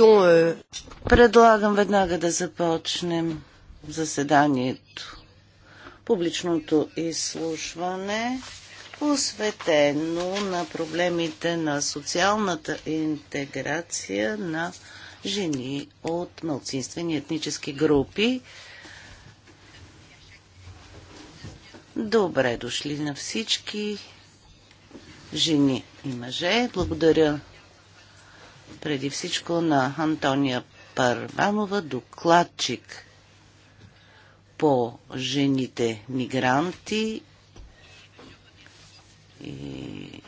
Euh, Предлагам веднага да започнем заседанието. Публичното изслушване, посветено на проблемите на социалната интеграция на жени от малцинствени етнически групи. Добре дошли на всички жени и мъже. Благодаря преди всичко на Антония Парванова, докладчик по жените мигранти и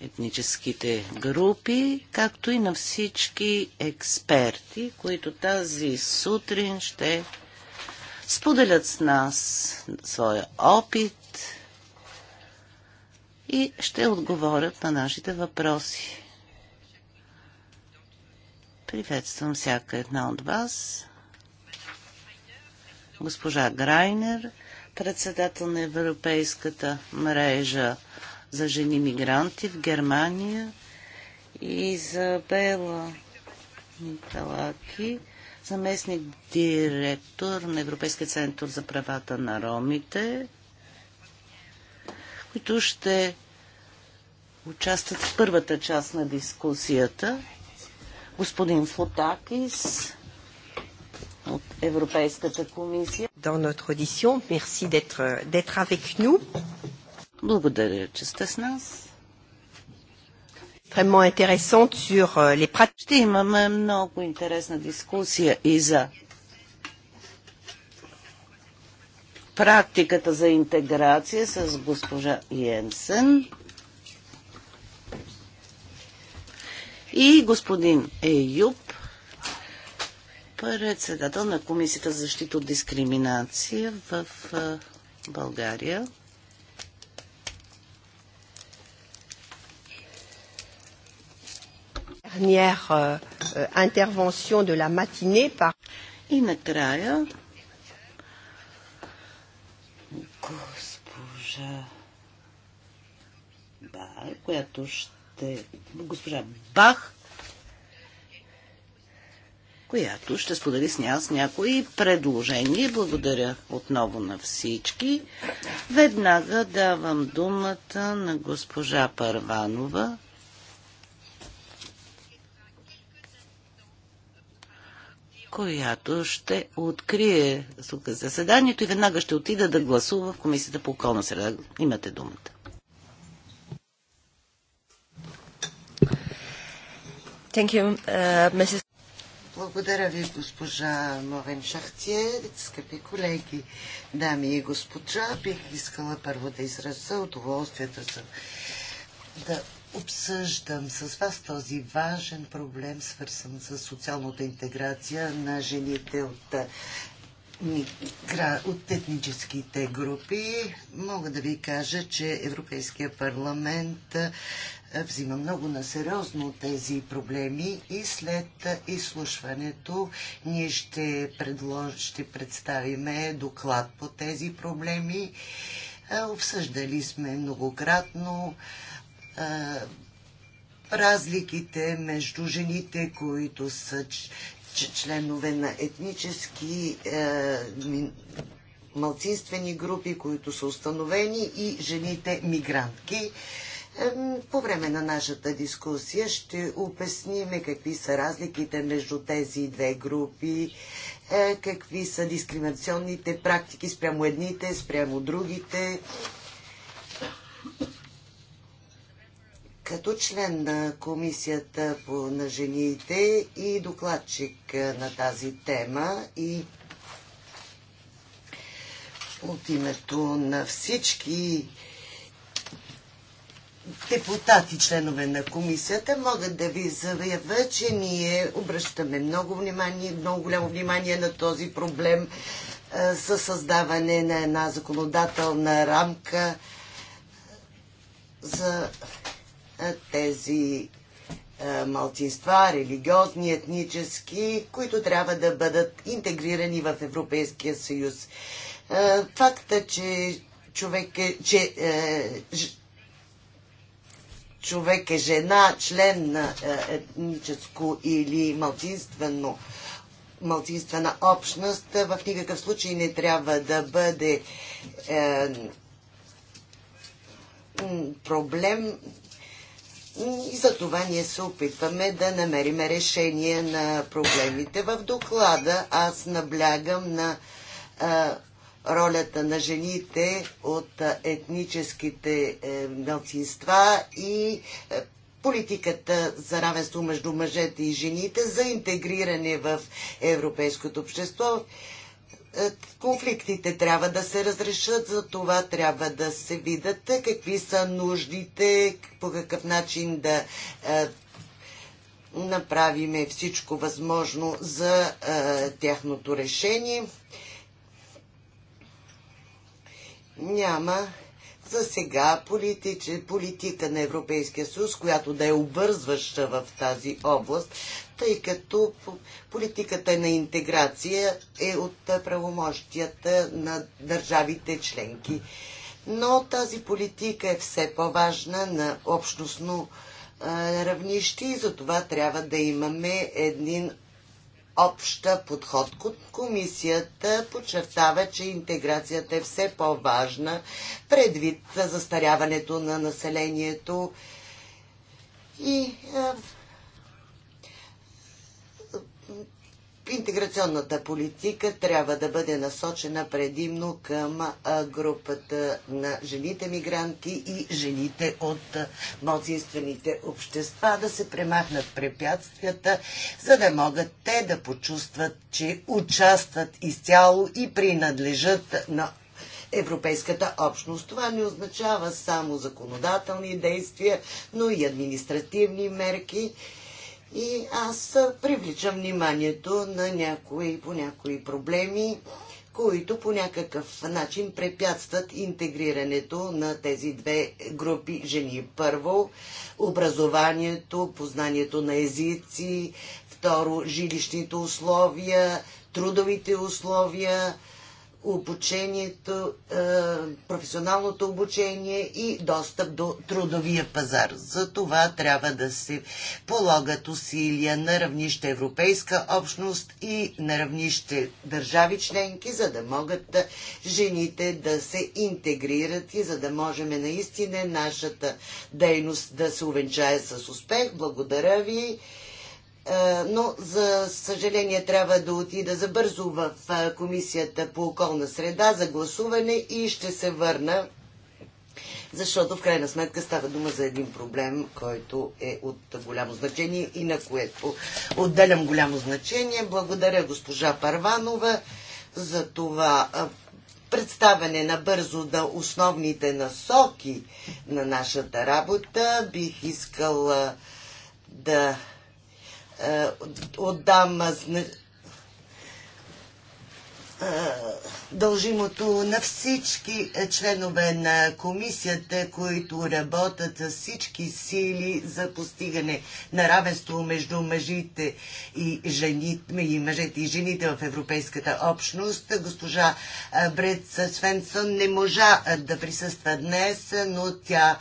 етническите групи, както и на всички експерти, които тази сутрин ще споделят с нас своя опит и ще отговорят на нашите въпроси. Приветствам всяка една от вас. Госпожа Грайнер, председател на Европейската мрежа за жени мигранти в Германия, Изабела Миталаки заместник директор на Европейския център за правата на ромите, които ще участват в първата част на дискусията. Господин Флотакис от Европейската комисия. Dans notre audition, merci d'être avec nous. Благодаря, че сте с нас. Euh, Ще имаме много интересна дискусия и за практиката за интеграция с госпожа Йенсен и господин Еюб, председател на Комисията за защита от дискриминация в България. dernière euh, intervention de la matinée par... И накрая госпожа Бар, която ще... госпожа Бах, която ще сподели с нас някои предложения. Благодаря отново на всички. Веднага давам думата на госпожа Парванова, която ще открие тук заседанието и веднага ще отида да гласува в Комисията по околна среда. Имате думата. Thank you, uh, Mrs. Благодаря ви, госпожа Морен Шахтие, скъпи колеги, дами и господа. Бих искала първо да изразя удоволствието за да обсъждам с вас този важен проблем, свързан с социалната интеграция на жените от, от етническите групи. Мога да ви кажа, че Европейския парламент взима много на сериозно тези проблеми и след изслушването ние ще, предлож... ще представиме доклад по тези проблеми. Обсъждали сме многократно разликите между жените, които са членове на етнически малцинствени групи, които са установени и жените мигрантки. По време на нашата дискусия ще обясниме какви са разликите между тези две групи, е, какви са дискриминационните практики спрямо едните, спрямо другите. Като член на Комисията по, на жените и докладчик на тази тема и от името на всички депутати, членове на комисията, могат да ви заявя, че ние обръщаме много внимание, много голямо внимание на този проблем със създаване на една законодателна рамка за тези малцинства, религиозни, етнически, които трябва да бъдат интегрирани в Европейския съюз. Факта, че човек е, че, е, човек е жена, член на е, етническо или малцинствено малцинствена общност, в никакъв случай не трябва да бъде е, проблем, и за това ние се опитваме да намерим решение на проблемите. В доклада аз наблягам на а, ролята на жените от етническите е, мълцинства и е, политиката за равенство между мъжете и жените за интегриране в европейското общество. Е, конфликтите трябва да се разрешат, за това трябва да се видят какви са нуждите, по какъв начин да е, направиме всичко възможно за е, тяхното решение. Няма за сега политика на Европейския съюз, която да е обвързваща в тази област, тъй като политиката на интеграция е от правомощията на държавите членки. Но тази политика е все по-важна на общностно равнище и за това трябва да имаме един обща подход. Комисията подчертава, че интеграцията е все по-важна предвид застаряването на населението и Интеграционната политика трябва да бъде насочена предимно към групата на жените мигрантки и жените от младсинствените общества, да се премахнат препятствията, за да могат те да почувстват, че участват изцяло и принадлежат на Европейската общност. Това не означава само законодателни действия, но и административни мерки – и аз привличам вниманието на някои, по някои проблеми, които по някакъв начин препятстват интегрирането на тези две групи жени. Първо, образованието, познанието на езици, второ, жилищните условия, трудовите условия, обучението, е, професионалното обучение и достъп до трудовия пазар. За това трябва да се полагат усилия на равнище Европейска общност и на равнище държави членки, за да могат жените да се интегрират и за да можем наистина нашата дейност да се увенчае с успех. Благодаря ви. Е, но за съжаление трябва да отида забързо в е, Комисията по околна среда за гласуване и ще се върна, защото в крайна сметка става дума за един проблем, който е от голямо значение и на което отделям голямо значение. Благодаря госпожа Парванова за това е, представяне на бързо на да основните насоки на нашата работа. Бих искала да е, отдам е, дължимото на всички е, членове на комисията, които работят с всички сили за постигане на равенство между мъжите и, жените, и мъжете и жените в Европейската общност. Госпожа Бред Свенсон не можа да присъства днес, но тя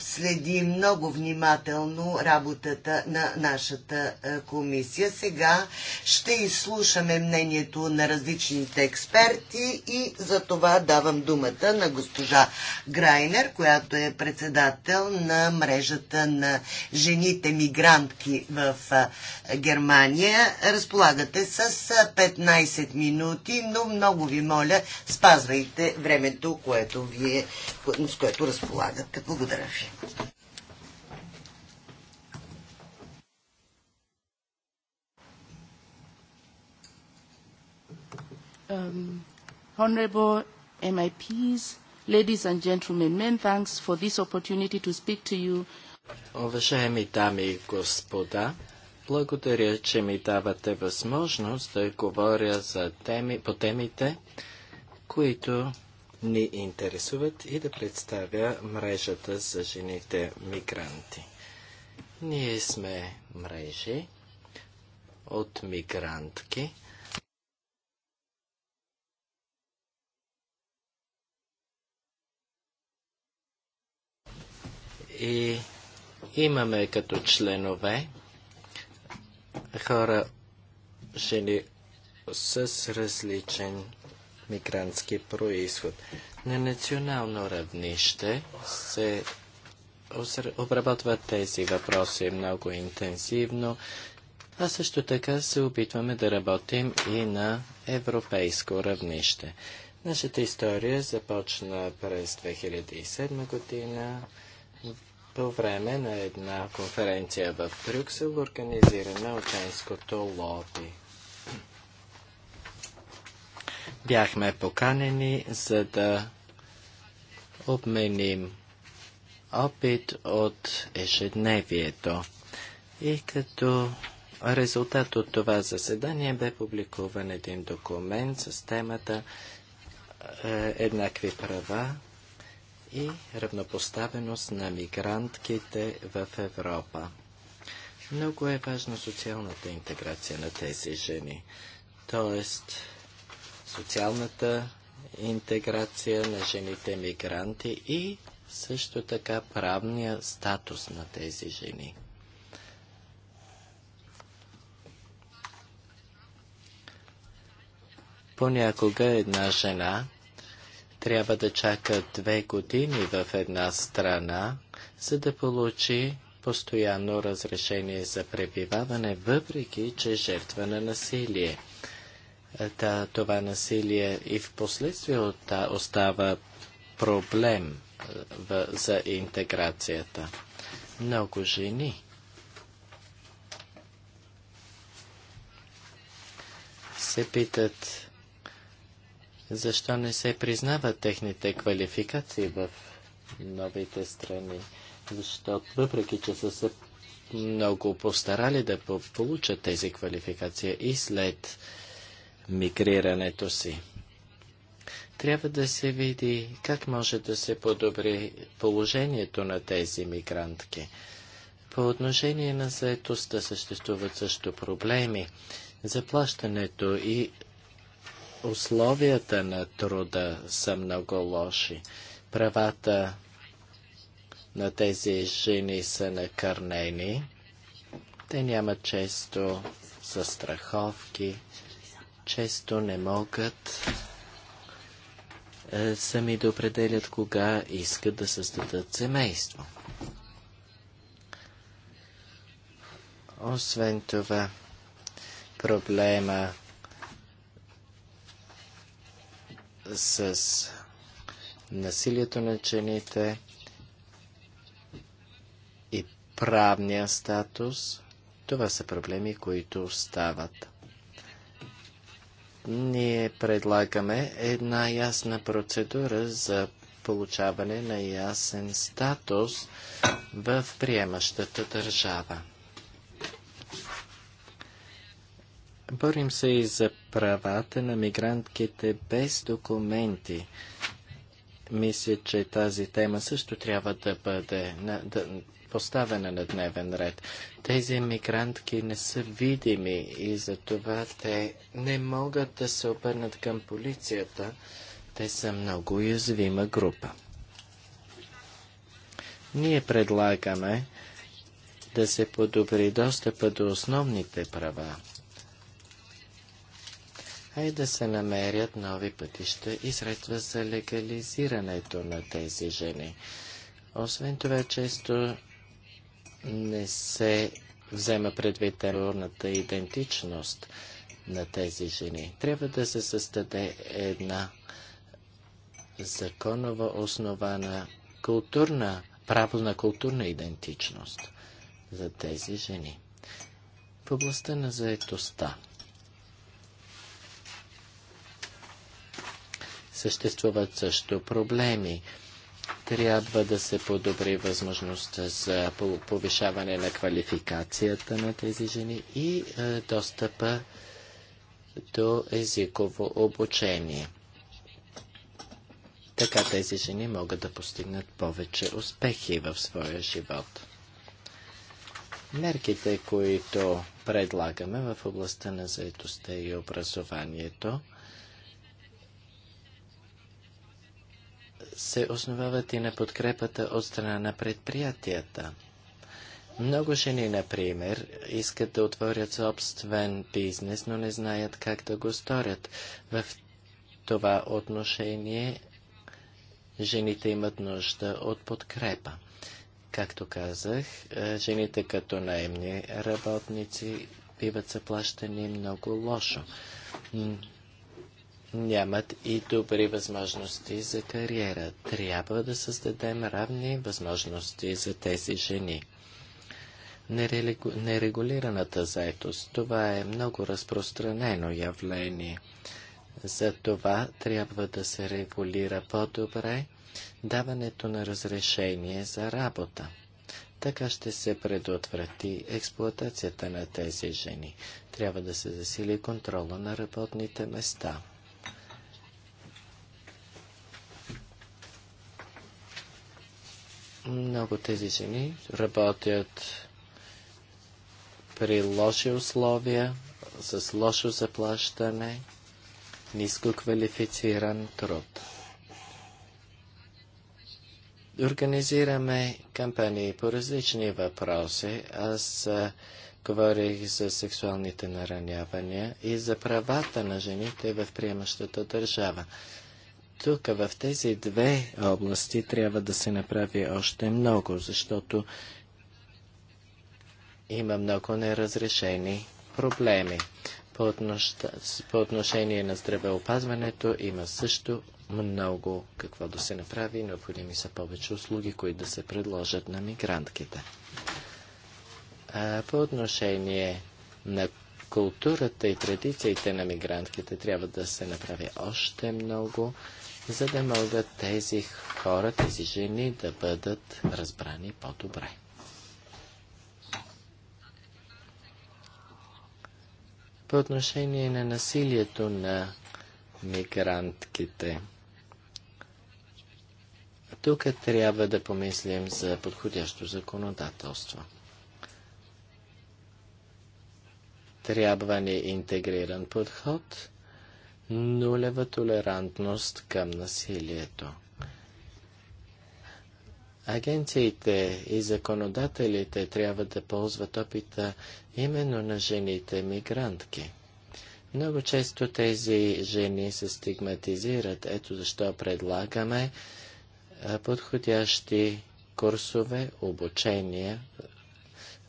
следи много внимателно работата на нашата комисия. Сега ще изслушаме мнението на различните експерти и за това давам думата на госпожа Грайнер, която е председател на мрежата на жените мигрантки в Германия. Разполагате с 15 минути, но много ви моля, спазвайте времето, което вие, с което разполагате. Благодаря ви. Um, honorable MIPs, ladies and gentlemen, many thanks for this opportunity to speak to you. Уважаеми дами и господа, благодаря, че ми давате възможност да говоря за теми, по темите, които ни интересуват и да представя мрежата за жените мигранти. Ние сме мрежи от мигрантки. И имаме като членове хора, жени с различен мигрантски происход. На национално равнище се обработват тези въпроси много интенсивно, а също така се опитваме да работим и на европейско равнище. Нашата история започна през 2007 година по време на една конференция в Брюксел, организирана от женското лоби бяхме поканени, за да обменим опит от ежедневието. И като резултат от това заседание бе публикуван един документ с темата е, Еднакви права и равнопоставеност на мигрантките в Европа. Много е важна социалната интеграция на тези жени. Тоест, социалната интеграция на жените мигранти и също така правния статус на тези жени. Понякога една жена трябва да чака две години в една страна, за да получи постоянно разрешение за пребиваване, въпреки че е жертва на насилие това насилие и в последствие остава проблем е, за интеграцията. Много жени се питат защо не се признават техните квалификации в новите страни, защото въпреки, че са се много постарали да получат тези квалификации и след мигрирането си. Трябва да се види как може да се подобри положението на тези мигрантки. По отношение на заетостта съществуват също проблеми. Заплащането и условията на труда са много лоши. Правата на тези жени са накърнени. Те нямат често застраховки често не могат е, сами да определят кога искат да създадат семейство. Освен това, проблема с насилието на жените и правния статус, това са проблеми, които остават ние предлагаме една ясна процедура за получаване на ясен статус в приемащата държава. Борим се и за правата на мигрантките без документи. Мисля, че тази тема също трябва да бъде, да, поставена на дневен ред. Тези мигрантки не са видими и затова те не могат да се обърнат към полицията. Те са много уязвима група. Ние предлагаме да се подобри достъпа до основните права, а и да се намерят нови пътища и средства за легализирането на тези жени. Освен това, често не се взема предвид терорната идентичност на тези жени. Трябва да се създаде една законова основана културна, право на културна идентичност за тези жени. В областта на заетостта съществуват също проблеми трябва да се подобри възможността за повишаване на квалификацията на тези жени и е, достъпа до езиково обучение. Така тези жени могат да постигнат повече успехи в своя живот. Мерките, които предлагаме в областта на заедостта и образованието, се основават и на подкрепата от страна на предприятията. Много жени, например, искат да отворят собствен бизнес, но не знаят как да го сторят. В това отношение жените имат нужда от подкрепа. Както казах, е, жените като наемни работници биват заплащани много лошо нямат и добри възможности за кариера. Трябва да създадем равни възможности за тези жени. Нерегу... Нерегулираната заетост. Това е много разпространено явление. За това трябва да се регулира по-добре даването на разрешение за работа. Така ще се предотврати експлоатацията на тези жени. Трябва да се засили контрола на работните места. Много тези жени работят при лоши условия, с лошо заплащане, ниско квалифициран труд. Организираме кампании по различни въпроси. Аз говорих за сексуалните наранявания и за правата на жените в приемащата държава тук в тези две области трябва да се направи още много, защото има много неразрешени проблеми. По, отнош... по отношение на здравеопазването има също много какво да се направи. Необходими са повече услуги, които да се предложат на мигрантките. А по отношение на културата и традициите на мигрантките трябва да се направи още много за да могат тези хора, тези жени да бъдат разбрани по-добре. По отношение на насилието на мигрантките, тук трябва да помислим за подходящо законодателство. Трябва ни интегриран подход – нулева толерантност към насилието. Агенциите и законодателите трябва да ползват опита именно на жените мигрантки. Много често тези жени се стигматизират. Ето защо предлагаме подходящи курсове, обучения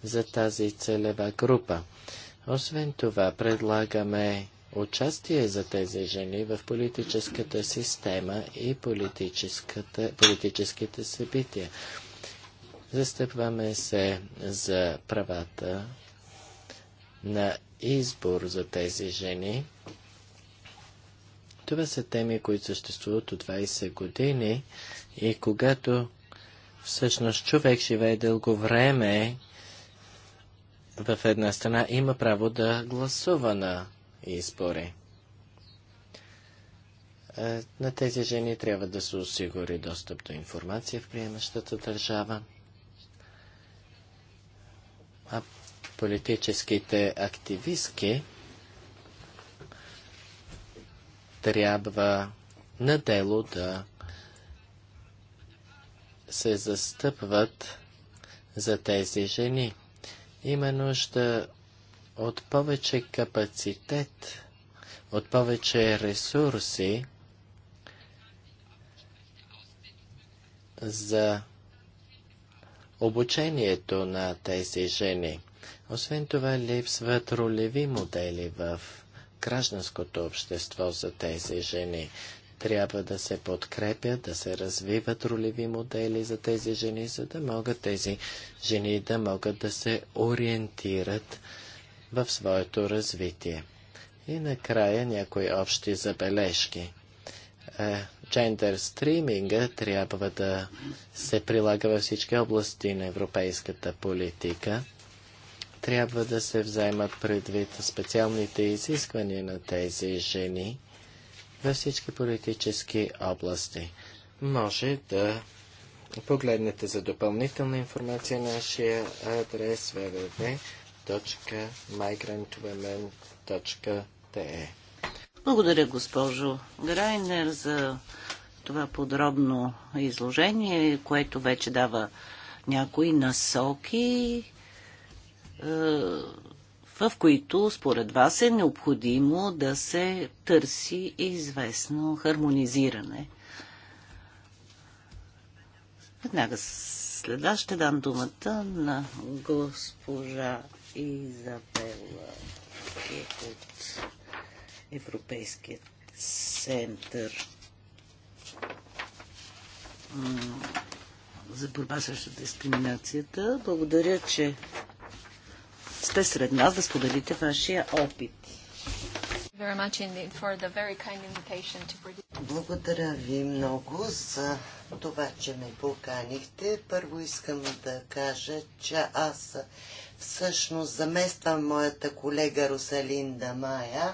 за тази целева група. Освен това, предлагаме участие за тези жени в политическата система и политическите събития. Застъпваме се за правата на избор за тези жени. Това са теми, които съществуват от 20 години и когато всъщност човек живее дълго време в една страна, има право да гласува на избори. Е, на тези жени трябва да се осигури достъп до информация в приемащата държава, а политическите активистки трябва на дело да се застъпват за тези жени. Има нужда от повече капацитет, от повече ресурси за обучението на тези жени. Освен това, липсват ролеви модели в гражданското общество за тези жени. Трябва да се подкрепят, да се развиват ролеви модели за тези жени, за да могат тези жени да могат да се ориентират в своето развитие. И накрая някои общи забележки. Е, джендър стриминга трябва да се прилага във всички области на европейската политика. Трябва да се вземат предвид специалните изисквания на тези жени във всички политически области. Може да погледнете за допълнителна информация нашия адрес www migrantwomen.te. Благодаря, госпожо Грайнер, за това подробно изложение, което вече дава някои насоки, е, в които според вас е необходимо да се търси известно хармонизиране. Веднага следа ще дам думата на госпожа Изабела е от Европейския център за борба срещу дискриминацията. Благодаря, че сте сред нас да споделите вашия опит. Благодаря ви много за това, че ме поканихте. Първо искам да кажа, че аз всъщност замествам моята колега Русалинда Мая,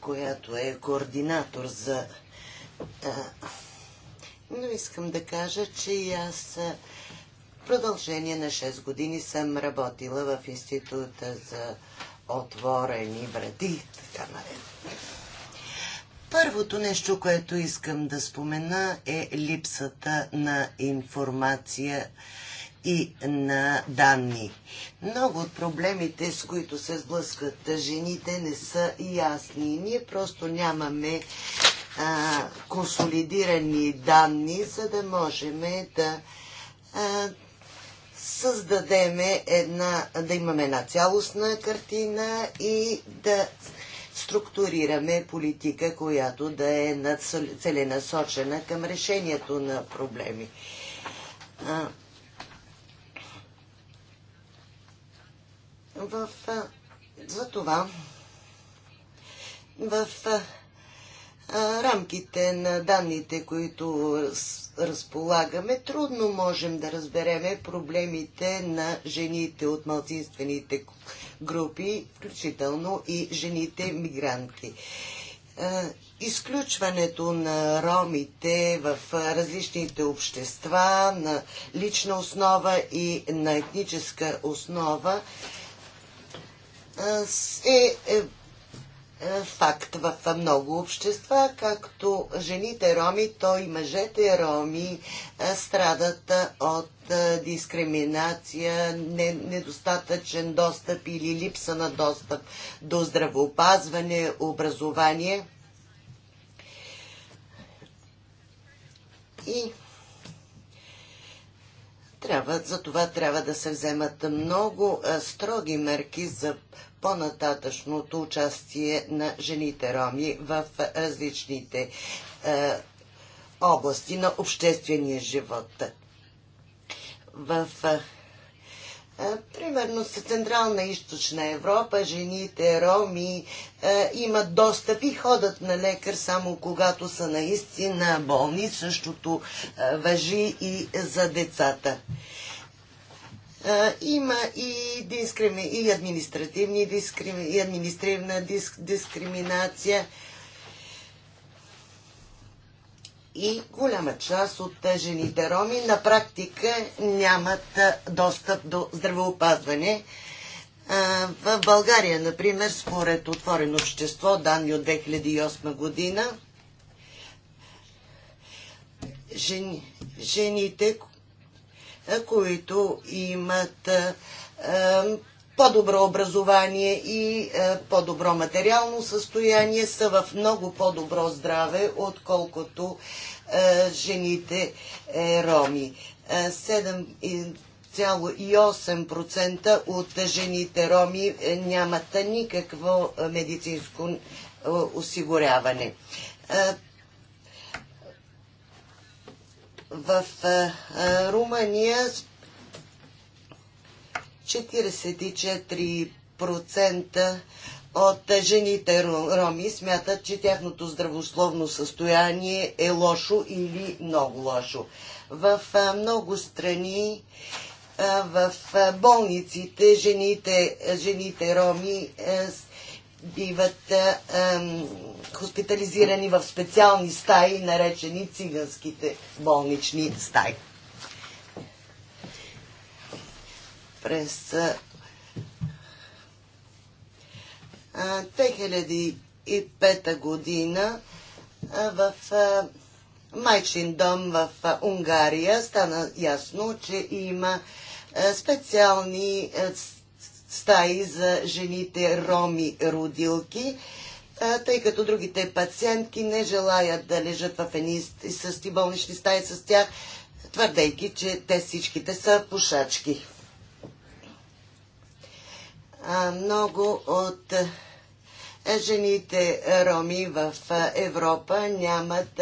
която е координатор за... Но искам да кажа, че и аз продължение на 6 години съм работила в Института за отворени врати, така наред. Първото нещо, което искам да спомена е липсата на информация и на данни. Много от проблемите, с които се сблъскват жените, не са ясни. Ние просто нямаме а, консолидирани данни, за да можем да а, създадем една, да имаме една цялостна картина и да структурираме политика, която да е целенасочена към решението на проблеми. В, за това в рамките на данните, които разполагаме, трудно можем да разбереме проблемите на жените от малцинствените групи, включително и жените мигранти. Изключването на ромите в различните общества на лична основа и на етническа основа е, е, е факт в много общества, както жените роми, то и мъжете роми страдат от дискриминация, недостатъчен достъп или липса на достъп до здравеопазване, образование. И трябва, за това трябва да се вземат много е, строги мерки за по-нататъчното участие на жените роми в е, различните е, области на обществения живот. В Примерно с Централна и Източна Европа жените, роми имат достъп и ходят на лекар само когато са наистина болни. Същото въжи и за децата. Има и, дискрими, и административни дискрими, и административна дискриминация и голяма част от жените роми на практика нямат достъп до здравеопазване. В България, например, според Отворено общество, данни от 2008 година, жени, жените, които имат по-добро образование и е, по-добро материално състояние са в много по-добро здраве, отколкото е, жените е, роми. 7,8% от жените роми нямат никакво медицинско осигуряване. В Румъния 44% от жените роми смятат, че тяхното здравословно състояние е лошо или много лошо. В много страни в болниците жените, жените роми биват хоспитализирани в специални стаи, наречени циганските болнични стаи. през 2005 година в майчин дом в Унгария стана ясно, че има специални стаи за жените роми родилки, тъй като другите пациентки не желаят да лежат в едни същи болнични стаи с тях, твърдейки, че те всичките са пушачки много от жените роми в Европа нямат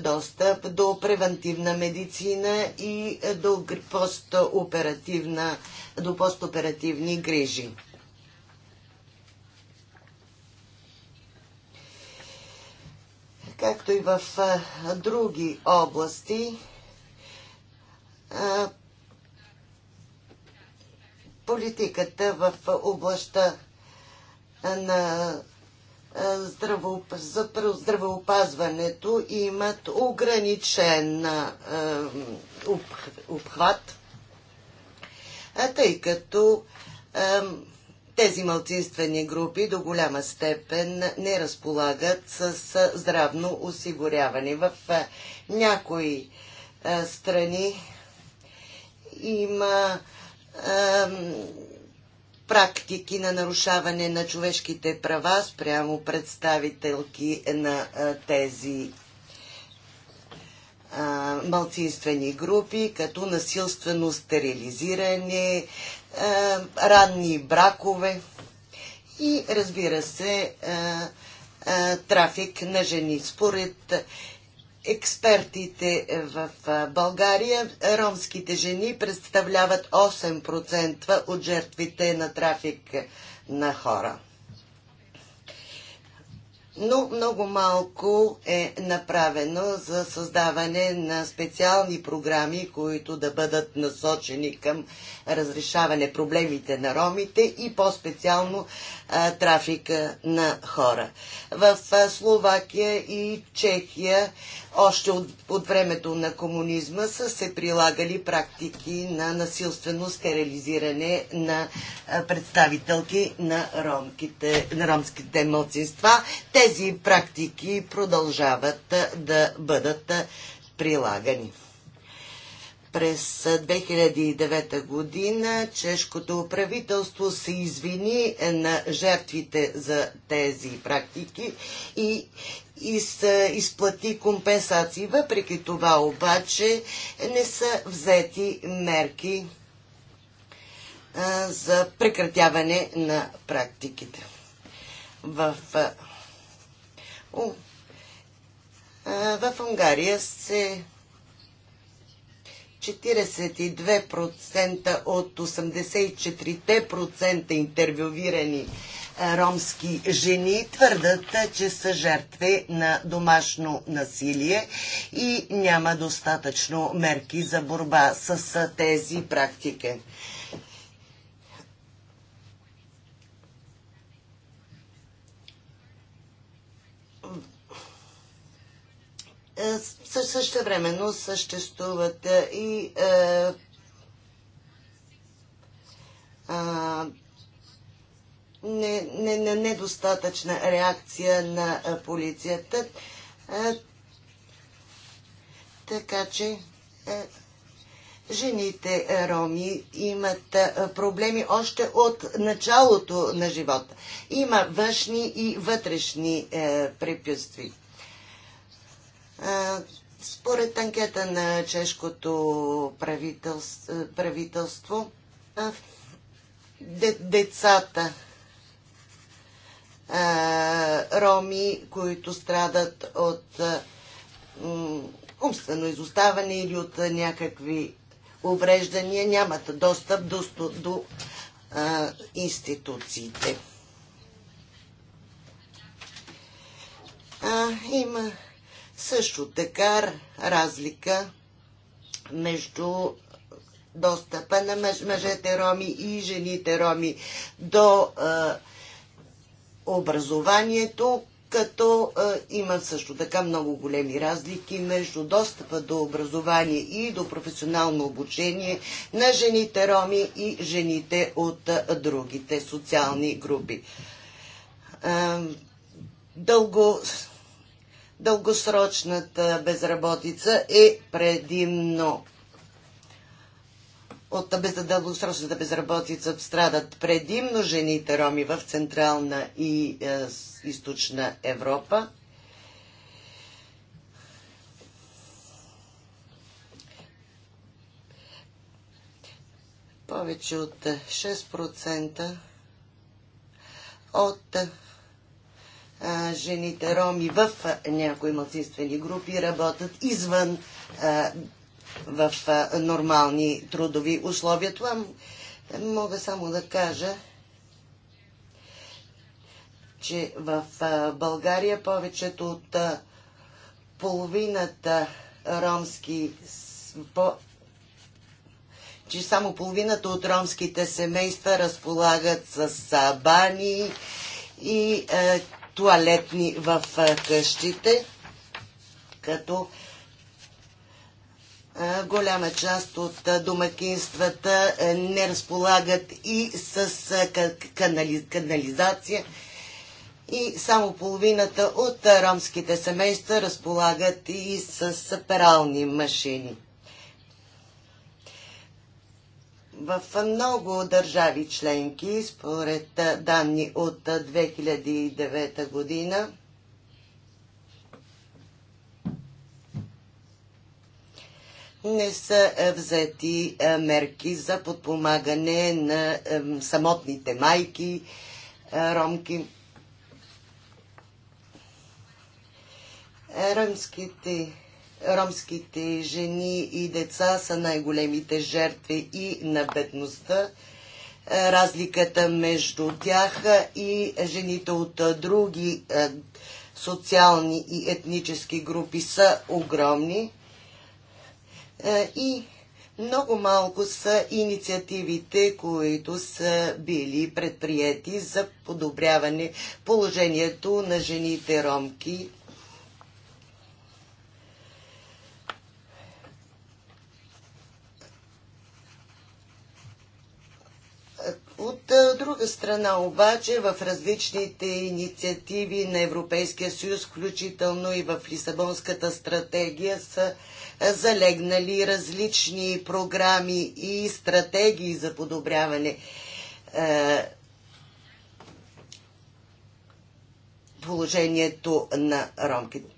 достъп до превентивна медицина и до, постоперативна, до постоперативни грижи. Както и в други области, политиката в областта на здраво, здравеопазването имат ограничен обхват, тъй като тези малцинствени групи до голяма степен не разполагат с здравно осигуряване. В някои страни има практики на нарушаване на човешките права спрямо представителки на тези малцинствени групи, като насилствено стерилизиране, ранни бракове и, разбира се, трафик на жени. Според експертите в България, ромските жени представляват 8% от жертвите на трафик на хора. Но много малко е направено за създаване на специални програми, които да бъдат насочени към разрешаване проблемите на ромите и по-специално трафика на хора. В Словакия и Чехия още от, от времето на комунизма са се прилагали практики на насилствено стерилизиране на представителки на, ромките, на ромските младсинства. Тези практики продължават да бъдат прилагани. През 2009 година чешкото правителство се извини е, на жертвите за тези практики и из, изплати компенсации. Въпреки това обаче не са взети мерки за прекратяване на практиките. В, у, в Унгария се 42% от 84% интервювирани ромски жени твърдат, че са жертви на домашно насилие и няма достатъчно мерки за борба с тези практики. Също времено съществуват и е, не, не, не, недостатъчна реакция на полицията. А, така че а, жените роми имат проблеми още от началото на живота. Има външни и вътрешни препятствия. Според анкета на чешкото правителство, правителство децата е, роми, които страдат от е, умствено изоставане или от някакви увреждания, нямат достъп до, до а, е, институциите. А, има също така разлика между достъпа на мъж, мъжете роми и жените роми до а, образованието, като а, има също така много големи разлики между достъпа до образование и до професионално обучение на жените роми и жените от а, другите социални групи. А, дълго, дългосрочната безработица е предимно от дългосрочната безработица страдат предимно жените роми в Централна и е, Източна Европа. Повече от 6% от е, жените роми в някои младсинствени групи работят извън е, в нормални трудови условия. Това мога само да кажа, че в България повечето от половината ромски че само половината от ромските семейства разполагат с бани и туалетни в къщите, като голяма част от домакинствата не разполагат и с канализация и само половината от ромските семейства разполагат и с перални машини. В много държави членки, според данни от 2009 година, не са е, взети е, мерки за подпомагане на е, самотните майки, ромки. Ромските, ромските жени и деца са най-големите жертви и на бедността. Разликата между тях и жените от други социални и етнически групи са огромни е, и много малко са инициативите, които са били предприяти за подобряване положението на жените ромки. От е, друга страна обаче в различните инициативи на Европейския съюз, включително и в Лисабонската стратегия, са залегнали различни програми и стратегии за подобряване е, положението на ромките.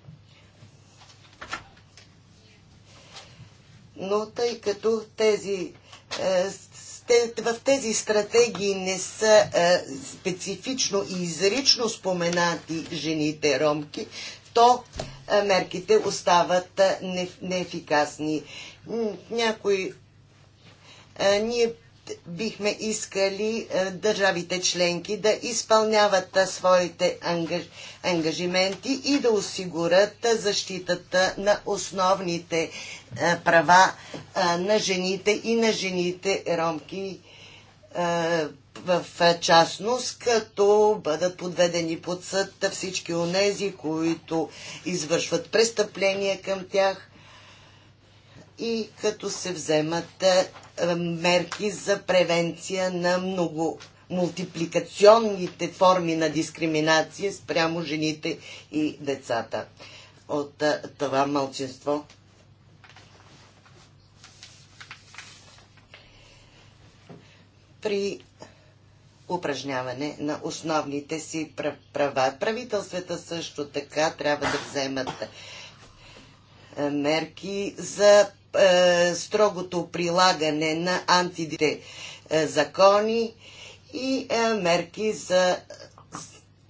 Но тъй като тези е, в тези стратегии не са е, специфично и изрично споменати жените ромки, защо е, мерките остават е, неефикасни. Някои е, ние бихме искали държавите членки да изпълняват своите ангаж... ангажименти и да осигурят защитата на основните права на жените и на жените ромки в частност, като бъдат подведени под съд всички онези, които извършват престъпления към тях и като се вземат е, мерки за превенция на много мултипликационните форми на дискриминация спрямо жените и децата от е, това мълчинство. При упражняване на основните си права. Правителствата също така трябва да вземат е, мерки за е, строгото прилагане на антидите е, закони и мерки за,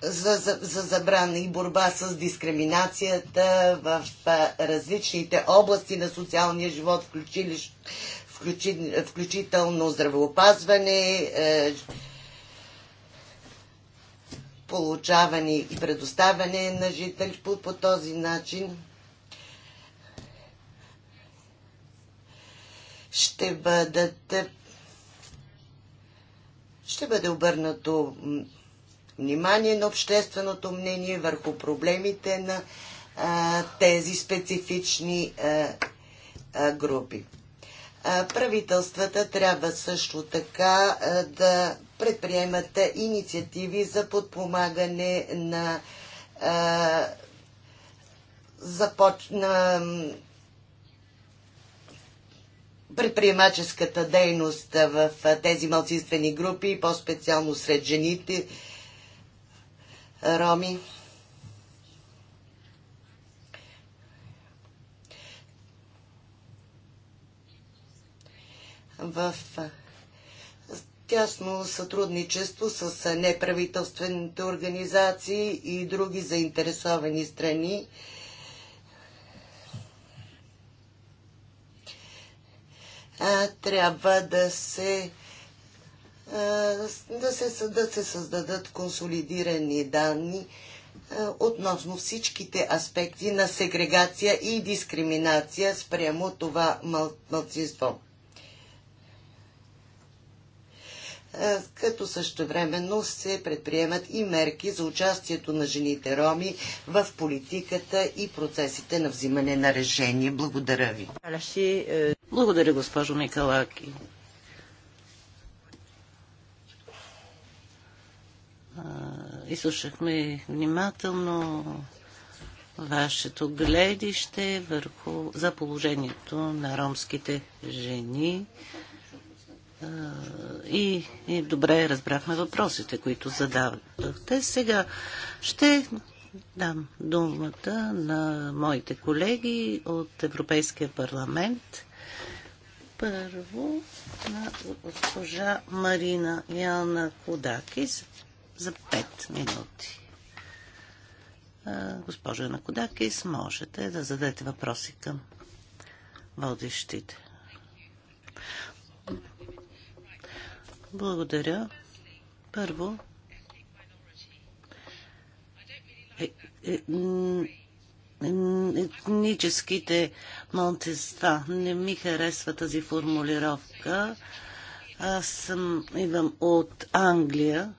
за, за, за забрана и борба с дискриминацията в различните области на социалния живот, включително включително здравеопазване, получаване и предоставяне на жители по, по този начин ще бъдат ще бъде обърнато внимание на общественото мнение върху проблемите на а, тези специфични а, а, групи. А, правителствата трябва също така а, да предприемат инициативи за подпомагане на, а, започ... на предприемаческата дейност в тези малцинствени групи и по-специално сред жените, роми. в тясно сътрудничество с неправителствените организации и други заинтересовани страни. Трябва да се да се, да се създадат консолидирани данни относно всичките аспекти на сегрегация и дискриминация спрямо това мъл, мълцинство. Е, като същевременно се предприемат и мерки за участието на жените роми в политиката и процесите на взимане на решение. Благодаря ви. Благодаря, госпожо Николаки. Изслушахме внимателно вашето гледище върху за положението на ромските жени и, и добре разбрахме въпросите, които задавате. Сега ще дам думата на моите колеги от Европейския парламент. Първо на госпожа Марина Яна Кодакис за 5 минути. Госпожа Яна Кодакис, можете да зададете въпроси към водещите. Благодаря. Първо, е, е, етническите мълчества. Не ми харесва тази формулировка. Аз съм, идвам от Англия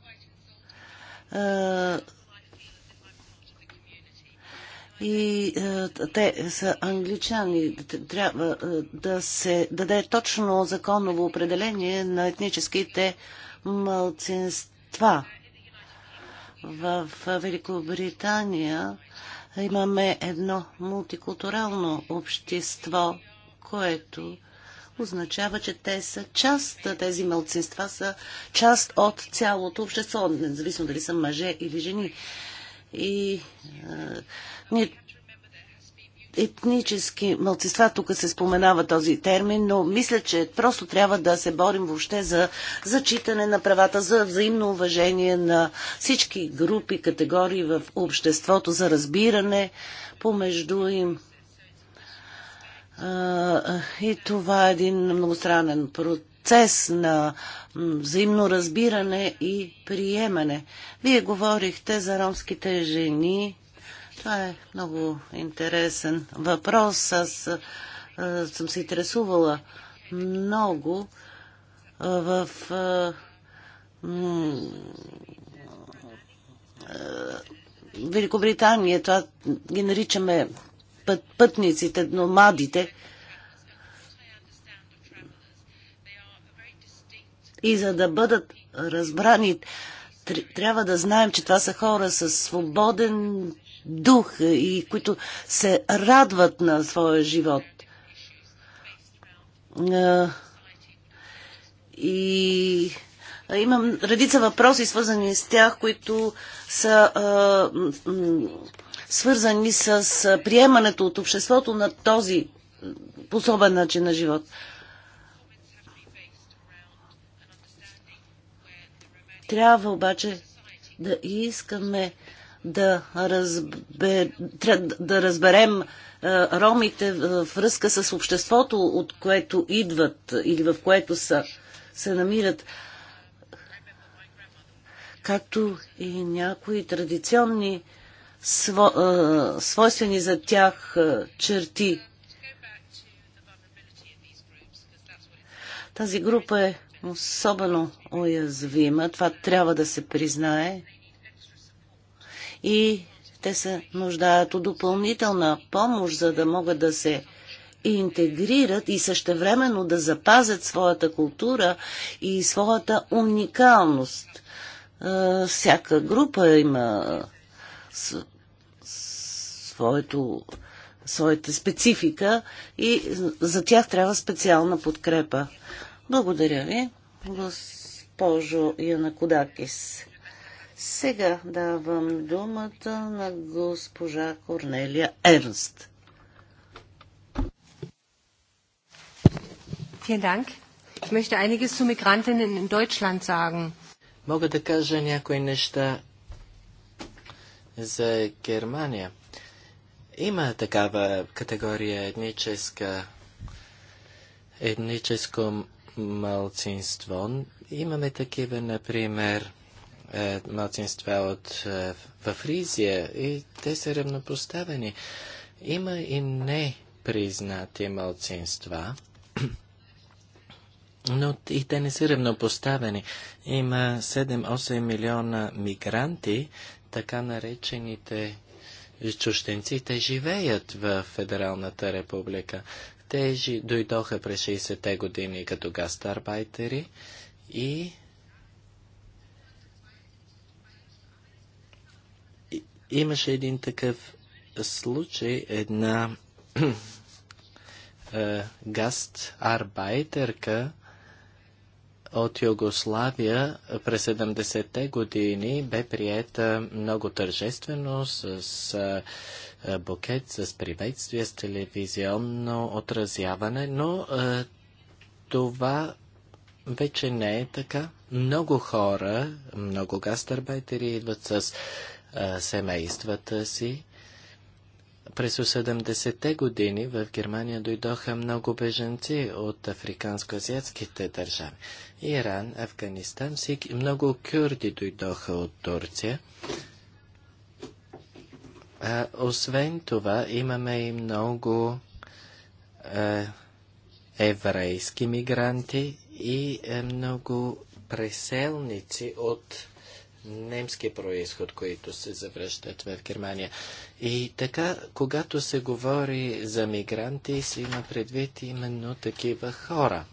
и е, те са англичани. Трябва е, да се даде точно законово определение на етническите мълцинства. В Великобритания имаме едно мултикултурално общество, което означава, че те са част, тези мълцинства са част от цялото общество, независимо дали са мъже или жени и е, етнически мълцинства. Тук се споменава този термин, но мисля, че просто трябва да се борим въобще за зачитане на правата, за взаимно уважение на всички групи, категории в обществото, за разбиране помежду им. И това е един многостранен процес процес на взаимно разбиране и приемане. Вие говорихте за ромските жени. Това е много интересен въпрос. Аз а, съм се интересувала много а, в. А, Великобритания, това ги наричаме път, пътниците, номадите, И за да бъдат разбрани, трябва да знаем, че това са хора с свободен дух и които се радват на своя живот. И имам редица въпроси, свързани с тях, които са свързани с приемането от обществото на този пособен начин на живот. Трябва обаче да искаме да, разбер, да разберем е, ромите в е, връзка с обществото, от което идват или в което са, се намират, както и някои традиционни сво, а, е, свойствени за тях а, черти. Тази група е особено уязвима. Това трябва да се признае. И те се нуждаят от допълнителна помощ, за да могат да се интегрират и същевременно да запазят своята култура и своята уникалност. Всяка група има своето, своята специфика и за тях трябва специална подкрепа. Благодаря ви, госпожо Янакодакис. Сега давам думата на госпожа Корнелия Ернст. Vielen Dank. Ich möchte einiges zu Migrantinnen in Deutschland sagen. Мога да кажа някои неща за Германия. Има такава категория етническа, етническо мълцинство. Имаме такива, например, е, мълцинства от, е, в Фризия и те са равнопоставени. Има и непризнати мълцинства, но и те не са равнопоставени. Има 7-8 милиона мигранти, така наречените чущенци. Те живеят в Федералната република. Те дойдоха през 60-те години като гастарбайтери и имаше един такъв случай, една е, гастарбайтерка от Югославия през 70-те години бе приета много тържествено с, с е, букет с приветствие, с телевизионно отразяване, но е, това вече не е така. Много хора, много гастарбайтери идват с е, семействата си. През 70-те години в Германия дойдоха много беженци от африканско-азиатските държави. Иран, Афганистан, всеки, много кюрди дойдоха от Турция. А, освен това, имаме и много а, еврейски мигранти и а, е, много преселници от немски происход, които се завръщат в Германия. И така, когато се говори за мигранти, се има предвид именно такива хора.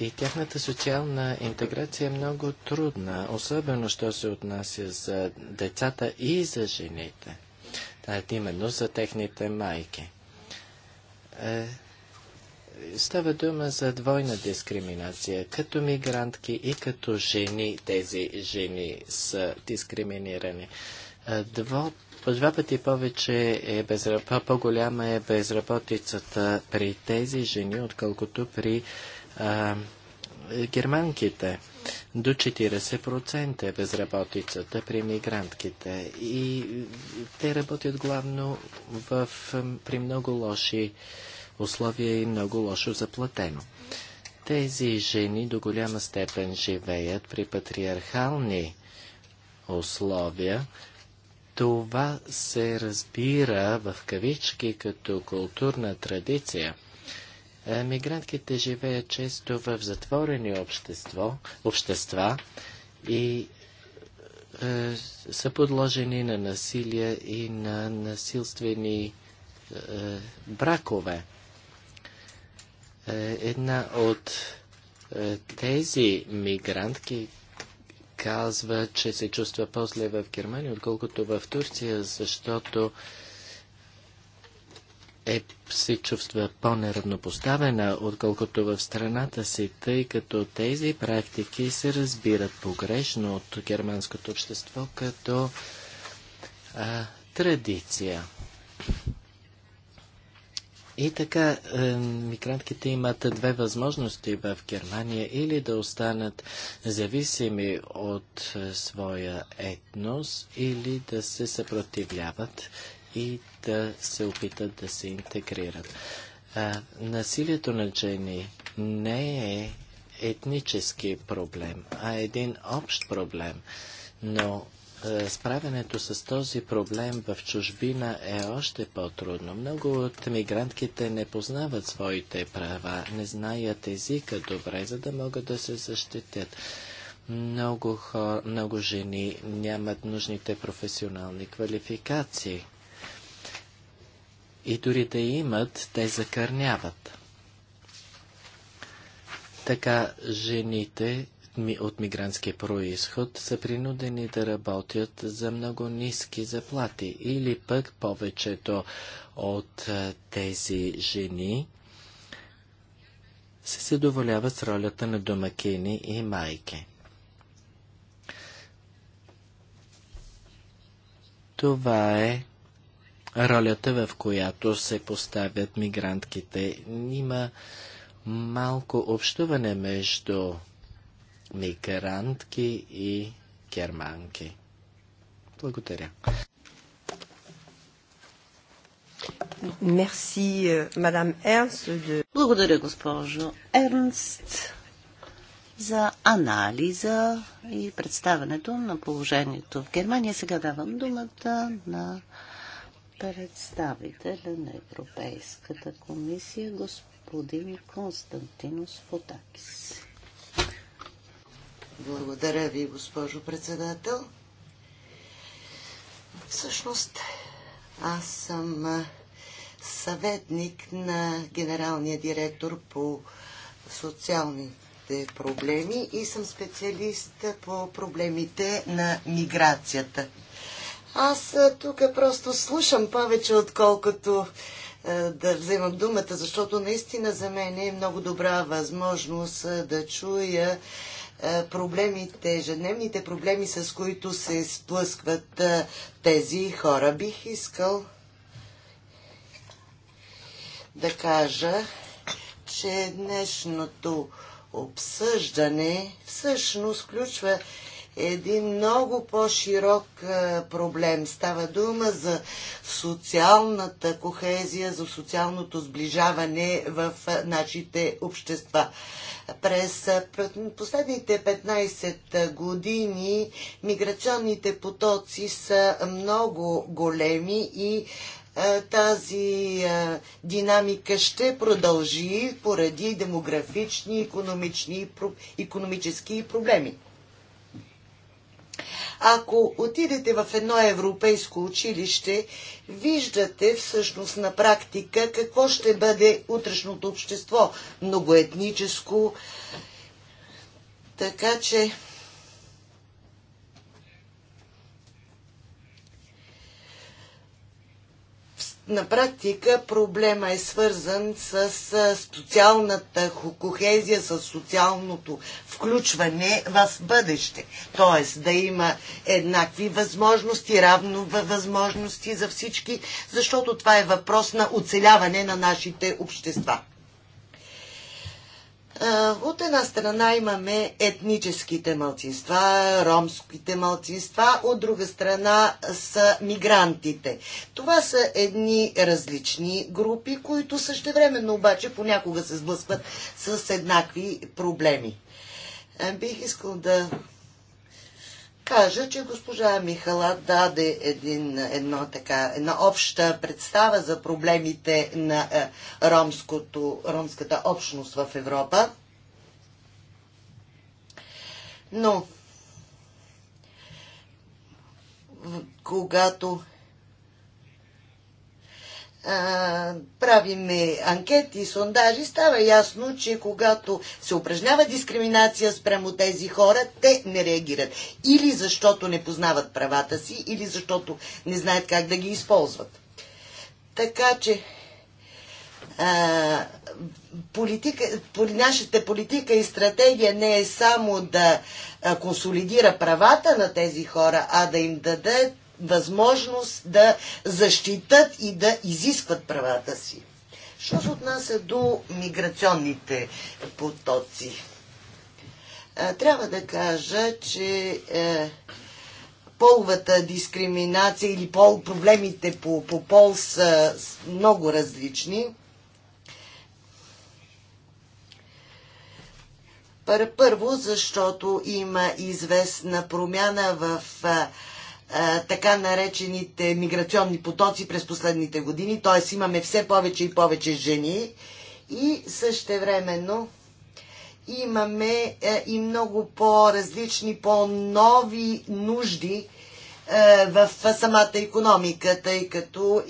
И тяхната социална интеграция е много трудна, особено що се отнася за децата и за жените, а е, именно за техните майки. Е, става дума за двойна дискриминация. Като мигрантки и като жени тези жени са дискриминирани. Е, дво, два пъти повече е безработ... по-голяма е безработицата при тези жени, отколкото при а, е, германките. До 40% е безработицата при мигрантките. И те работят главно в, при много лоши условия и много лошо заплатено. Тези жени до голяма степен живеят при патриархални условия. Това се разбира в кавички като културна традиция – е, мигрантките живеят често в затворени общество, общества и е, са подложени на насилие и на насилствени е, бракове. Е, една от е, тези мигрантки казва, че се чувства после в Германия, отколкото в Турция, защото е, е, се чувства по-неравнопоставена, отколкото в страната си, тъй като тези практики се разбират погрешно от германското общество като а, традиция. И така, е, мигрантките имат две възможности в Германия или да останат зависими от е, своя етнос, или да се съпротивляват и да се опитат да се интегрират. А, насилието на жени не е етнически проблем, а един общ проблем. Но а, справянето с този проблем в чужбина е още по-трудно. Много от мигрантките не познават своите права, не знаят езика добре, за да могат да се защитят. Много, хор, много жени нямат нужните професионални квалификации. И дори да имат, те закърняват. Така жените от мигрантски происход са принудени да работят за много ниски заплати или пък повечето от тези жени се задоволяват с ролята на домакини и майки. Това е ролята, в която се поставят мигрантките. Има малко общуване между мигрантки и германки. Благодаря. Euh, Madame Ernst, de... Благодаря, госпожо Ернст, за анализа и представенето на положението в Германия. Сега давам думата на представителя на Европейската комисия господин Константинос Фотакис. Благодаря ви, госпожо председател. Всъщност, аз съм съветник на генералния директор по социалните проблеми и съм специалист по проблемите на миграцията. Аз е, тук е просто слушам повече, отколкото е, да вземам думата, защото наистина за мен е много добра възможност да чуя проблемите, ежедневните проблеми, с които се сплъскват тези хора. Бих искал да кажа, че днешното обсъждане всъщност включва един много по-широк е, проблем. Става дума за социалната кохезия, за социалното сближаване в е, нашите общества. През е, последните 15 години миграционните потоци са много големи и тази динамика ще продължи поради демографични, економични, економически проблеми. Ако отидете в едно европейско училище, виждате всъщност на практика какво ще бъде утрешното общество. Многоетническо. Така че на практика проблема е свързан с социалната кохезия, с социалното включване в бъдеще. Тоест да има еднакви възможности, равно възможности за всички, защото това е въпрос на оцеляване на нашите общества. От една страна имаме етническите мълцинства, ромските мълцинства, от друга страна са мигрантите. Това са едни различни групи, които същевременно обаче понякога се сблъскват с еднакви проблеми. Бих искал да кажа, че госпожа Михала даде един, едно, така, една обща представа за проблемите на е, ромското, ромската общност в Европа. Но когато правиме анкети, сондажи, става ясно, че когато се упражнява дискриминация спрямо тези хора, те не реагират. Или защото не познават правата си, или защото не знаят как да ги използват. Така че а, политика, нашата политика и стратегия не е само да консолидира правата на тези хора, а да им дадат възможност да защитат и да изискват правата си. Що се отнася до миграционните потоци? Трябва да кажа, че е, половата дискриминация или пол, проблемите по, по пол са много различни. Първо, защото има известна промяна в а, така наречените миграционни потоци през последните години, т.е. имаме все повече и повече жени и същевременно имаме е, и много по-различни, по-нови нужди е, в самата економика, тъй като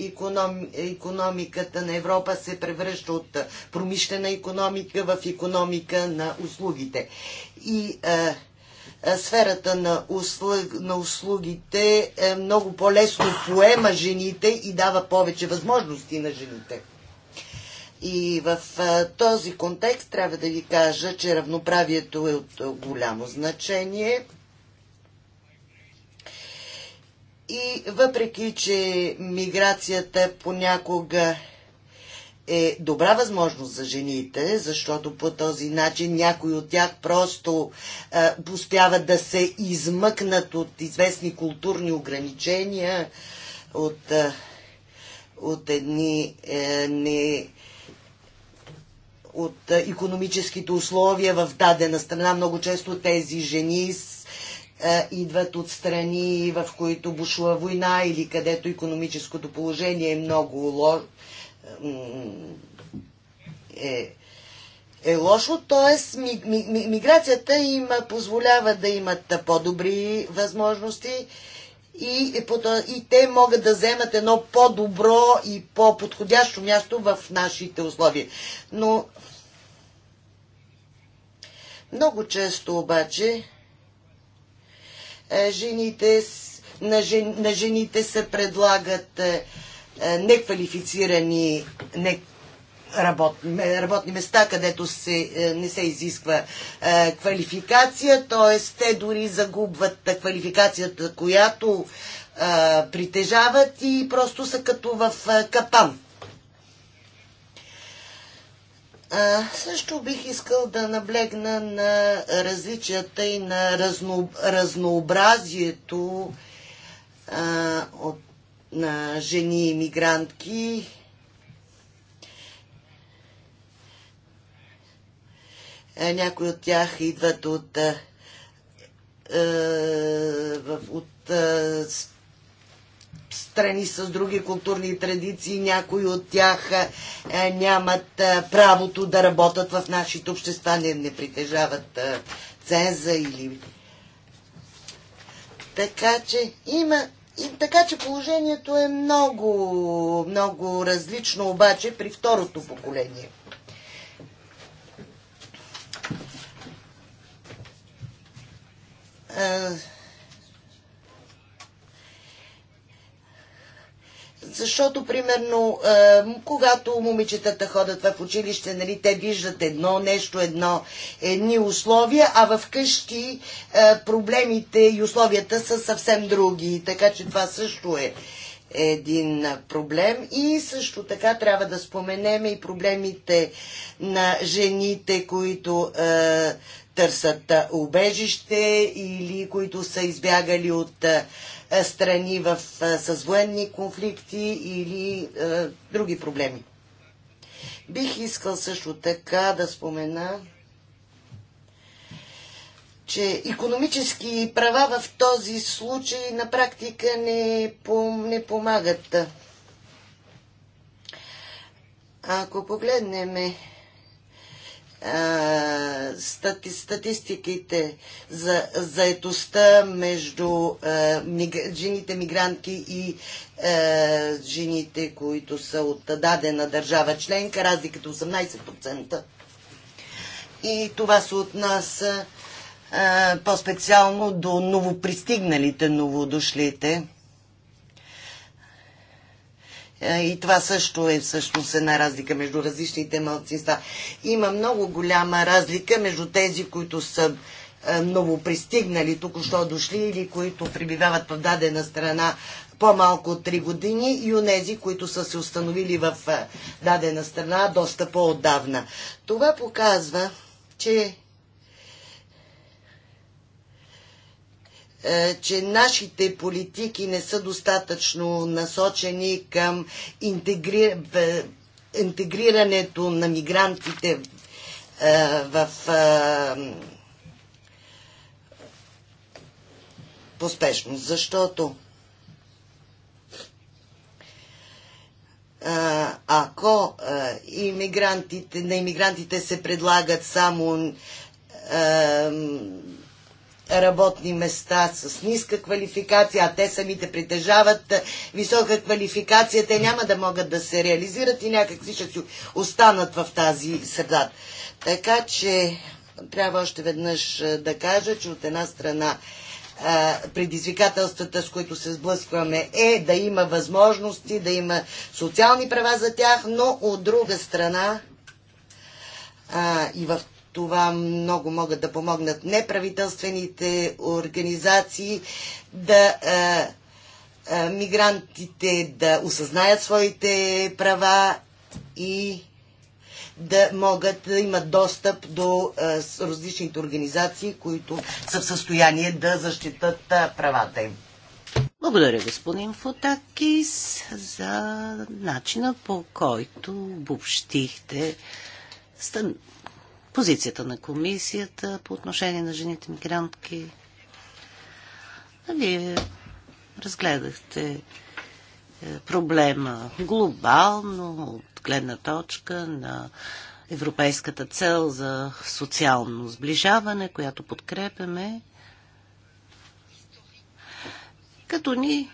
економиката на Европа се превръща от промишлена економика в економика на услугите. И е, е, сферата на, услуг, на услугите е много по-лесно поема жените и дава повече възможности на жените. И в е, този контекст трябва да ви кажа, че равноправието е от голямо значение. И въпреки, че миграцията понякога е добра възможност за жените, защото по този начин някои от тях просто е, успяват да се измъкнат от известни културни ограничения, от, е, от едни е, не, от е, економическите условия в дадена страна. Много често тези жени с, е, идват от страни, в които бушува война или където економическото положение е много лошо е, е лошо, т.е. Ми, ми, ми, миграцията им позволява да имат по-добри възможности и, и, и те могат да вземат едно по-добро и по-подходящо място в нашите условия. Но много често обаче е, жените, на, жен, на жените се предлагат е, е, неквалифицирани не работ, е, работни места, където се, е, не се изисква квалификация, т.е. те дори загубват квалификацията, която притежават и просто са като в капан. А, също бих искал да наблегна на различията и на разно, разнообразието а, от на жени мигрантки. Е, някои от тях идват от, е, е, от страни с други културни традиции, някои от тях нямат правото да работят в нашите общества, не, не притежават ценза или... Така че има и така че положението е много, много различно обаче при второто поколение. Защото, примерно, е, когато момичетата ходят в училище, нали, те виждат едно нещо, едно, едни условия, а в къщи е, проблемите и условията са съвсем други. Така че това също е един проблем. И също така трябва да споменем и проблемите на жените, които е, търсят убежище или които са избягали от страни в, с военни конфликти или е, други проблеми. Бих искал също така да спомена, че економически права в този случай на практика не, пом- не помагат. Ако погледнем стати, статистиките за заетостта между а, миг, жените мигрантки и а, жените, които са от дадена държава членка, разликата 18%. Е и това се отнася по-специално до новопристигналите, новодошлите. И това също е всъщност една разлика между различните мълцинства. Има много голяма разлика между тези, които са много пристигнали, току-що дошли или които прибивават в дадена страна по-малко от 3 години и нези, които са се установили в дадена страна доста по-отдавна. Това показва, че Е, че нашите политики не са достатъчно насочени към интегри... интегрирането на мигрантите е, в е, поспешност, защото ако иммигрантите, на иммигрантите се предлагат само работни места с ниска квалификация, а те самите притежават е, висока квалификация, те няма да могат да се реализират и някакси ще си останат в тази среда. Така че трябва още веднъж е, да кажа, че от една страна е, предизвикателствата, с които се сблъскваме, е да има възможности, да има социални права за тях, но от друга страна а, и в това много могат да помогнат неправителствените организации да а, а, мигрантите да осъзнаят своите права и да могат да имат достъп до а, различните организации, които са в състояние да защитат а, правата им. Благодаря, господин Фотакис, за начина по който обобщихте позицията на комисията по отношение на жените мигрантки. вие нали, разгледахте е, проблема глобално от гледна точка на европейската цел за социално сближаване, която подкрепяме, като ни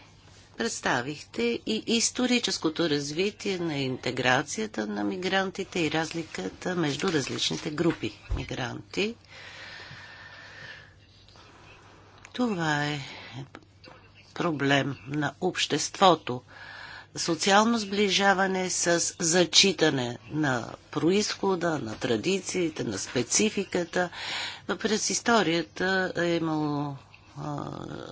Представихте и историческото развитие на интеграцията на мигрантите и разликата между различните групи мигранти. Това е проблем на обществото. Социално сближаване с зачитане на происхода, на традициите, на спецификата. През историята е имало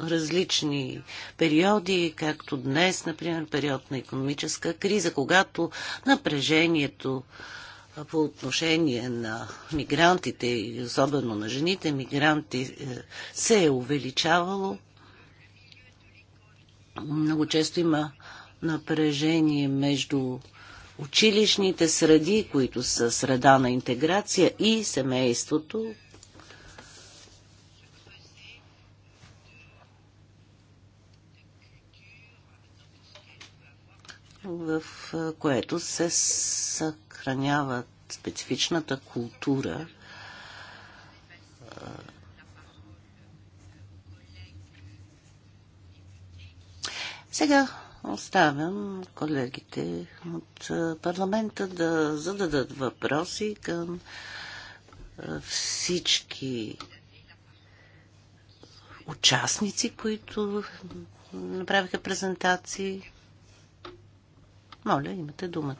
различни периоди, както днес, например, период на економическа криза, когато напрежението по отношение на мигрантите и особено на жените мигранти е, се е увеличавало. Много често има напрежение между училищните среди, които са среда на интеграция и семейството, в което се съхраняват специфичната култура Сега оставям колегите от парламента да зададат въпроси към всички участници, които направиха презентации. Моля, имате думата.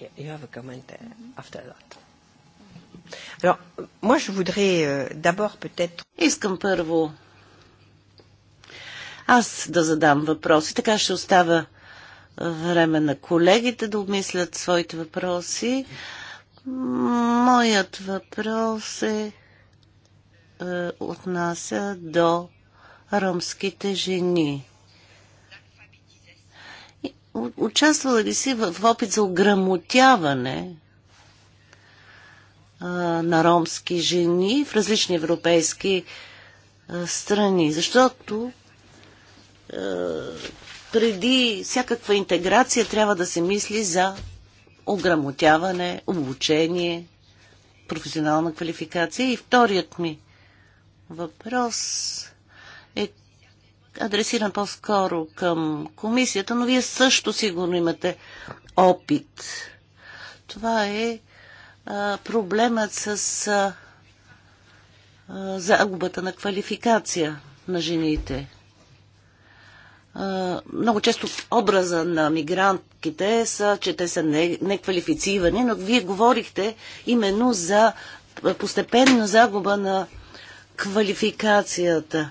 You have a comment uh, after that. Alors, moi, je voudrais euh, d'abord peut-être. Искам първо аз да задам въпроси. Така ще оставя време на колегите да обмислят своите въпроси. Моят въпрос е е, отнася до ромските жени. Участвала ли си в опит за ограмотяване е, на ромски жени в различни европейски е, страни? Защото преди всякаква интеграция трябва да се мисли за ограмотяване, обучение, професионална квалификация. И вторият ми въпрос е адресиран по-скоро към комисията, но вие също сигурно имате опит. Това е а, проблемът с а, а, загубата на квалификация на жените. А, много често образа на мигрантките са, че те са неквалифицирани, не но вие говорихте именно за постепенна загуба на квалификацията.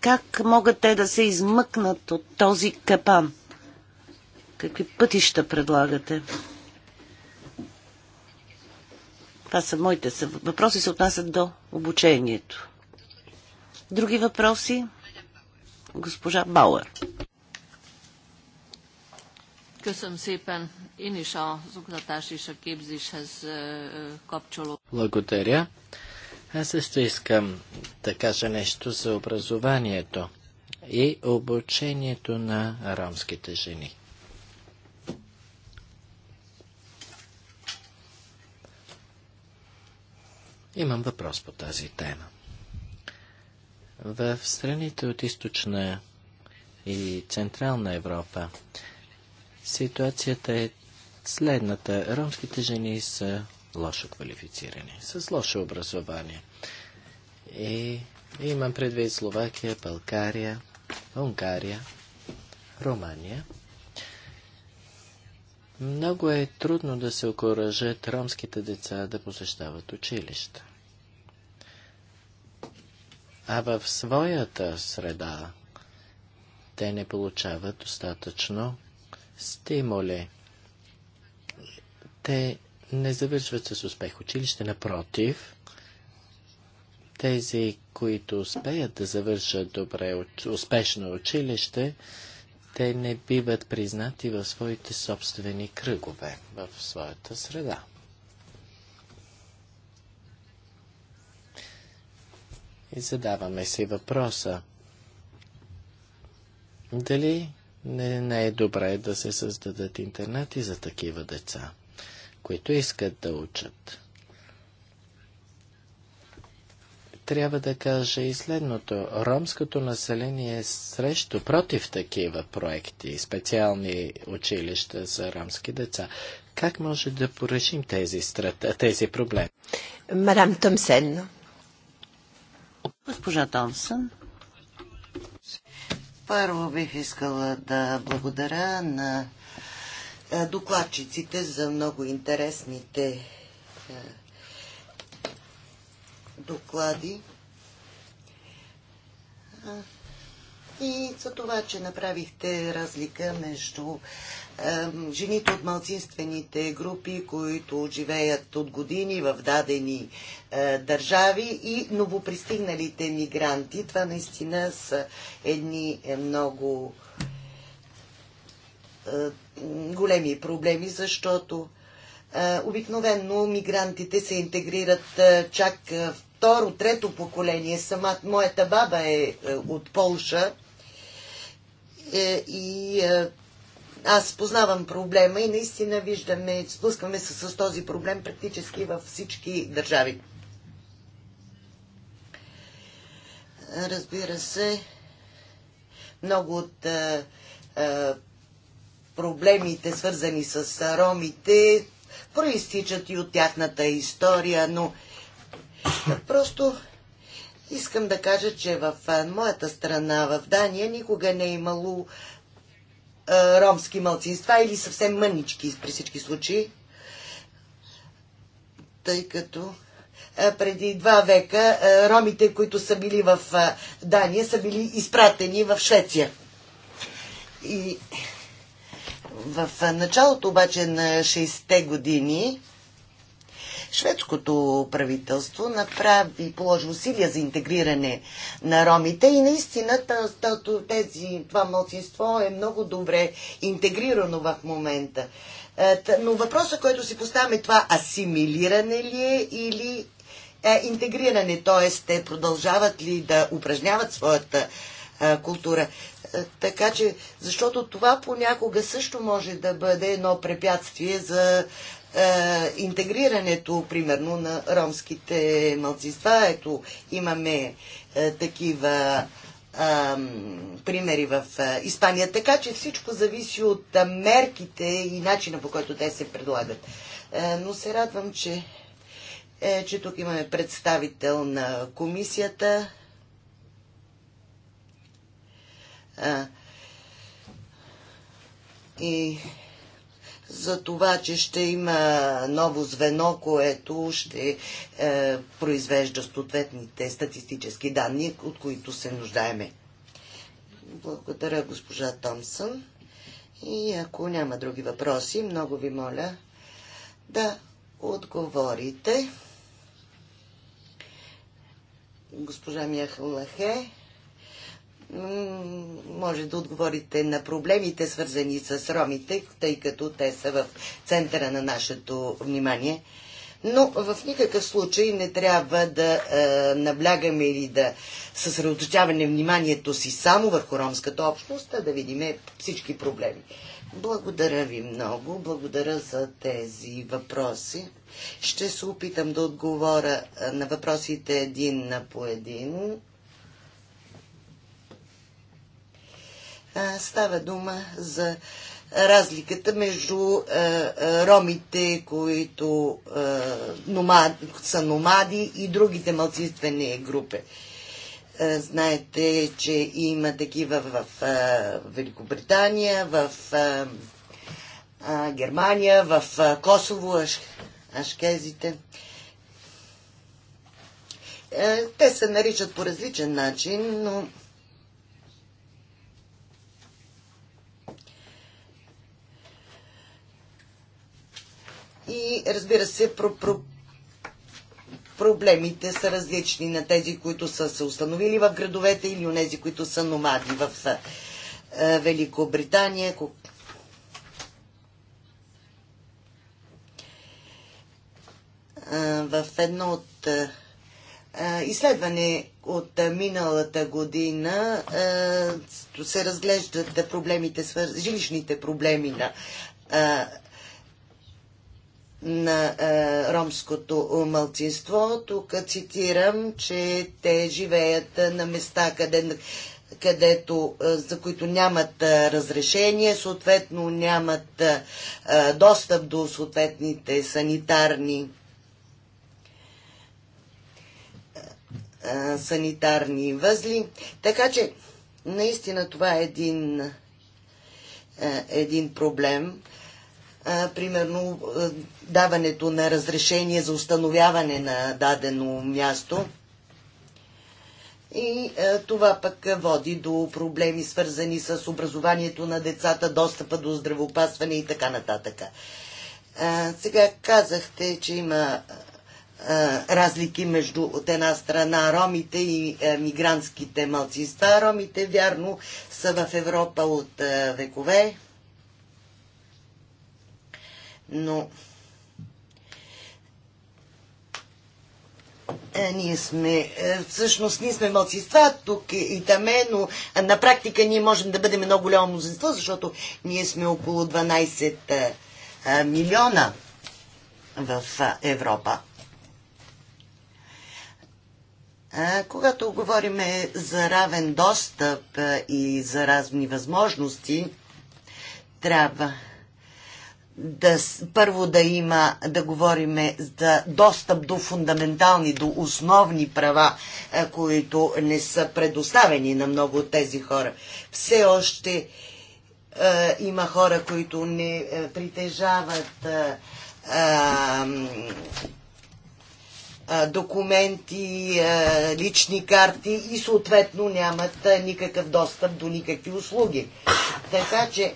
Как могат те да се измъкнат от този капан? Какви пътища предлагате? Това са моите са. Въпроси се отнасят до обучението. Други въпроси? Госпожа Бауер. Благодаря. Аз също искам да кажа нещо за образованието и обучението на ромските жени. Имам въпрос по тази тема. В страните от източна и централна Европа ситуацията е следната. Ромските жени са лошо квалифицирани, с лошо образование. И имам предвид Словакия, България, Унгария, Румания. Много е трудно да се окоръжат ромските деца да посещават училища. А в своята среда те не получават достатъчно стимули. Те не завършват с успех училище. Напротив, тези, които успеят да завършат добре, успешно училище, те не биват признати в своите собствени кръгове, в своята среда. И задаваме си въпроса. Дали не, не е добре да се създадат интернати за такива деца? които искат да учат. Трябва да кажа и следното. Ромското население е срещу, против такива проекти, специални училища за ромски деца. Как може да порешим тези, страта, тези проблеми? Мадам Томсен. Госпожа Томсен. Първо бих искала да благодаря на е, докладчиците за много интересните е, доклади и за това, че направихте разлика между е, жените от малцинствените групи, които живеят от години в дадени държави и новопристигналите мигранти. Това наистина са едни много големи проблеми, защото обикновенно мигрантите се интегрират чак второ, трето поколение. Сама моята баба е, е от Полша е, и аз познавам проблема и наистина виждаме, спускаме се с този проблем практически във всички държави. Разбира се, много от проблемите, свързани с ромите, проистичат и от тяхната история, но просто искам да кажа, че в моята страна, в Дания, никога не е имало ромски мълцинства или съвсем мънички при всички случаи, тъй като преди два века ромите, които са били в Дания, са били изпратени в Швеция. И в началото обаче на 60-те години шведското правителство направи, положи усилия за интегриране на ромите и наистина тези, това младсинство е много добре интегрирано в момента. Е, но въпросът, който си поставяме, е това асимилиране ли е или е интегриране, т.е. те продължават ли да упражняват своята е, култура. Е, така че, защото това понякога също може да бъде едно препятствие за е, интегрирането, примерно, на ромските мълцинства. Ето, имаме е, такива е, примери в е, Испания. Така че всичко зависи от е, мерките и начина по който те се предлагат. Но се радвам, че, че тук имаме представител на комисията. а, и за това, че ще има ново звено, което ще е, произвежда съответните статистически данни, от които се нуждаеме. Благодаря, госпожа Томсън. И ако няма други въпроси, много ви моля да отговорите. Госпожа Мяхалахе може да отговорите на проблемите, свързани с ромите, тъй като те са в центъра на нашето внимание. Но в никакъв случай не трябва да е, наблягаме или да съсредоточаваме вниманието си само върху ромската общност, а да видим всички проблеми. Благодаря ви много. Благодаря за тези въпроси. Ще се опитам да отговоря е, на въпросите един на по един. Става дума за разликата между е, е, ромите, които е, са номади и другите малцинствени групи. знаете, че има такива в Великобритания, в Германия, в Косово, ашкезите. те се наричат по различен начин, но И разбира се, про, про, проблемите са различни на тези, които са се установили в градовете или у нези, които са номади в е, Великобритания. Е, в едно от е, изследване от миналата година се разглеждат проблемите, жилищните проблеми на на е, ромското мълцинство. Тук цитирам, че те живеят на места, къде, където, е, за които нямат е, разрешение, съответно нямат е, е, достъп до съответните санитарни е, санитарни възли. Така че, наистина това е един, един проблем а, примерно е, даването на разрешение за установяване на дадено място. И а, е, това пък води до проблеми, свързани с образованието на децата, достъпа до здравеопасване и така нататък. А, е, сега казахте, че има разлики между от една страна ромите и мигрантските малцинства. Ромите, вярно, са в Европа от векове но е, ние сме, е, всъщност ние сме младсинства тук и таме, но на практика ние можем да бъдем много голямо мнозинство, защото ние сме около 12 е, милиона в Европа. Когато говорим за равен достъп и за разни възможности, трябва да, първо да има, да говорим за достъп до фундаментални, до основни права, е, които не са предоставени на много от тези хора. Все още е, има хора, които не е, притежават е, е, е документи, е, лични карти и съответно нямат е, никакъв достъп до никакви услуги. Така че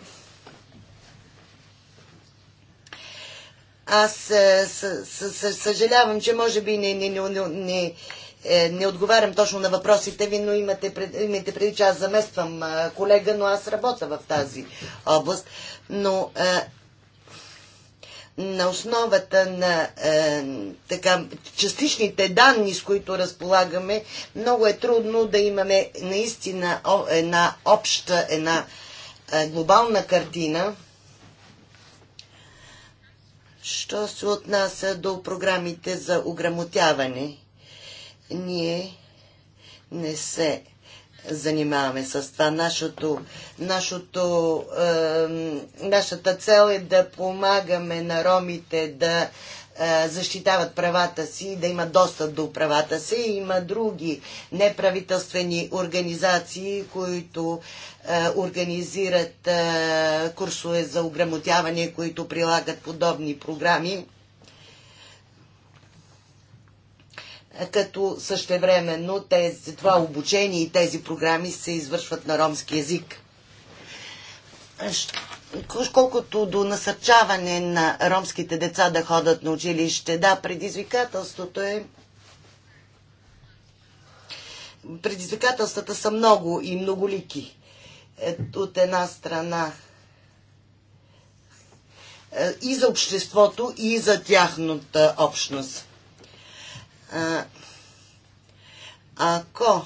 Аз е, съжалявам, че може би не, не, не, не, не е, отговарям точно на въпросите ви, но имате, пред, имате преди, че аз замествам е, колега, но аз работя в тази област. Но а, на основата на а, така, частичните данни, с които разполагаме, много е трудно да имаме наистина една обща, една глобална картина Що се отнася до програмите за ограмотяване, ние не се занимаваме с това. Нашото, нашото, е, нашата цел е да помагаме на ромите да е, защитават правата си, да имат достъп до правата си. Има други неправителствени организации, които е, организират е, курсове за ограмотяване, които прилагат подобни програми. като същевременно тези, това обучение и тези програми се извършват на ромски язик колкото до насърчаване на ромските деца да ходят на училище, да, предизвикателството е предизвикателствата са много и многолики. Е, от една страна е, и за обществото, и за тяхната общност. Е, ако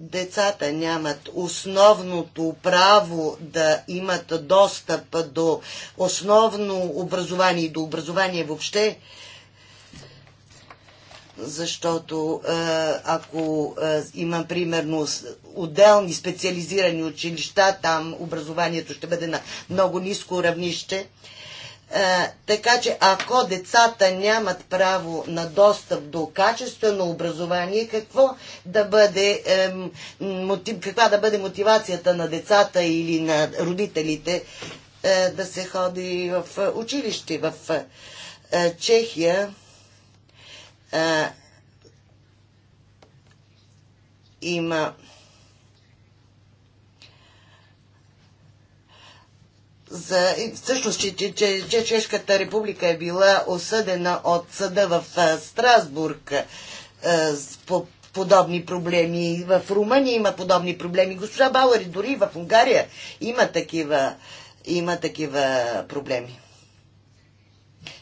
децата нямат основното право да имат достъп до основно образование и до образование въобще, защото ако има примерно отделни специализирани училища, там образованието ще бъде на много ниско равнище. Е, така че ако децата нямат право на достъп до качествено образование, какво да бъде, е, мотив, каква да бъде мотивацията на децата или на родителите е, да се ходи в е, училище? В е, е Чехия има за, всъщност, че, че, че, че Чешката република е била осъдена от съда в Страсбург по подобни проблеми. В Румъния има подобни проблеми. Госпожа Бауери дори в Унгария има такива, има такива проблеми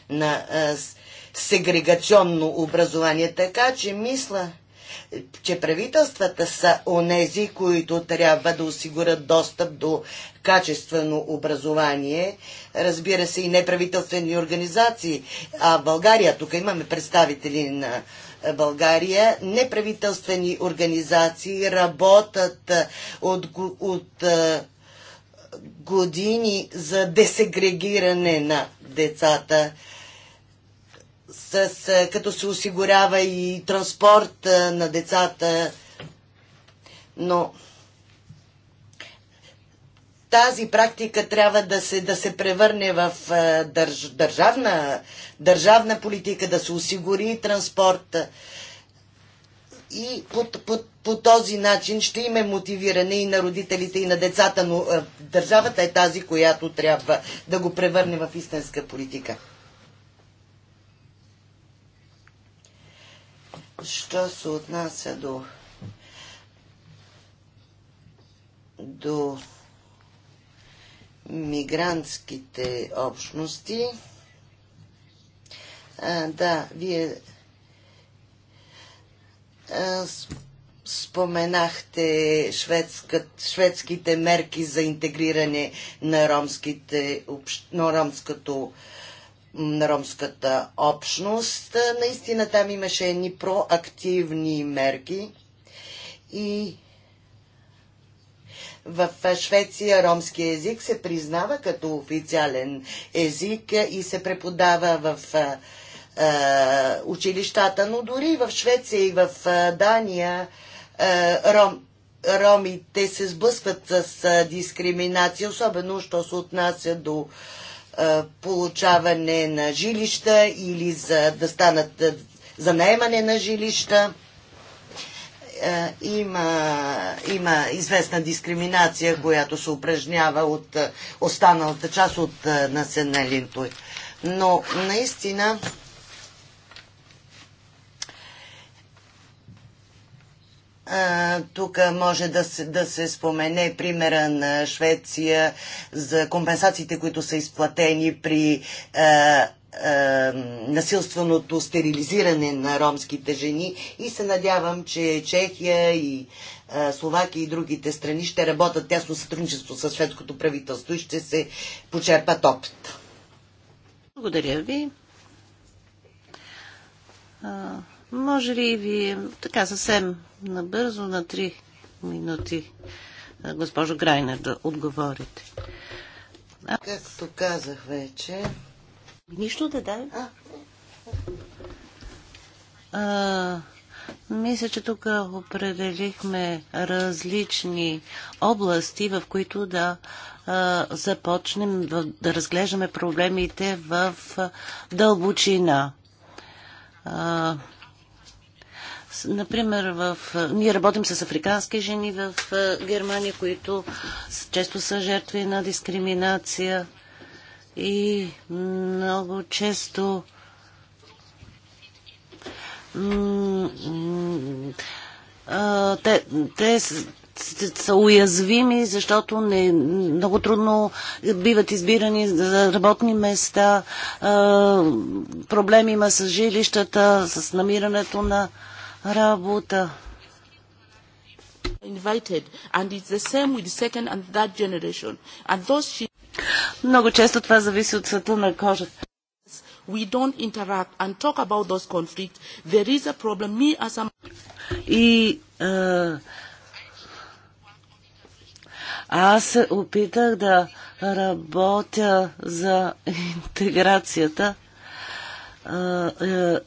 на а, сегрегационно образование. Така че мисля, че правителствата са онези, които трябва да осигурят достъп до качествено образование. Разбира се и неправителствени организации. А в България, тук имаме представители на България, неправителствени организации работят от, от години за десегрегиране на децата с, като се осигурява и транспорт на децата. Но тази практика трябва да се, да се превърне в държ, държавна, държавна политика, да се осигури транспорт. И по, по, по този начин ще има мотивиране и на родителите, и на децата, но държавата е тази, която трябва да го превърне в истинска политика. Що се отнася до до мигрантските общности. А, да, вие споменахте шведскът, шведските мерки за интегриране на, ромските, на ромското общество на ромската общност. Наистина там имаше едни проактивни мерки и в Швеция ромски език се признава като официален език и се преподава в училищата, но дори в Швеция и в Дания ром, ромите се сблъскват с дискриминация, особено що се отнася до е, получаване на жилища или за да станат е, за наемане на жилища. Е, има, има известна дискриминация, която се упражнява от останалата част от населението. Но наистина Тук може да се, да се спомене примера на Швеция за компенсациите, които са изплатени при а, а, насилственото стерилизиране на ромските жени и се надявам, че Чехия и а, Словакия и другите страни ще работят тясно сътрудничество с шведското правителство и ще се почерпат опит. Благодаря ви. Може ли ви така съвсем набързо на три минути, госпожо Грайнер, да отговорите? А... Както казах вече. Нищо да дай. А. а, мисля, че тук определихме различни области, в които да а, започнем да, да разглеждаме проблемите в дълбочина. А, Например, в... ние работим с африкански жени в Германия, които често са жертви на дискриминация и много често те, те са уязвими, защото не, много трудно биват избирани за работни места, проблеми има с жилищата, с намирането на работа. Invited and it's the same with the second and third generation. And those she... Много често това зависи от цвета на кожата we don't interact and talk about those conflicts, there is a problem. Me as a... И а, аз се опитах да работя за интеграцията а, а,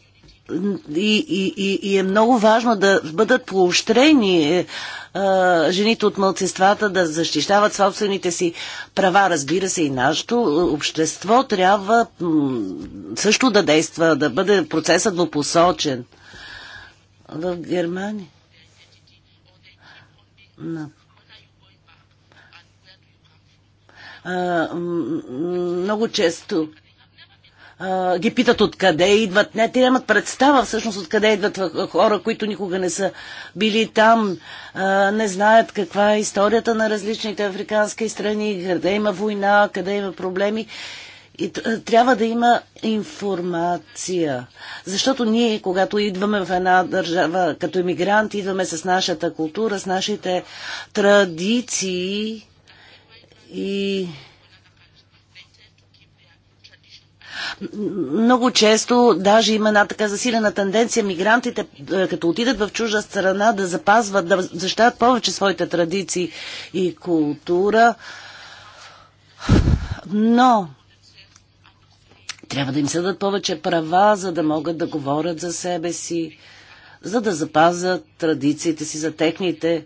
и, и, и е много важно да бъдат поощрени е, а, жените от мълцинствата да защищават собствените си права. Разбира се, и нашето е, общество трябва също да действа, да бъде процесът двупосочен. В Германия. No. А, много често ги питат откъде идват. Не, те нямат представа всъщност откъде идват хора, които никога не са били там, не знаят каква е историята на различните африкански страни, къде има война, къде има проблеми. И трябва да има информация. Защото ние, когато идваме в една държава като иммигрант, идваме с нашата култура, с нашите традиции и много често даже има една така засилена тенденция мигрантите, е, като отидат в чужда страна, да запазват, да защитават повече своите традиции и култура. Но трябва да им се дадат повече права, за да могат да говорят за себе си, за да запазят традициите си за техните е,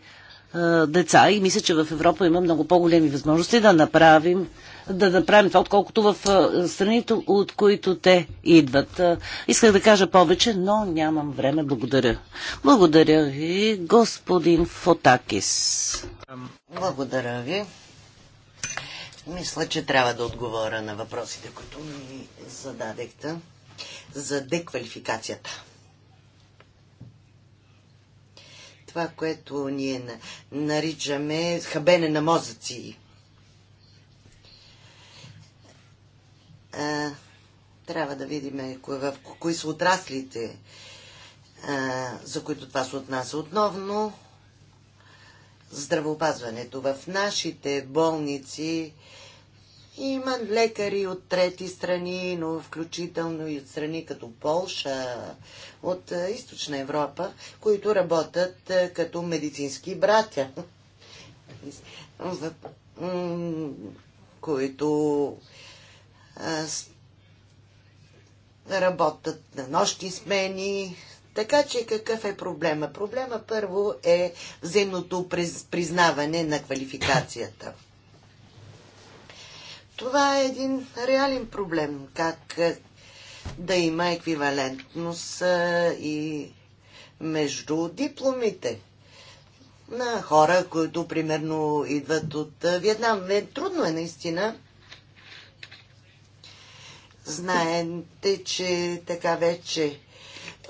деца. И мисля, че в Европа има много по-големи възможности да направим да направим това, отколкото в страните, от които те идват. Исках да кажа повече, но нямам време. Благодаря. Благодаря ви, господин Фотакис. Благодаря ви. Мисля, че трябва да отговоря на въпросите, които ми зададехте за деквалификацията. Това, което ние наричаме хабене на мозъци трябва да видим в кои са отраслите, а, за които това се отнася. Отновно здравопазването В нашите болници има лекари от трети страни, но включително и от страни като Полша, от източна Европа, които работят като медицински братя, които работят на нощи смени. Така че какъв е проблема? Проблема първо е взаимното признаване на квалификацията. Това е един реален проблем, как да има еквивалентност и между дипломите на хора, които примерно идват от Виетнам. Е, трудно е наистина Знаете, че така вече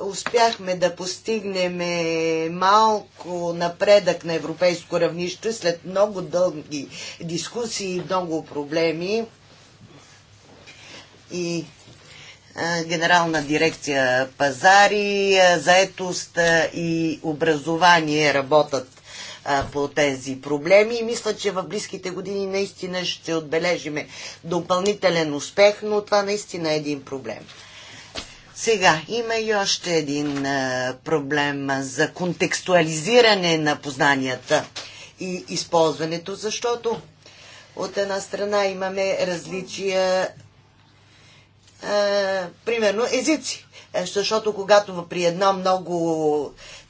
успяхме да постигнем малко напредък на европейско равнище след много дълги дискусии и много проблеми. И Генерална дирекция пазари, заетост и образование работят по тези проблеми и мисля, че в близките години наистина ще отбележиме допълнителен успех, но това наистина е един проблем. Сега, има и още един а, проблем за контекстуализиране на познанията и използването, защото от една страна имаме различия, а, примерно, езици. Е, защото когато при едно много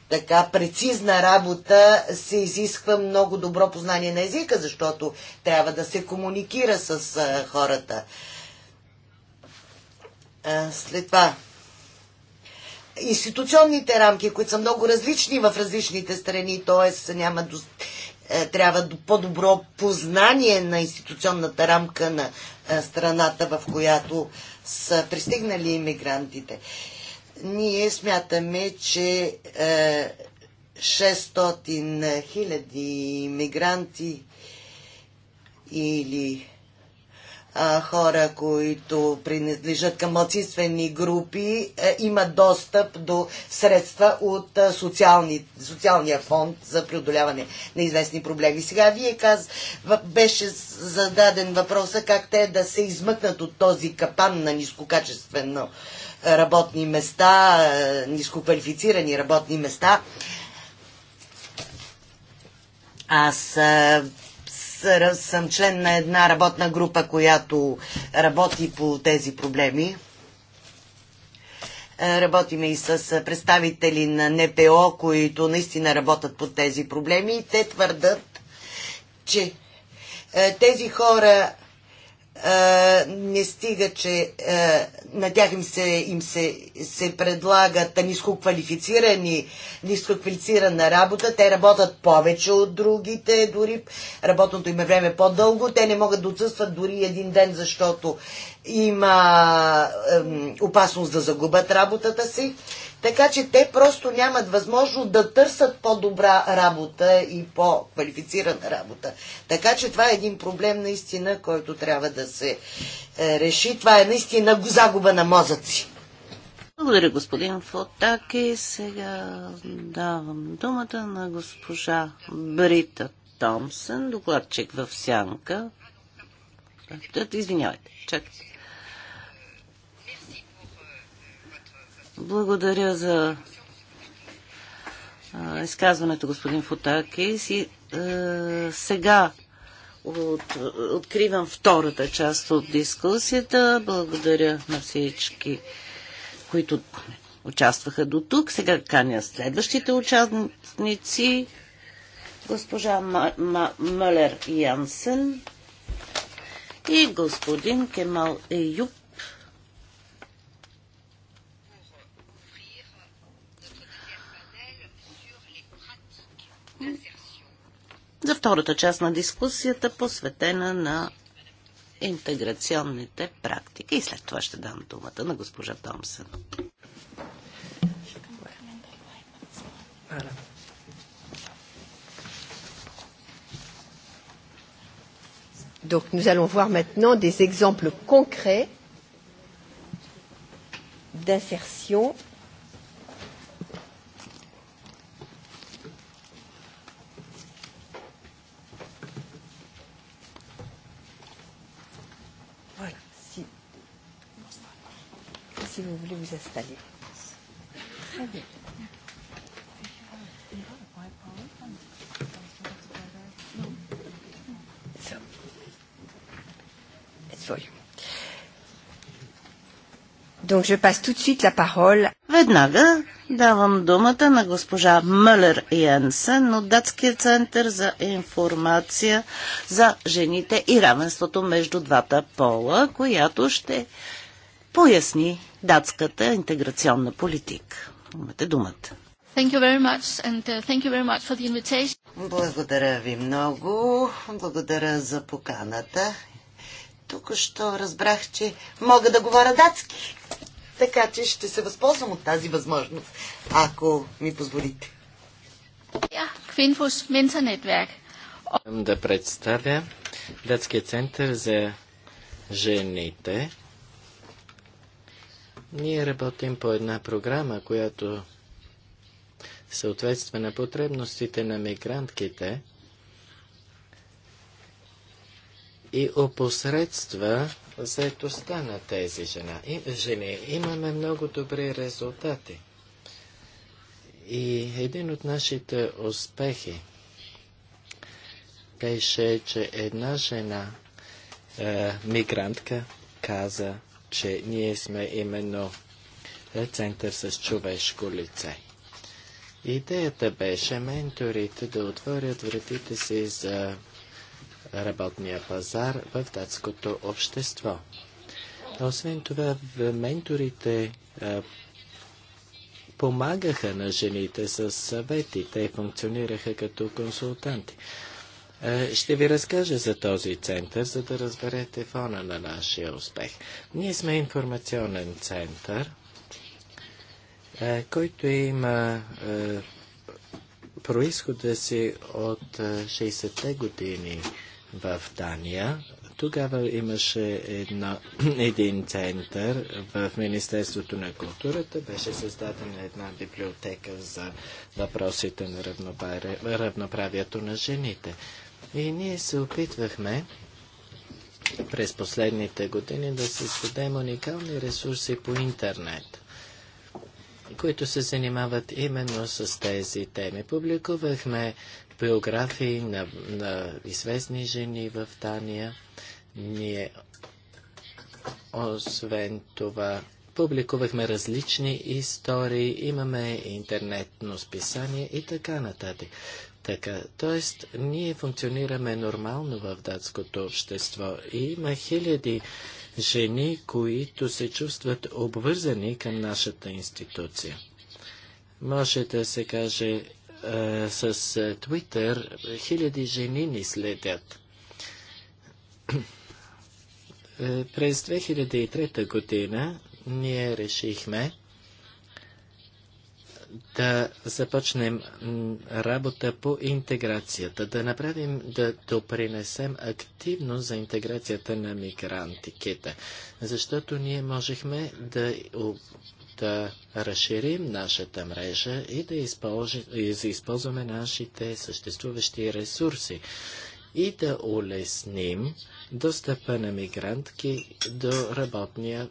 така прецизна работа се изисква много добро познание на езика, защото трябва да се комуникира с а, хората. А, след това, институционните рамки, които са много различни в различните страни, т.е. няма до, е, трябва до по-добро познание на институционната рамка на е, страната, в която са пристигнали иммигрантите. Ние смятаме, че 600 е, хиляди мигранти или хора, които принадлежат към младсинствени групи, е, имат достъп до средства от е, социални, социалния фонд за преодоляване на известни проблеми. Сега вие каз, беше зададен въпроса как те да се измъкнат от този капан на нискокачествено работни места, е, нискоквалифицирани работни места. Аз е, съм член на една работна група, която работи по тези проблеми. Е, работиме и с представители на НПО, които наистина работят по тези проблеми те твърдат, че тези хора не стига, че на тях им се, им се, се предлагат нискоквалифицирани, нискоквалифицирана работа. Те работят повече от другите, дори работното им е време по-дълго. Те не могат да отсъстват дори един ден, защото има ем, опасност да загубят работата си, така че те просто нямат възможност да търсят по-добра работа и по-квалифицирана работа. Така че това е един проблем наистина, който трябва да се е, реши. Това е наистина загуба на мозъци. Благодаря, господин Фотаки. Сега давам думата на госпожа Брита Томсън, докладчик в Сянка. Извинявайте, чакайте. Благодаря за изказването, господин Футакис. И, сега от, откривам втората част от дискусията. Благодаря на всички, които участваха до тук. Сега каня следващите участници. Госпожа Мълер Янсен и господин Кемал Еюк. за втората част на дискусията, посветена на интеграционните практики. И след това ще дам думата на госпожа Томсън. Donc nous allons voir maintenant des exemples concrets d'insertion si vous voulez vous installer. Très bien. Donc je passe tout de suite la parole. Веднага давам думата на госпожа Мълер Янсен от Датския център за информация за жените и равенството между двата пола, която ще поясни датската интеграционна политика. Имате думата. Благодаря ви много. Благодаря за поканата. Тук що разбрах, че мога да говоря датски. Така че ще се възползвам от тази възможност, ако ми позволите. Квинфус Минцанетверк. Да представя Датския център за жените ние работим по една програма, която съответства на потребностите на мигрантките и опосредства заетостта на тези жена. И, жени. Имаме много добри резултати. И един от нашите успехи беше, че една жена, е, мигрантка, каза, че ние сме именно е, център с човешко лице. Идеята беше менторите да отворят вратите си за работния пазар в датското общество. Освен това, менторите е, помагаха на жените с съвети. Те функционираха като консултанти. Е, ще ви разкажа за този център, за да разберете фона на нашия успех. Ние сме информационен център, е, който има е, происхода си от 60-те години в Дания. Тогава имаше една, един център в Министерството на културата. Беше създадена една библиотека за въпросите на равноправието на жените. И ние се опитвахме през последните години да създадем уникални ресурси по интернет, които се занимават именно с тези теми. Публикувахме биографии на, на известни жени в Дания. Ние, освен това, публикувахме различни истории, имаме интернетно списание и така нататък. Така, т.е. ние функционираме нормално в датското общество и има хиляди жени, които се чувстват обвързани към нашата институция. Може да се каже е, с Твитър, е, хиляди жени ни следят. Е, през 2003 година ние решихме да започнем работа по интеграцията, да направим, да допринесем активно за интеграцията на мигрантиките, защото ние можехме да, да разширим нашата мрежа и да използваме нашите съществуващи ресурси и да улесним достъпа на мигрантки до работния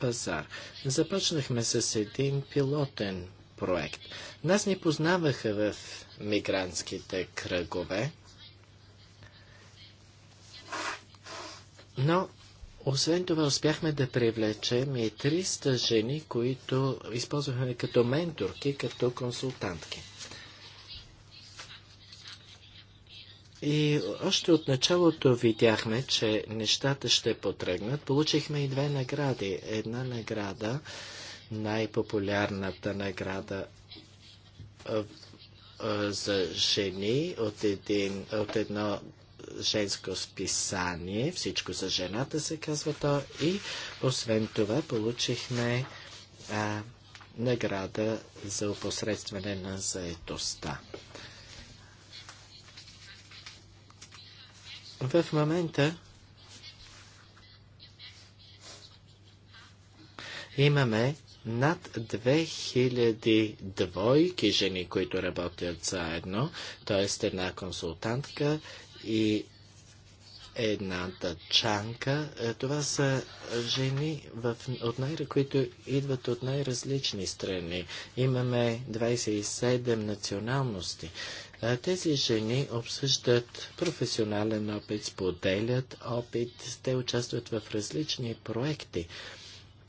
пазар. Започнахме с един пилотен проект. Нас не познаваха в мигрантските кръгове, но освен това успяхме да привлечем и 300 жени, които използвахме като менторки, като консултантки. И още от началото видяхме, че нещата ще потръгнат. Получихме и две награди. Една награда най-популярната награда за жени от, един, от едно женско списание. Всичко за жената се казва то. И освен това получихме а, награда за опосредстване на заетостта. В момента имаме над 2000 двойки жени, които работят заедно, т.е. една консултантка и една дъчанка. Е, това са жени в, от най- които идват от най-различни страни. Имаме 27 националности. Е, тези жени обсъждат професионален опит, споделят опит, те участват в различни проекти.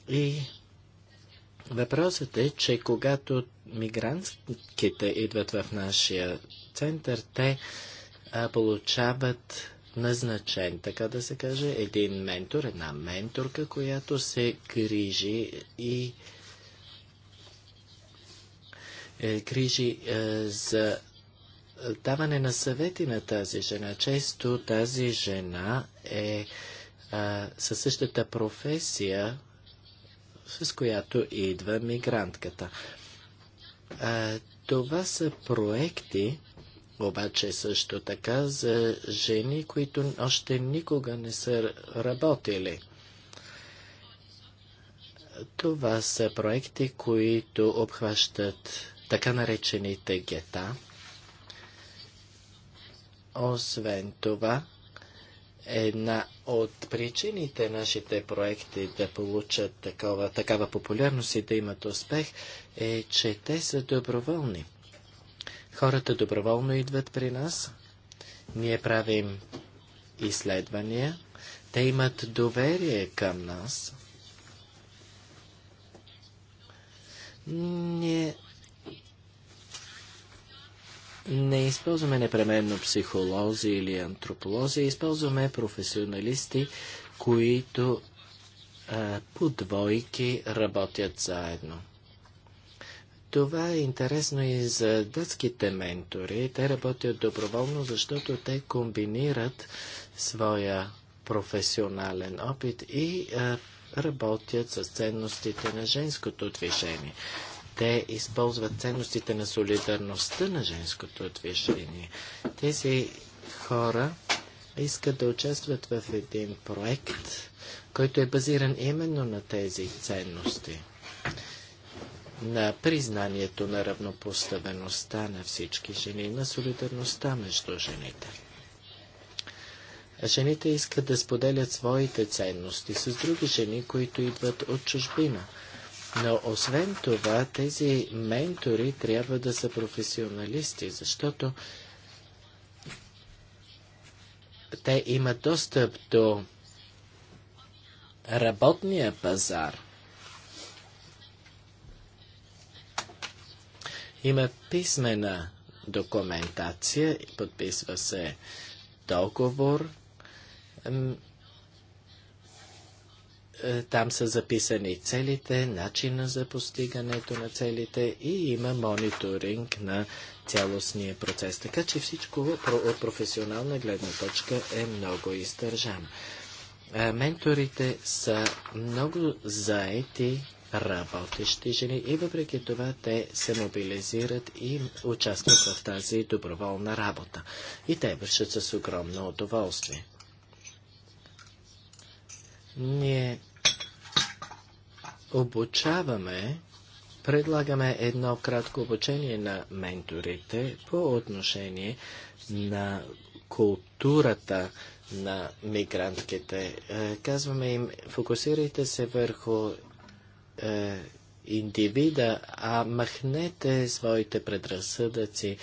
И Въпросът е, че когато мигрантските идват в нашия център, те а, получават назначен, така да се каже, един ментор, една менторка, която се грижи и е, грижи е, за даване на съвети на тази жена. Често тази жена е а, със същата професия, с която идва мигрантката. А, това са проекти, обаче също така за жени, които още никога не са работили. Това са проекти, които обхващат така наречените гета. Освен това, Една от причините нашите проекти да получат такова, такава популярност и да имат успех е, че те са доброволни. Хората доброволно идват при нас, ние правим изследвания, те имат доверие към нас. Ние не използваме непременно психолози или антрополози, използваме професионалисти, които а, по двойки работят заедно. Това е интересно и за детските ментори. Те работят доброволно, защото те комбинират своя професионален опит и а, работят с ценностите на женското движение те използват ценностите на солидарността на женското движение. Тези хора искат да участват в един проект, който е базиран именно на тези ценности, на признанието на равнопоставеността на всички жени, на солидарността между жените. Жените искат да споделят своите ценности с други жени, които идват от чужбина – но освен това, тези ментори трябва да са професионалисти, защото те имат достъп до работния пазар. Има писмена документация, подписва се договор. Е, там са записани целите, начина за постигането на целите и има мониторинг на цялостния процес. Така че всичко от професионална гледна точка е много издържано. Е, менторите са много заети работещи жени и въпреки това те се мобилизират и участват в тази доброволна работа. И те вършат с огромно удоволствие. Ние обучаваме, предлагаме едно кратко обучение на менторите по отношение на културата на мигрантките. Е, казваме им, фокусирайте се върху е, индивида, а махнете своите предразсъдъци,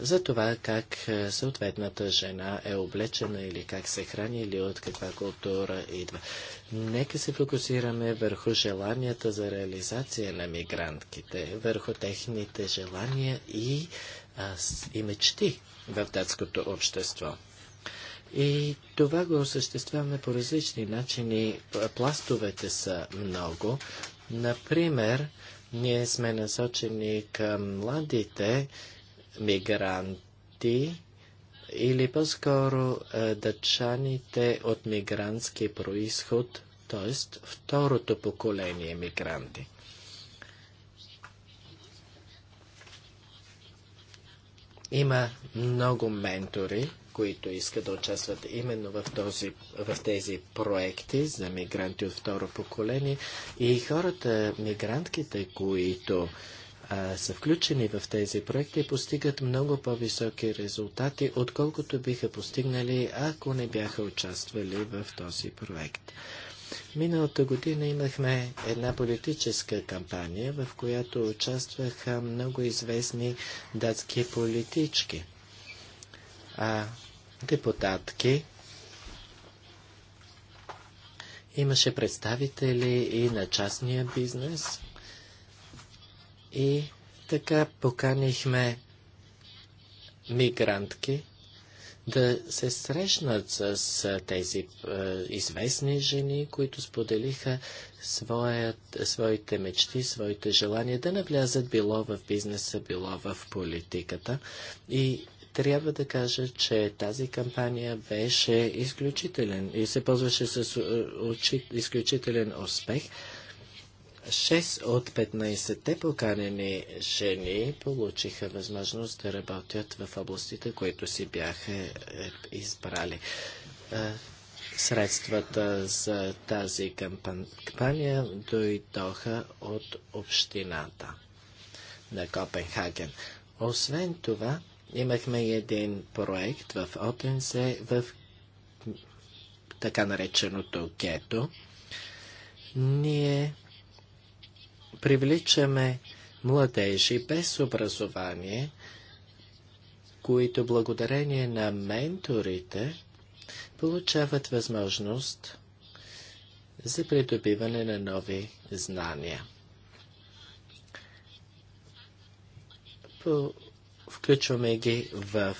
за това как съответната жена е облечена или как се храни или от каква култура идва. Нека се фокусираме върху желанията за реализация на мигрантките, върху техните желания и, а, и мечти в датското общество. И това го осъществяваме по различни начини. Пластовете са много. Например, ние сме насочени към младите, мигранти или по-скоро е, дъчаните от мигрантски происход, т.е. второто поколение мигранти. Има много ментори, които искат да участват именно в, този, в тези проекти за мигранти от второ поколение и хората, мигрантките, които а, са включени в тези проекти, постигат много по-високи резултати, отколкото биха постигнали, ако не бяха участвали в този проект. Миналата година имахме една политическа кампания, в която участваха много известни датски политички, а депутатки. Имаше представители и на частния бизнес, и така поканихме мигрантки да се срещнат с, тези е, известни жени, които споделиха своят, своите мечти, своите желания да навлязат било в бизнеса, било в политиката. И трябва да кажа, че тази кампания беше изключителен и се ползваше с учи, е, изключителен успех. 6 от 15-те поканени жени получиха възможност да работят в областите, които си бяха е, избрали. Е, средствата за тази кампания дойдоха от общината на Копенхаген. Освен това, имахме един проект в Отенсе, в така нареченото гето. Ние привличаме младежи без образование, които благодарение на менторите получават възможност за придобиване на нови знания. По... Включваме ги в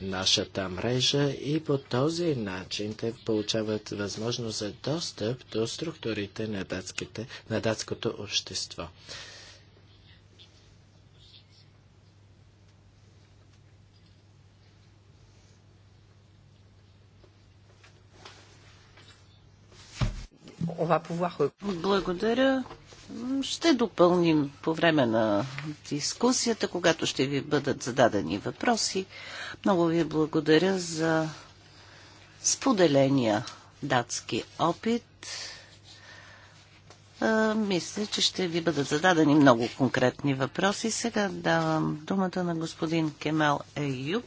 нашата мрежа и по този начин те получават възможност за достъп до структурите на, датските, на датското общество. Euh, благодаря. Ще допълним по време на дискусията, когато ще ви бъдат зададени въпроси. Много ви благодаря за споделения датски опит. мисля, че ще ви бъдат зададени много конкретни въпроси. Сега давам думата на господин Кемал Еюб,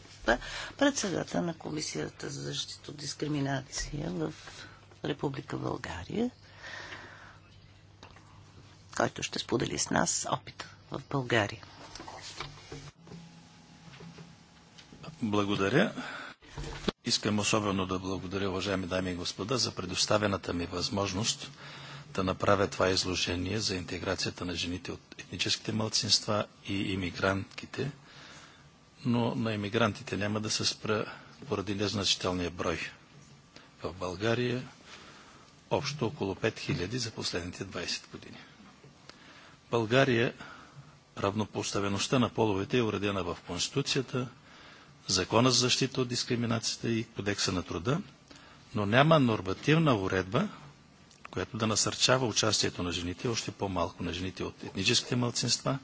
председател на Комисията за защита от дискриминация в Република България, който ще сподели с нас опита в България. Благодаря. Искам особено да благодаря, уважаеми дами и господа, за предоставената ми възможност да направя това изложение за интеграцията на жените от етническите мълцинства и иммигрантките, но на иммигрантите няма да се спра поради незначителния брой. В България общо около 5000 за последните 20 години. България равнопоставеността на половете е уредена в Конституцията, Закона за защита от дискриминацията и Кодекса на труда, но няма нормативна уредба, която да насърчава участието на жените, още по-малко на жените от етническите мълцинства,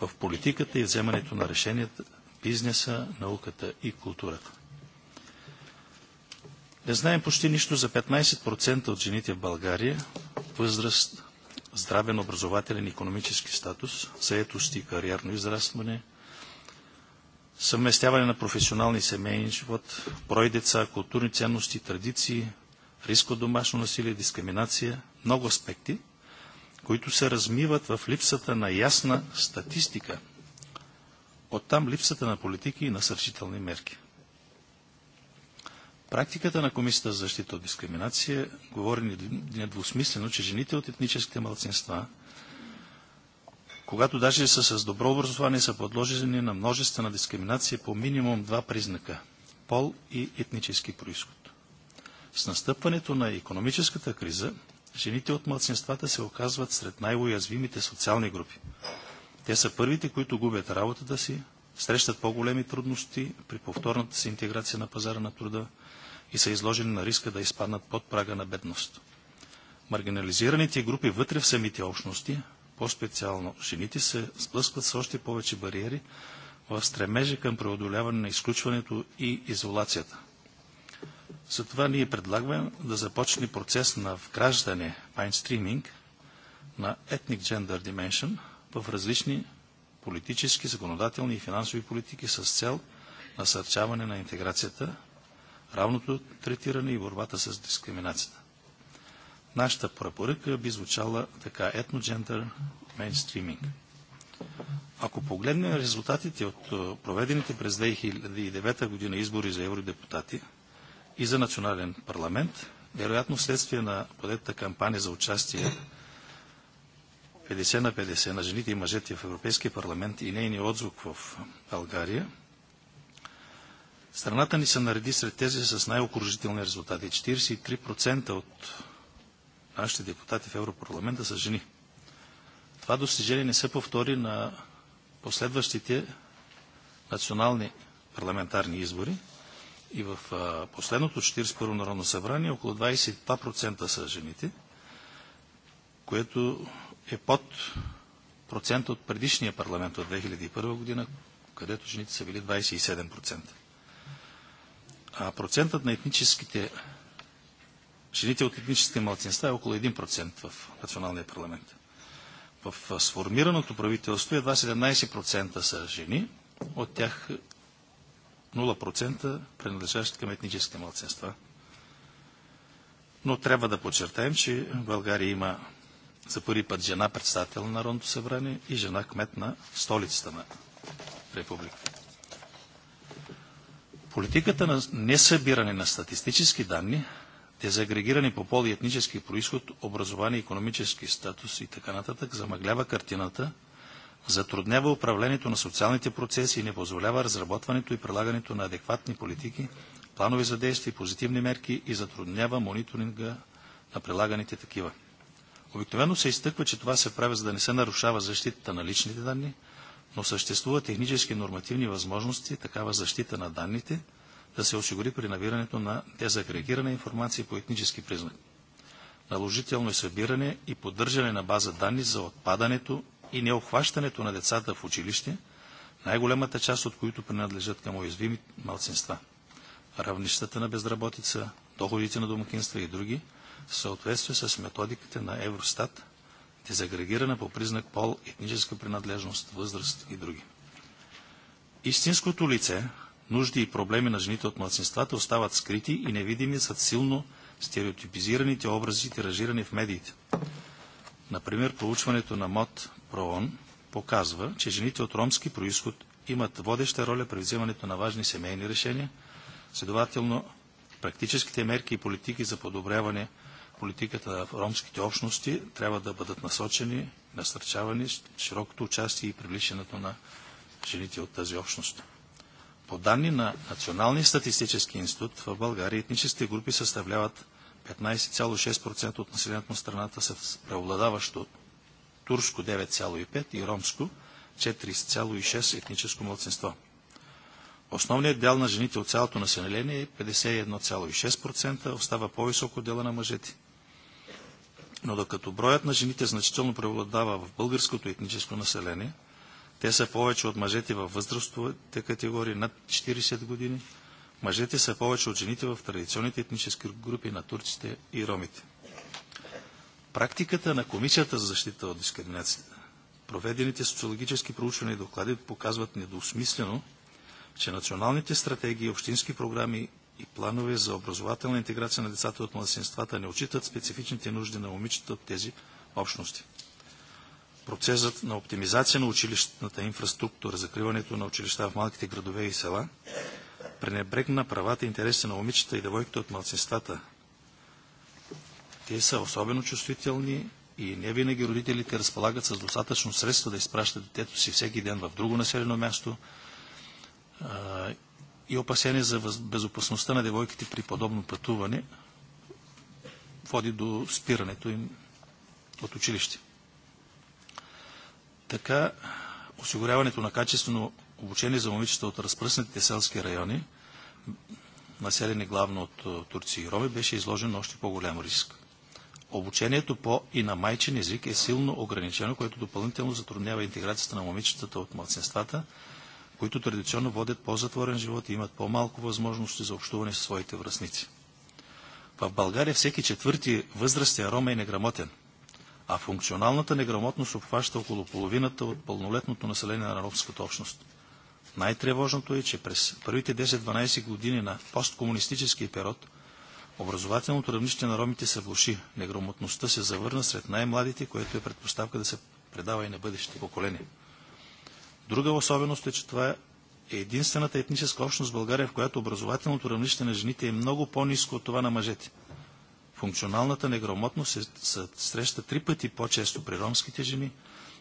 в политиката и вземането на решенията, бизнеса, науката и културата. Не знаем почти нищо за 15% от жените в България, възраст, здравен, образователен и економически статус, заетост и кариерно израстване, съвместяване на професионални и живот, брой деца, културни ценности, традиции, риск от домашно насилие, дискриминация, много аспекти, които се размиват в липсата на ясна статистика, оттам липсата на политики и насърчителни мерки – Практиката на Комисията за защита от дискриминация говори недвусмислено, че жените от етническите малцинства, когато даже са с добро образование, са подложени на множествена дискриминация по минимум два признака – пол и етнически происход. С настъпването на економическата криза, жените от младсинствата се оказват сред най-уязвимите социални групи. Те са първите, които губят работата си, срещат по-големи трудности при повторната си интеграция на пазара на труда, и са изложени на риска да изпаднат под прага на бедност. Маргинализираните групи вътре в самите общности, по-специално жените, се сблъскват с още повече бариери в стремежа към преодоляване на изключването и изолацията. Затова ние предлагаме да започне процес на вграждане, майнстриминг, на Ethnic Gender Dimension в различни политически, законодателни и финансови политики с цел насърчаване на интеграцията равното третиране и борбата с дискриминацията. Нашата препоръка би звучала така етно-джендър мейнстриминг. Ако погледнем резултатите от проведените през 2009 година избори за евродепутати и за национален парламент, вероятно вследствие на подетата кампания за участие 50 на 50 на жените и мъжете в Европейския парламент и нейния отзвук в България, Страната ни се нареди сред тези с най-окружителни резултати. 43% от нашите депутати в Европарламента са жени. Това достижение не се повтори на последващите национални парламентарни избори и в последното 41-о Народно събрание около 22% са жените, което е под процента от предишния парламент от 2001 година, където жените са били 27% а процентът на етническите жените от етническите младсинства е около 1% в националния парламент. В сформираното правителство едва 17% са жени, от тях 0% принадлежащи към етническите младсинства. Но трябва да подчертаем, че България има за първи път жена председател на Народното събрание и жена кмет на столицата на републиката. Политиката на несъбиране на статистически данни, дезагрегирани по пол и етнически происход, образование, економически статус и така нататък, замъглява картината, затруднява управлението на социалните процеси и не позволява разработването и прилагането на адекватни политики, планове за действие, позитивни мерки и затруднява мониторинга на прилаганите такива. Обикновено се изтъква, че това се прави, за да не се нарушава защитата на личните данни, но съществуват технически нормативни възможности такава защита на данните да се осигури при набирането на дезагрегирана информация по етнически признак. Наложително е събиране и поддържане на база данни за отпадането и необхващането на децата в училище, най-голямата част от които принадлежат към уязвими малцинства. Равнищата на безработица, доходите на домакинства и други в съответствие с методиката на Евростат дезагрегирана по признак пол, етническа принадлежност, възраст и други. Истинското лице, нужди и проблеми на жените от младсинствата остават скрити и невидими зад силно стереотипизираните образи, тиражирани в медиите. Например, проучването на МОД ПРООН показва, че жените от ромски происход имат водеща роля при взимането на важни семейни решения, следователно практическите мерки и политики за подобряване политиката в ромските общности трябва да бъдат насочени, насърчавани с широкото участие и привличането на жените от тази общност. По данни на Националния статистически институт в България етническите групи съставляват 15,6% от населението на страната с преобладаващо турско 9,5% и ромско 4,6% етническо младсинство. Основният дял на жените от цялото население е 51,6%, остава по-високо дела на мъжете но докато броят на жените значително преобладава в българското етническо население, те са повече от мъжете във възрастовите категории над 40 години, мъжете са повече от жените в традиционните етнически групи на турците и ромите. Практиката на Комисията за защита от дискриминацията, проведените социологически проучвания и доклади показват недосмислено, че националните стратегии, общински програми и планове за образователна интеграция на децата от младсинствата не отчитат специфичните нужди на момичета от тези общности. Процесът на оптимизация на училищната инфраструктура, закриването на училища в малките градове и села, пренебрегна правата и интереси на момичета и девойките от младсинствата. Те са особено чувствителни и не винаги родителите разполагат с достатъчно средства да изпращат детето си всеки ден в друго населено място и опасение за безопасността на девойките при подобно пътуване води до спирането им от училище. Така, осигуряването на качествено обучение за момичета от разпръснатите селски райони, населени главно от е, турци и роми, беше изложено още по-голям риск. Обучението по и на майчен език е силно ограничено, което допълнително затруднява интеграцията на момичетата от младсенствата, които традиционно водят по-затворен живот и имат по-малко възможности за общуване с своите връзници. В България всеки четвърти възрастен ром е неграмотен, а функционалната неграмотност обхваща около половината от пълнолетното население на ромската общност. Най-тревожното е, че през първите 10-12 години на посткомунистическия период образователното равнище на ромите се влуши, неграмотността се завърна сред най-младите, което е предпоставка да се предава и на бъдещите поколения. Друга особеност е, че това е единствената етническа общност в България, в която образователното равнище на жените е много по-низко от това на мъжете. Функционалната неграмотност е, се, среща три пъти по-често при ромските жени,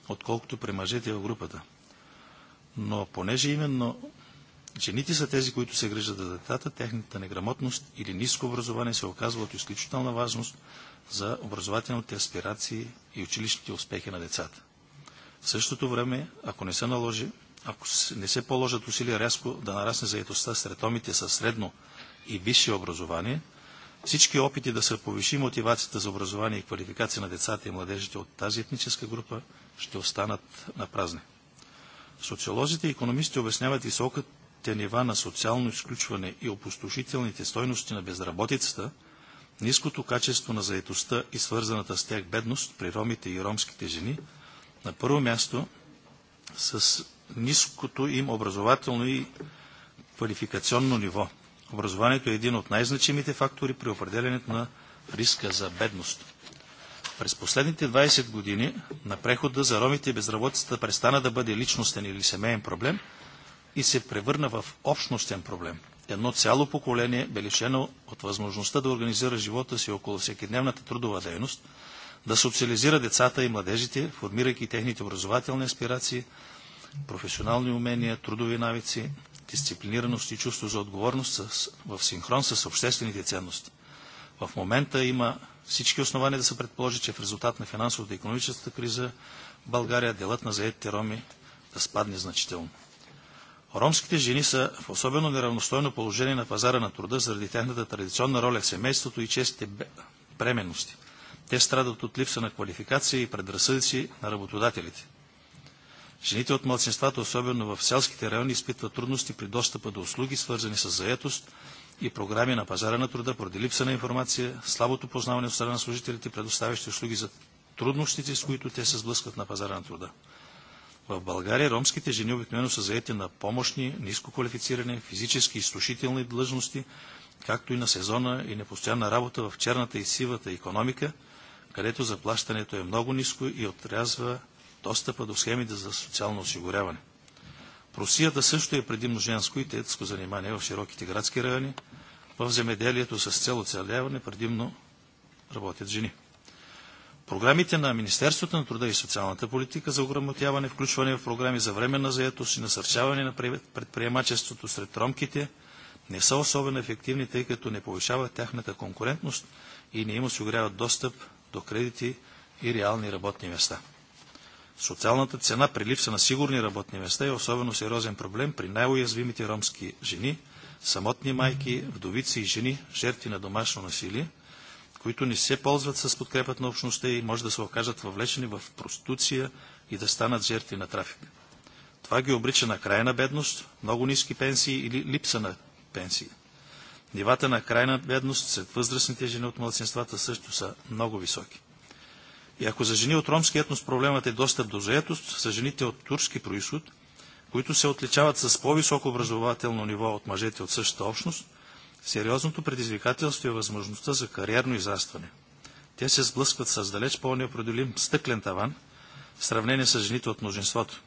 отколкото при мъжете в групата. Но понеже именно жените са тези, които се грижат за децата, техната неграмотност или ниско образование се оказва от изключителна важност за образователните аспирации и училищните успехи на децата. В същото време, ако не се наложи, ако не се положат усилия рязко да нарасне заедостта сред омите със средно и висше образование, всички опити да се повиши мотивацията за образование и квалификация на децата и младежите от тази етническа група ще останат на празни. Социолозите и економисти обясняват високите нива на социално изключване и опустошителните стойности на безработицата, ниското качество на заетостта и свързаната с тях бедност при ромите и ромските жени – на първо място, с ниското им образователно и квалификационно ниво. Образованието е един от най-значимите фактори при определенето на риска за бедност. През последните 20 години на прехода за ромите безработицата престана да бъде личностен или семейен проблем и се превърна в общностен проблем. Едно цяло поколение бе лишено от възможността да организира живота си около всекидневната трудова дейност, да социализира децата и младежите, формирайки техните образователни аспирации, професионални умения, трудови навици, дисциплинираност и чувство за отговорност в синхрон с обществените ценности. В момента има всички основания да се предположи, че в резултат на финансовата и економическата криза България делът на заедите роми да спадне значително. Ромските жени са в особено неравностойно положение на пазара на труда заради тяхната традиционна роля в семейството и честите бременности – те страдат от липса на квалификация и предразсъдици на работодателите. Жените от младсинствата, особено в селските райони, изпитват трудности при достъпа до услуги, свързани с заетост и програми на пазара на труда, поради липса на информация, слабото познаване от страна на служителите, предоставящи услуги за трудностите, с които те се сблъскват на пазара на труда. В България ромските жени обикновено са заети на помощни, нискоквалифицирани, физически изтушителни длъжности, както и на сезона и непостоянна работа в черната и сивата економика – където заплащането е много ниско и отрязва достъпа до схемите за социално осигуряване. Просията също е предимно женско и тетско занимание в широките градски райони. В земеделието с цел оцеляване предимно работят жени. Програмите на Министерството на труда и социалната политика за ограмотяване, включване в програми за временна заетост и насърчаване на предприемачеството сред ромките не са особено ефективни, тъй като не повишават тяхната конкурентност и не им осигуряват достъп до кредити и реални работни места. Социалната цена при липса на сигурни работни места е особено сериозен проблем при най-уязвимите ромски жени, самотни майки, вдовици и жени, жертви на домашно насилие, които не се ползват с подкрепът на общността и може да се окажат въвлечени в проституция и да станат жертви на трафик. Това ги обрича на крайна бедност, много ниски пенсии или липса на пенсии. Нивата на крайна бедност сред възрастните жени от младсинствата също са много високи. И ако за жени от ромски етност проблемът е достъп до заетост, са жените от турски происход, които се отличават с по-високо образователно ниво от мъжете от същата общност, сериозното предизвикателство е възможността за кариерно израстване. Те се сблъскват с далеч по-неопределим стъклен таван в сравнение с жените от множеството.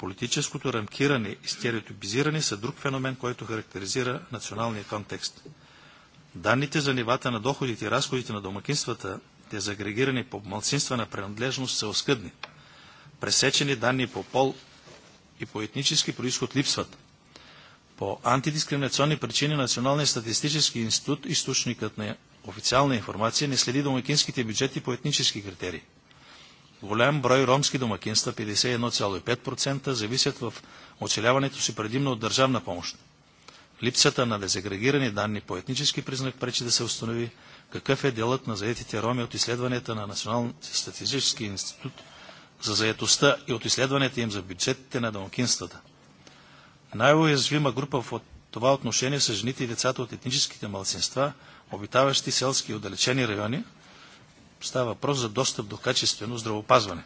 Политическото рамкиране и стереотипизиране са друг феномен, който характеризира националния контекст. Данните за нивата на доходите и разходите на домакинствата, те агрегирани по малцинства на принадлежност, са оскъдни. Пресечени данни по пол и по етнически происход липсват. По антидискриминационни причини Националният статистически институт, източникът на официална информация, не следи домакинските бюджети по етнически критерии. Голям брой ромски домакинства, 51,5%, зависят в оцеляването си предимно от държавна помощ. Липсата на дезагрегирани данни по етнически признак пречи да се установи какъв е делът на заетите роми от изследванията на Националния статистически институт за заетостта и от изследванията им за бюджетите на домакинствата. Най-уязвима група в това отношение са жените и децата от етническите малцинства, обитаващи селски и отдалечени райони – Става въпрос за достъп до качествено здравопазване.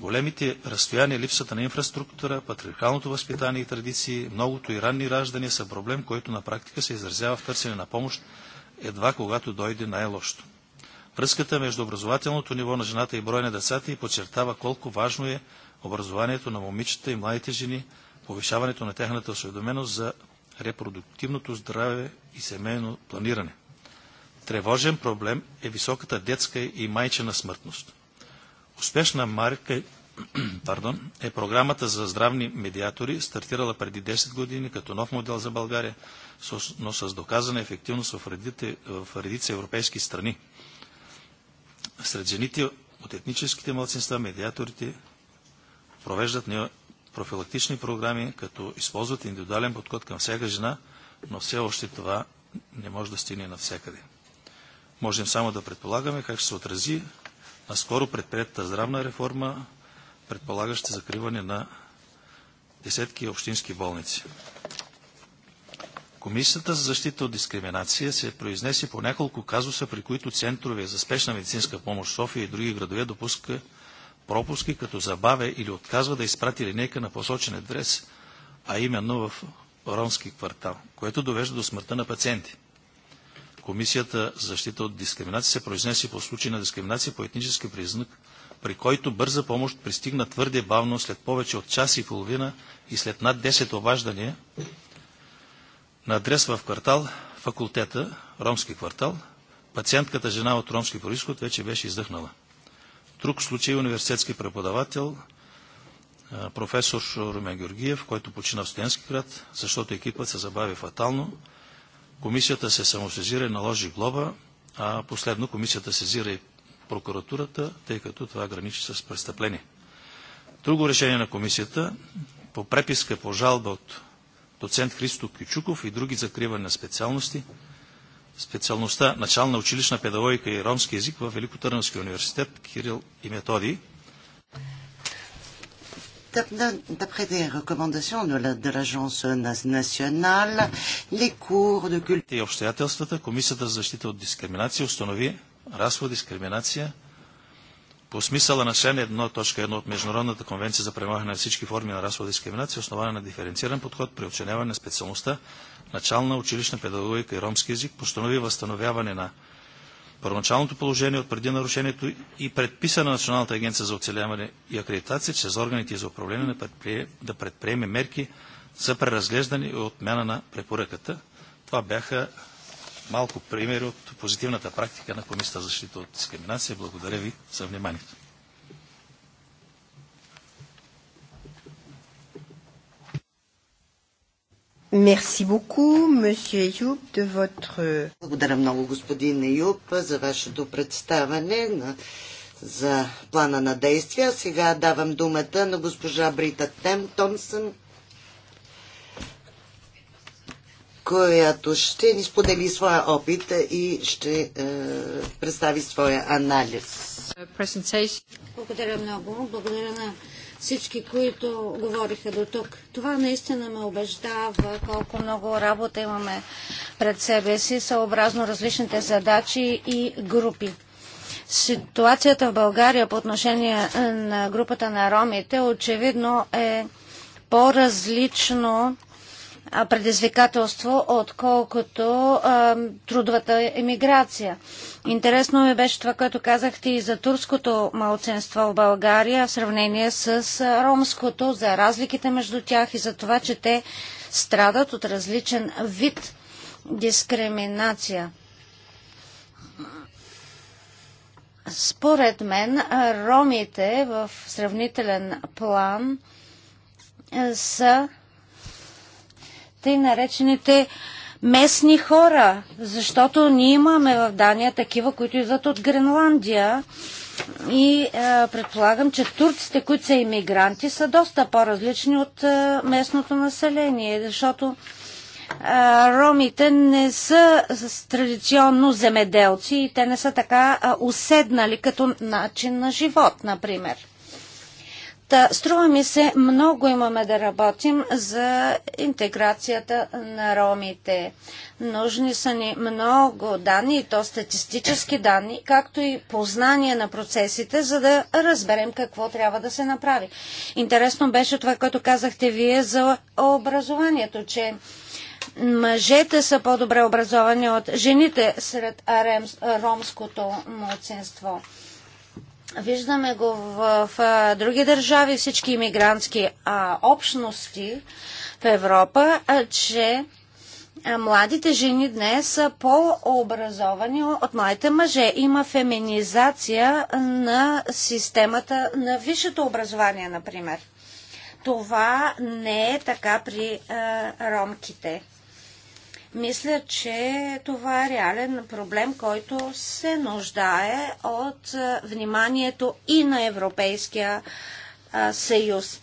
Големите разстояния, липсата на инфраструктура, патриархалното възпитание и традиции, многото и ранни раждания са проблем, който на практика се изразява в търсене на помощ едва когато дойде най-лошото. Връзката между образователното ниво на жената и броя на децата и подчертава колко важно е образованието на момичета и младите жени, повишаването на тяхната осведоменост за репродуктивното здраве и семейно планиране. Тревожен проблем е високата детска и майчина смъртност. Успешна марка pardon, е програмата за здравни медиатори, стартирала преди 10 години като нов модел за България, но с доказана ефективност в, редите, в редица европейски страни. Сред жените от етническите младсинства медиаторите провеждат профилактични програми, като използват индивидуален подход към всяка жена, но все още това не може да стигне навсякъде. Можем само да предполагаме как ще се отрази на скоро предприятата здравна реформа, предполагаща закриване на десетки общински болници. Комисията за защита от дискриминация се произнесе по няколко казуса, при които центрове за спешна медицинска помощ в София и други градове допуска пропуски, като забавя или отказва да изпрати линейка на посочен адрес, а именно в ромски квартал, което довежда до смъртта на пациенти. Комисията за защита от дискриминация се произнесе по случай на дискриминация по етнически признак, при който бърза помощ пристигна твърде бавно след повече от час и половина и след над 10 обаждания на адрес в квартал факултета, ромски квартал, пациентката жена от ромски происход вече беше издъхнала. Друг случай е университетски преподавател, професор Румен Георгиев, който почина в студентски град, защото екипът се забави фатално Комисията се самосезира и наложи глоба, а последно комисията сезира и прокуратурата, тъй като това граничи с престъпление. Друго решение на комисията по преписка по жалба от доцент Христо Кючуков и други закриване на специалности, специалността начална училищна педагогика и ромски язик в Великотърновския университет Кирил и Методий. D'après des recommandations de l'Agence nationale, les cours de culture... И обстоятелствата, Комисията за защита от дискриминация установи расова дискриминация по смисъла на член 1.1 от Международната конвенция за премахване на всички форми на расова дискриминация, основана на диференциран подход при оценяване на специалността начална училищна педагогика и ромски язик, постанови възстановяване на първоначалното положение от преди нарушението и предписа на Националната агенция за оцеляване и акредитация чрез органите за управление да предприеме мерки за преразглеждане и отмяна на препоръката. Това бяха малко примери от позитивната практика на Комисията за защита от дискриминация. Благодаря ви за вниманието. Merci beaucoup, monsieur Юб, de votre... Благодаря много, господин Юб, за вашето представане на, за плана на действия. Сега давам думата на госпожа Брита Тем Томсън, която ще ни сподели своя опит и ще е, представи своя анализ. Благодаря много. Благодаря на всички, които говориха до тук. Това наистина ме убеждава колко много работа имаме пред себе си, съобразно различните задачи и групи. Ситуацията в България по отношение е, на групата на ромите очевидно е по-различно предизвикателство, отколкото а, трудовата емиграция. Интересно ми беше това, което казахте и за турското малценство в България в сравнение с ромското, за разликите между тях и за това, че те страдат от различен вид дискриминация. Според мен, ромите в сравнителен план са тъй наречените местни хора, защото ние имаме в Дания такива, които идват от Гренландия и е, предполагам, че турците, които са иммигранти, са доста по-различни от е, местното население, защото е, ромите не са с, традиционно земеделци и те не са така е, уседнали като начин на живот, например. Та, струва ми се, много имаме да работим за интеграцията на ромите. Нужни са ни много данни, и то статистически данни, както и познание на процесите, за да разберем какво трябва да се направи. Интересно беше това, което казахте вие за образованието, че мъжете са по-добре образовани от жените сред ромското младсинство. Виждаме го в, в други държави, всички иммигрантски а, общности в Европа, а, че младите жени днес са по-образовани от младите мъже. Има феминизация на системата на висшето образование, например. Това не е така при а, ромките. Мисля, че това е реален проблем, който се нуждае от вниманието и на Европейския съюз.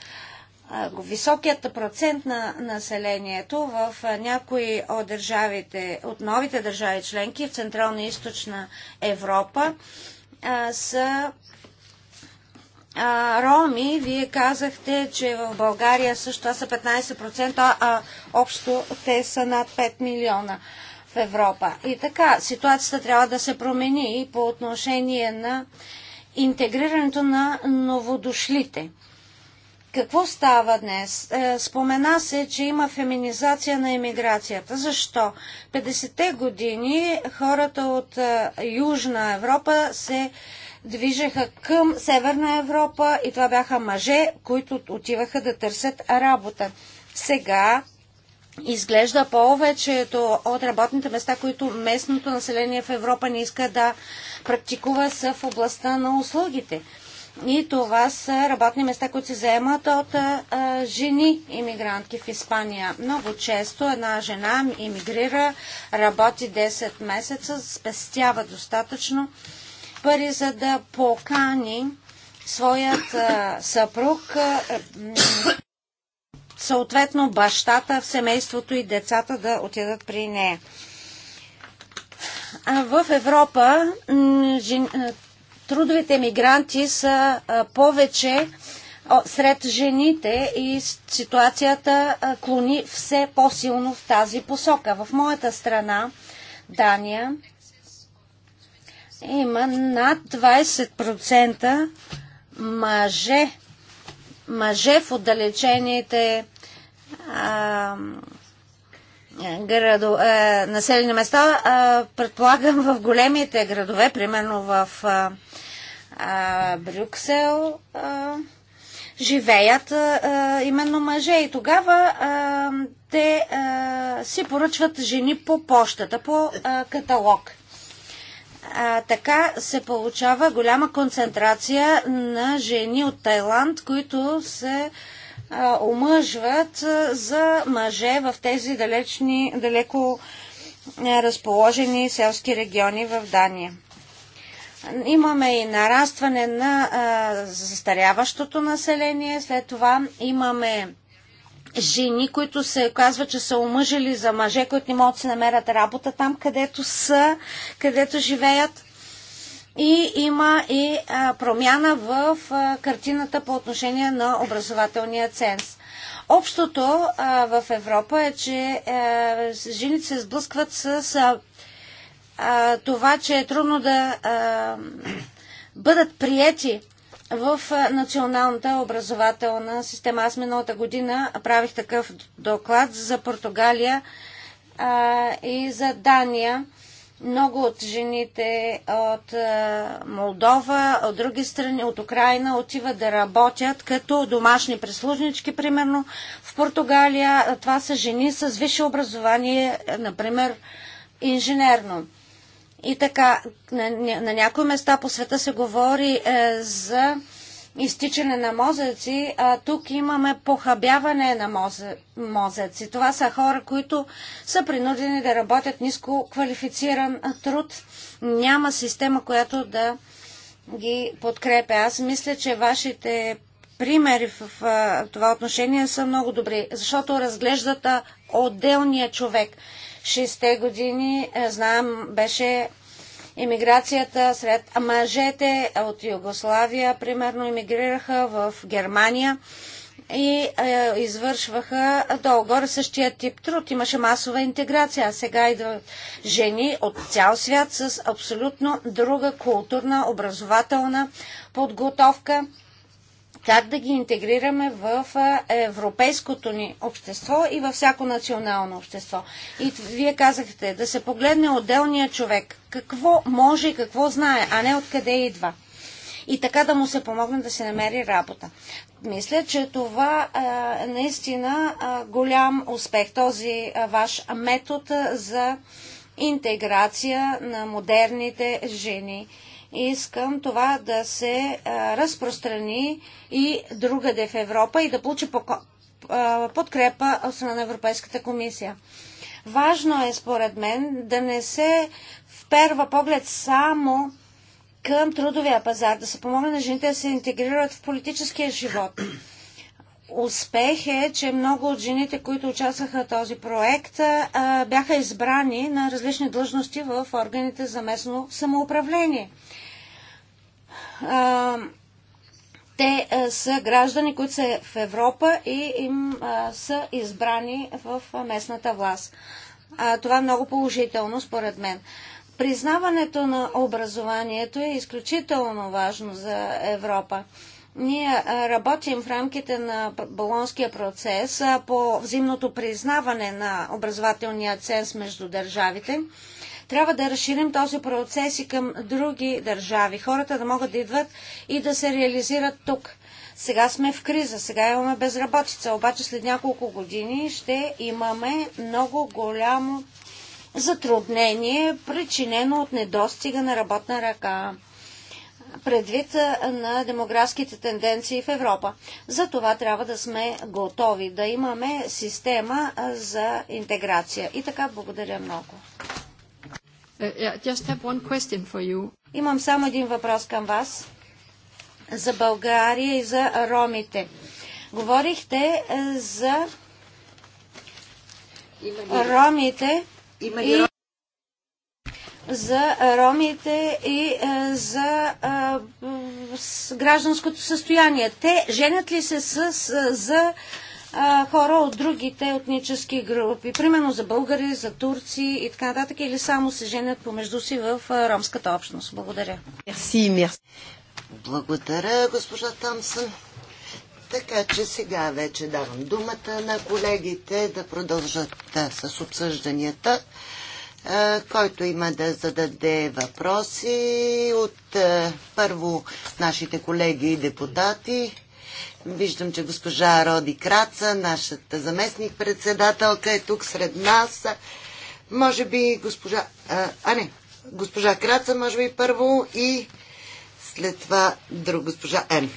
Високият процент на населението в някои от държавите, от новите държави членки в Централна и Източна Европа са роми, вие казахте, че в България също са 15%, а общо те са над 5 милиона в Европа. И така, ситуацията трябва да се промени и по отношение на интегрирането на новодошлите. Какво става днес? Е, спомена се, че има феминизация на емиграцията. Защо? 50-те години хората от е, Южна Европа се движеха към Северна Европа и това бяха мъже, които отиваха да търсят работа. Сега изглежда повечето от работните места, които местното население в Европа не иска да практикува, са в областта на услугите. И това са работни места, които се заемат от а, жени иммигрантки в Испания. Много често една жена иммигрира, работи 10 месеца, спестява достатъчно пари, за да покани своят а, съпруг, а, съответно бащата, в семейството и децата да отидат при нея. А в Европа жен... трудовите мигранти са повече сред жените и ситуацията клони все по-силно в тази посока. В моята страна, Дания, има над 20% мъже, мъже в отдалечените а, градо, а, населени места, а, предполагам в големите градове, примерно в а, а, Брюксел, а, живеят а, именно мъже. И тогава а, те а, си поръчват жени по почтата, по а, каталог. А, така се получава голяма концентрация на жени от Тайланд, които се а, омъжват а, за мъже в тези далечни, далеко а, разположени селски региони в Дания. Имаме и нарастване на а, застаряващото население, след това имаме жени, които се казва, че са омъжили за мъже, които не могат да си намерят работа там, където са, където живеят. И има и а, промяна в а, картината по отношение на образователния ценз. Общото а, в Европа е, че а, жените се сблъскват с а, това, че е трудно да а, бъдат приети в националната образователна система. Аз миналата година правих такъв доклад за Португалия а, и за Дания. Много от жените от а, Молдова, от други страни, от Украина отиват да работят като домашни прислужнички, примерно. В Португалия това са жени с висше образование, например, инженерно. И така, на, на някои места по света се говори е, за изтичане на мозъци, а тук имаме похабяване на мозъци. Това са хора, които са принудени да работят ниско квалифициран труд. Няма система, която да ги подкрепя. Аз мисля, че вашите примери в, в, в това отношение са много добри, защото разглеждата отделния човек. 60-те години, е, знам, беше иммиграцията сред мъжете от Югославия, примерно, иммигрираха в Германия и е, извършваха долу-горе същия тип труд. Имаше масова интеграция, а сега идват жени от цял свят с абсолютно друга културна, образователна подготовка как да ги интегрираме в европейското ни общество и във всяко национално общество. И вие казахте да се погледне отделния човек, какво може и какво знае, а не откъде идва. И така да му се помогне да се намери работа. Мисля, че това е наистина голям успех, този ваш метод за интеграция на модерните жени Искам това да се разпространи и другаде в Европа и да получи подкрепа от страна на Европейската комисия. Важно е, според мен, да не се в перва поглед само към трудовия пазар, да се помогне на жените да се интегрират в политическия живот. Успех е, че много от жените, които участваха в този проект, бяха избрани на различни длъжности в органите за местно самоуправление. А, те а, са граждани, които са в Европа и им а, са избрани в местната власт. А, това е много положително, според мен. Признаването на образованието е изключително важно за Европа. Ние работим в рамките на Болонския процес по взаимното признаване на образователния ценз между държавите. Трябва да разширим този процес и към други държави. Хората да могат да идват и да се реализират тук. Сега сме в криза, сега имаме безработица, обаче след няколко години ще имаме много голямо затруднение, причинено от недостига на работна ръка предвид на демографските тенденции в Европа. За това трябва да сме готови, да имаме система за интеграция. И така, благодаря много. Uh, Имам само един въпрос към вас за България и за ромите. Говорихте е, за ромите и е, за ромите и за гражданското състояние. Те женят ли се с, с, е, за а, хора от другите етнически групи, примерно за българи, за турци и така нататък, или само се женят помежду си в а, ромската общност. Благодаря. Мерси, мерси. Благодаря, госпожа Тамсън. Така че сега вече давам думата на колегите да продължат да, с обсъжданията. Който има да зададе въпроси от първо нашите колеги и депутати, Виждам, че госпожа Роди Краца, нашата заместник-председателка, е тук сред нас. Може би госпожа... А, а не, госпожа Краца, може би първо и след това друг госпожа Ен.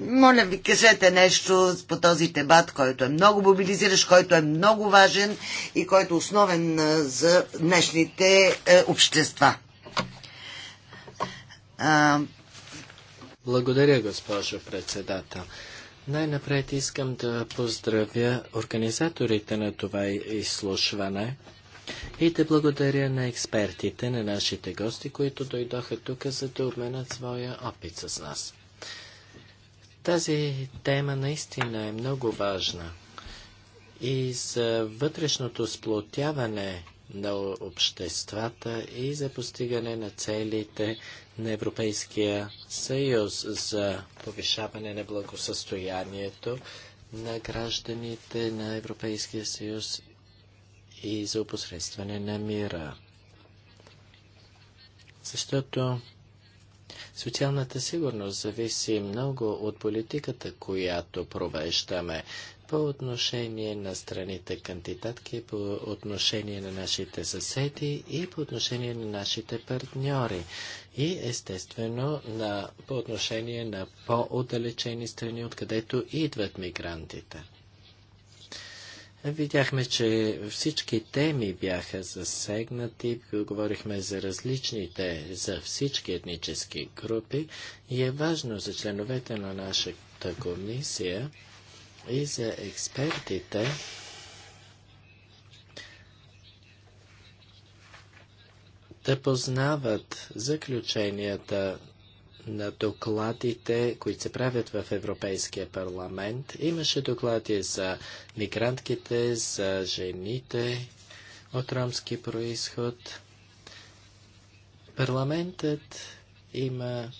Моля ви, кажете нещо по този дебат, който е много мобилизиращ, който е много важен и който е основен за днешните е, общества. Благодаря, госпожо председател. Най-напред искам да поздравя организаторите на това изслушване и да благодаря на експертите, на нашите гости, които дойдоха тук, за да обменят своя опит с нас. Тази тема наистина е много важна и за вътрешното сплотяване на обществата и за постигане на целите на Европейския съюз за повишаване на благосъстоянието на гражданите на Европейския съюз и за опосредстване на мира. Защото социалната сигурност зависи много от политиката, която провеждаме по отношение на страните кандидатки, по отношение на нашите съседи и по отношение на нашите партньори. И естествено на, по отношение на по-отдалечени страни, откъдето идват мигрантите. Видяхме, че всички теми бяха засегнати, говорихме за различните, за всички етнически групи и е важно за членовете на нашата комисия и за експертите. да познават заключенията на докладите, които се правят в Европейския парламент. Имаше доклади за мигрантките, за жените от ромски происход. Парламентът има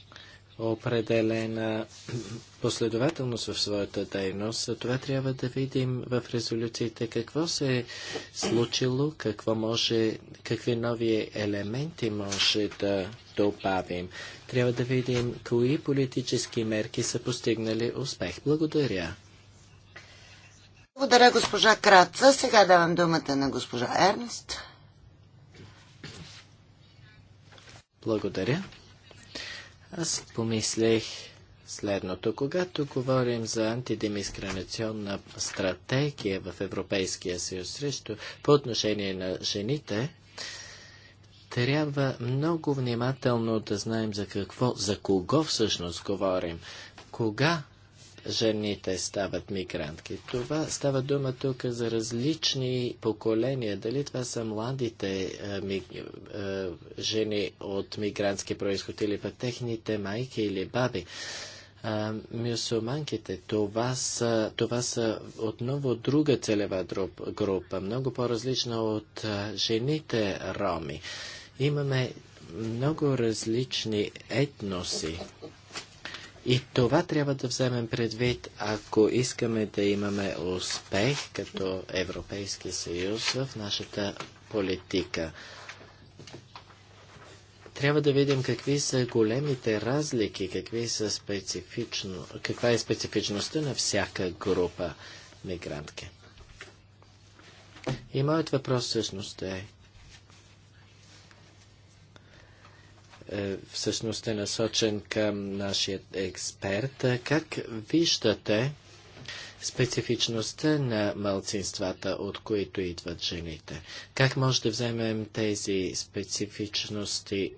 определена последователност в своята дейност. За това трябва да видим в резолюциите какво се е случило, какво може, какви нови елементи може да добавим. Трябва да видим кои политически мерки са постигнали успех. Благодаря. Благодаря, госпожа Краца. Сега давам думата на госпожа Ернст. Благодаря. Аз помислих следното. Когато говорим за антидемискринационна стратегия в Европейския съюз срещу по отношение на жените, трябва много внимателно да знаем за какво, за кого всъщност говорим. Кога жените стават мигрантки. Това става дума тук за различни поколения. Дали това са младите а, е, ми, а, е, жени от мигрантски происход или пък техните майки или баби. Мюсуманките, мюсулманките, това са, това са отново друга целева група, много по-различна от а, е, жените роми. Имаме много различни етноси, и това трябва да вземем предвид, ако искаме да имаме успех като Европейски съюз в нашата политика. Трябва да видим какви са големите разлики, какви са специфично, каква е специфичността на всяка група мигрантки. И моят въпрос всъщност е, Е, всъщност е насочен към нашия експерт. Как виждате специфичността на малцинствата, от които идват жените? Как може да вземем тези специфичности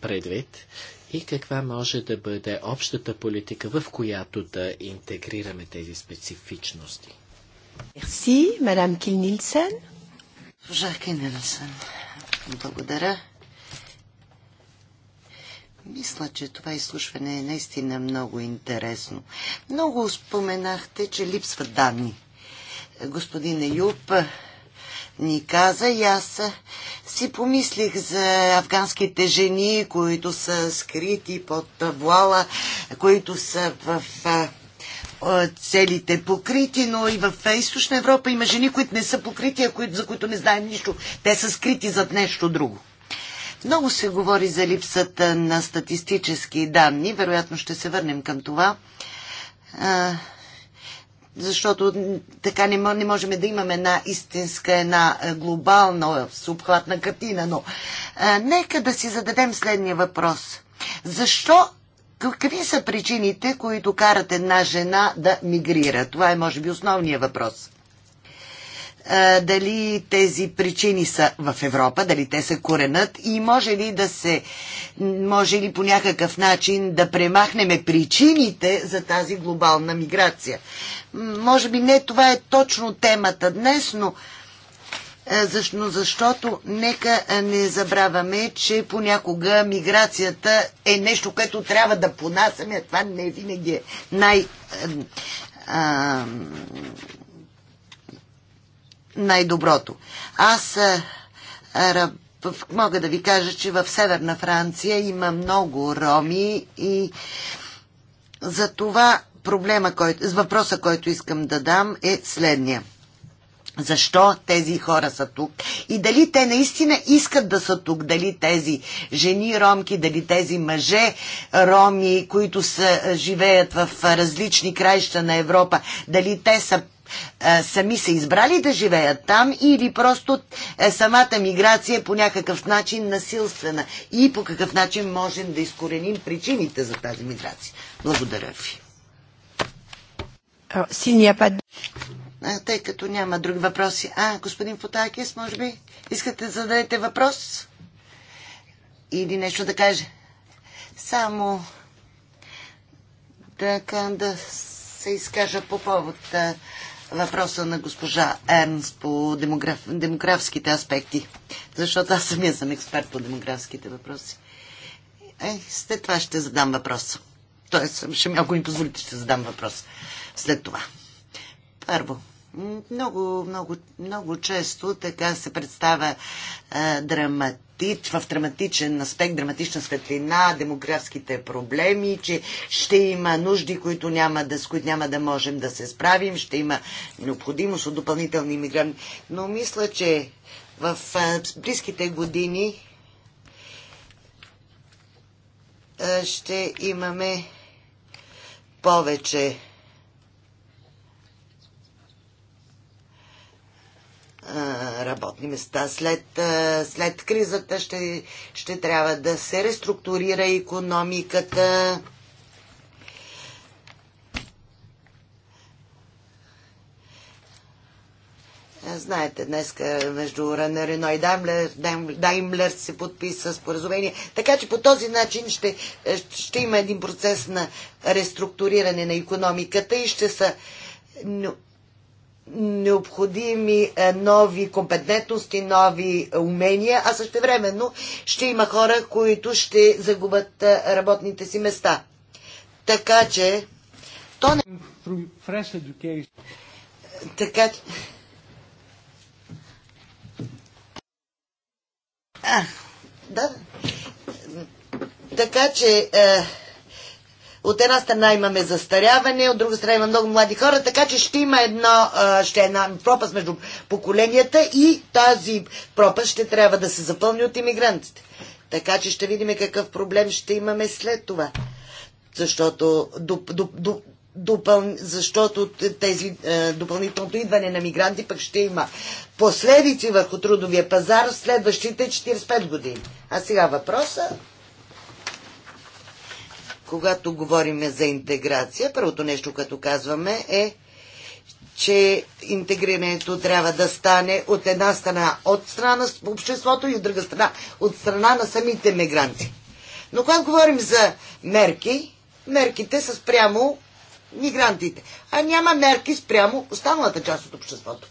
предвид и каква може да бъде общата политика, в която да интегрираме тези специфичности? Мерси, мадам Нилсен. Благодаря. Мисля, че това изслушване е наистина много интересно. Много споменахте, че липсват данни. Господин Юп ни каза и аз си помислих за афганските жени, които са скрити под вуала, които са в целите покрити, но и в източна Европа има жени, които не са покрити, а за които не знаем нищо. Те са скрити зад нещо друго. Много се говори за липсата на статистически данни. Вероятно ще се върнем към това. Защото така не, можем да имаме една истинска, една глобална, субхватна картина. Но нека да си зададем следния въпрос. Защо Какви са причините, които карат една жена да мигрира? Това е, може би, основният въпрос дали тези причини са в Европа, дали те са коренът и може ли да се, може ли по някакъв начин да премахнем причините за тази глобална миграция. Може би не това е точно темата днес, но защо, защото нека не забравяме, че понякога миграцията е нещо, което трябва да понасяме, а това не винаги е най- а, най-доброто. Аз а, мога да ви кажа, че в Северна Франция има много роми и за това проблема, който, въпроса, който искам да дам е следния. Защо тези хора са тук и дали те наистина искат да са тук, дали тези жени ромки, дали тези мъже роми, които са, живеят в различни краища на Европа, дали те са е, сами са избрали да живеят там или просто е, самата миграция е по някакъв начин насилствена и по какъв начин можем да изкореним причините за тази миграция. Благодаря ви. път. тъй като няма други въпроси. А, господин Фотакис, може би искате да зададете въпрос? Или нещо да каже? Само да, да се изкажа по повод въпроса на госпожа Ернс по демограф, демографските аспекти, защото аз самия съм експерт по демографските въпроси. Е, след това ще задам въпрос. Тоест, ще, ако ми позволите, ще задам въпрос след това. Първо, много, много, много често така се представя е, драмат, в драматичен аспект, драматична светлина, демографските проблеми, че ще има нужди, които няма да, с които няма да можем да се справим, ще има необходимост от допълнителни иммигранти. Но мисля, че в близките години ще имаме повече работни места. След, след кризата ще, ще трябва да се реструктурира економиката. Знаете, днес между Ранерино и Даймлер, Даймлер се подписа споразумение. Така че по този начин ще, ще има един процес на реструктуриране на економиката и ще са необходими е, нови компетентности, нови умения, а също времено ще има хора, които ще загубят е, работните си места. Така че то не... Така че... А, да. Така че... Е от една страна имаме застаряване, от друга страна има много млади хора, така че ще има едно, ще е една пропаст между поколенията и тази пропаст ще трябва да се запълни от иммигрантите. Така че ще видим какъв проблем ще имаме след това. Защото доп, доп, доп, допъл... защото тези допълнителното идване на мигранти пък ще има последици върху трудовия пазар в следващите 45 години. А сега въпроса когато говорим за интеграция, първото нещо, като казваме е, че интегрирането трябва да стане от една страна от страна на обществото и от друга страна от страна на самите мигранти. Но когато говорим за мерки, мерките са спрямо мигрантите, а няма мерки спрямо останалата част от обществото.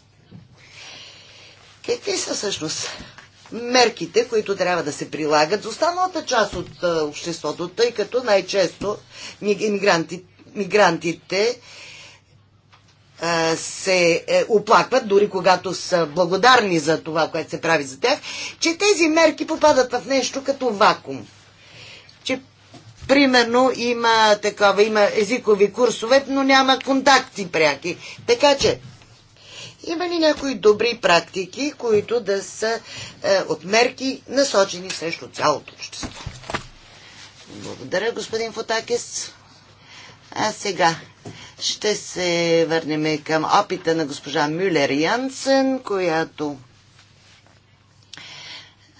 Какви са всъщност мерките, които трябва да се прилагат за останалата част от обществото, тъй като най-често мигранти, мигрантите се е, оплакват, дори когато са благодарни за това, което се прави за тях, че тези мерки попадат в нещо като вакуум. Че Примерно има такова, има езикови курсове, но няма контакти пряки. Така че има ли някои добри практики, които да са е, от мерки насочени срещу цялото общество? Благодаря, господин Фотакис. А сега ще се върнем към опита на госпожа Мюлер Янсен, която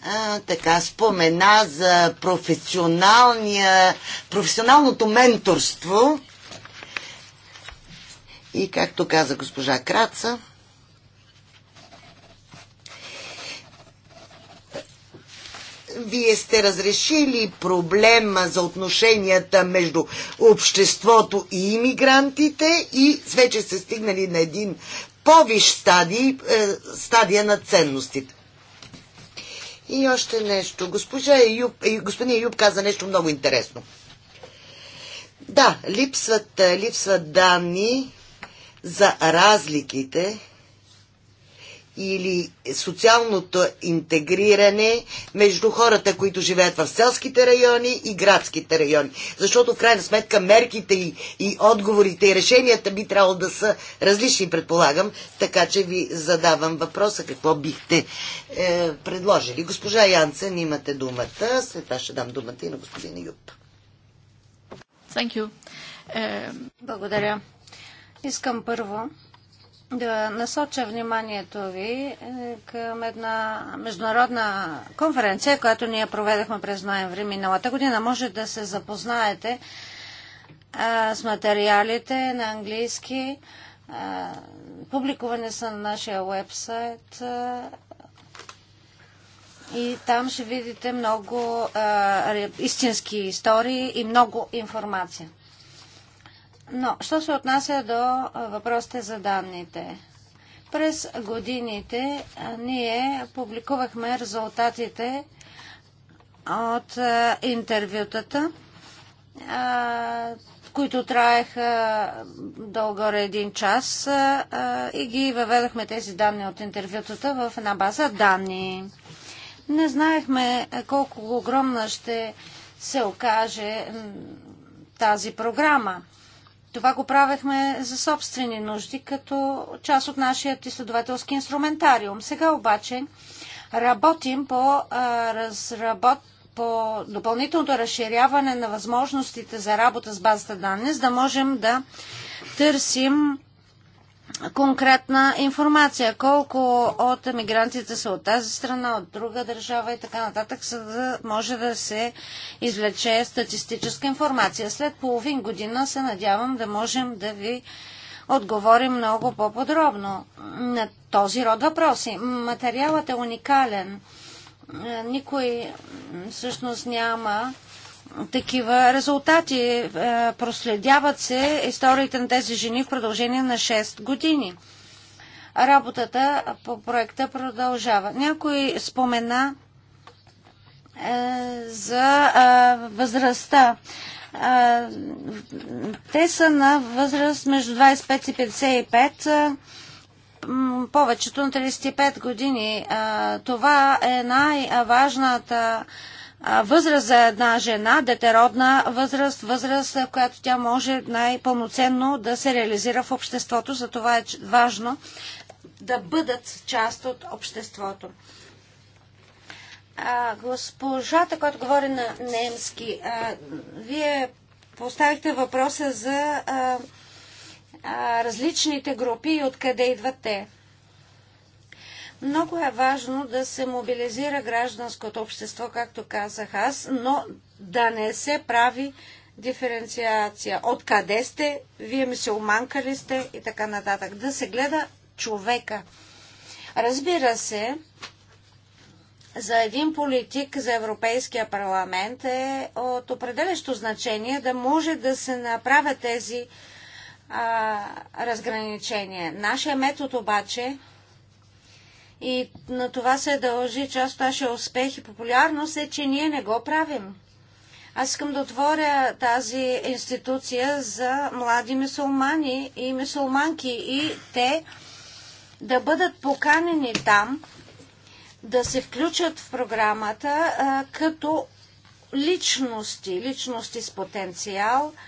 а, така спомена за професионалното менторство. И както каза госпожа Краца, вие сте разрешили проблема за отношенията между обществото и иммигрантите и вече сте стигнали на един повиш стадий, е, стадия на ценностите. И още нещо. Госпожа Юб, е, господин Юб каза нещо много интересно. Да, липсват, липсват данни за разликите или социалното интегриране между хората, които живеят в селските райони и градските райони. Защото в крайна сметка мерките и, и отговорите и решенията би трябвало да са различни, предполагам. Така че ви задавам въпроса какво бихте е, предложили. Госпожа Янсен, имате думата. След това ще дам думата и на господин Юп. Thank you. Е, благодаря. Искам първо да насоча вниманието ви е, към една международна конференция, която ние проведахме през ноември миналата година. Може да се запознаете а, е, с материалите на английски. А, е, публикуване са на нашия вебсайт. А, и там ще видите много истински истории и много информация. Но, що се отнася до въпросите за данните? През годините ние публикувахме резултатите от интервютата, които траеха долу един час и ги въведохме тези данни от интервютата в една база данни. Не знаехме колко огромна ще се окаже тази програма. Това го правехме за собствени нужди, като част от нашия изследователски инструментариум. Сега обаче работим по, а, разработ... по допълнителното разширяване на възможностите за работа с базата данни, за да можем да търсим конкретна информация. Колко от емигрантите са от тази страна, от друга държава и така нататък, за да може да се извлече статистическа информация. След половин година се надявам да можем да ви отговорим много по-подробно на този род въпроси. Материалът е уникален. Никой всъщност няма такива резултати. Е, проследяват се историите на тези жени в продължение на 6 години. Работата по проекта продължава. Някой спомена е, за е, възрастта. те са на възраст между 25 и 55 повечето на 35 години. Това е най-важната възраст за една жена, детеродна възраст, възраст, в която тя може най-пълноценно да се реализира в обществото. Затова е важно да бъдат част от обществото. А, госпожата, която говори на немски, а, вие поставихте въпроса за а, а, различните групи и откъде идват те. Много е важно да се мобилизира гражданското общество, както казах аз, но да не се прави диференциация. Откъде сте, вие ми се оманкали сте и така нататък. Да се гледа човека. Разбира се, за един политик за Европейския парламент е от определящо значение да може да се направят тези а, разграничения. Нашия метод обаче и на това се дължи част от нашия успех и популярност е, че ние не го правим. Аз искам да отворя тази институция за млади мусулмани и мусулманки и те да бъдат поканени там, да се включат в програмата а, като личности, личности с потенциал –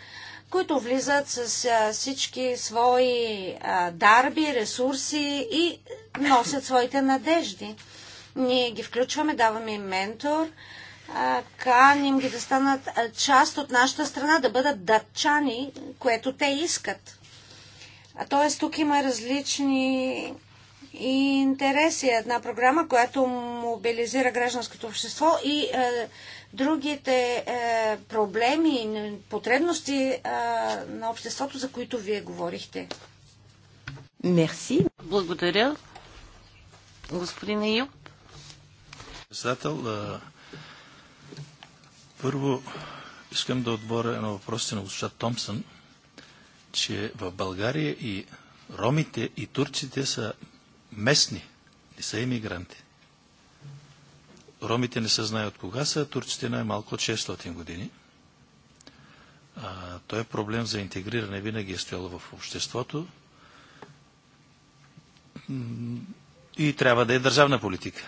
които влизат с всички свои дарби, ресурси и носят своите надежди. Ние ги включваме, даваме им ментор, каним ги да станат част от нашата страна, да бъдат датчани, което те искат. Тоест тук има различни и интереси. Една програма, която мобилизира гражданското общество и другите е, проблеми и потребности е, на обществото, за които вие говорихте. Мерси. Благодаря. Господин Юб. Председател, е, първо искам да отборя на въпросите на госпожа Томсън, че в България и ромите и турците са местни, не са иммигранти ромите не се знае от кога са, турците най-малко от 600 години. А, той е проблем за интегриране, винаги е стоял в обществото и трябва да е държавна политика.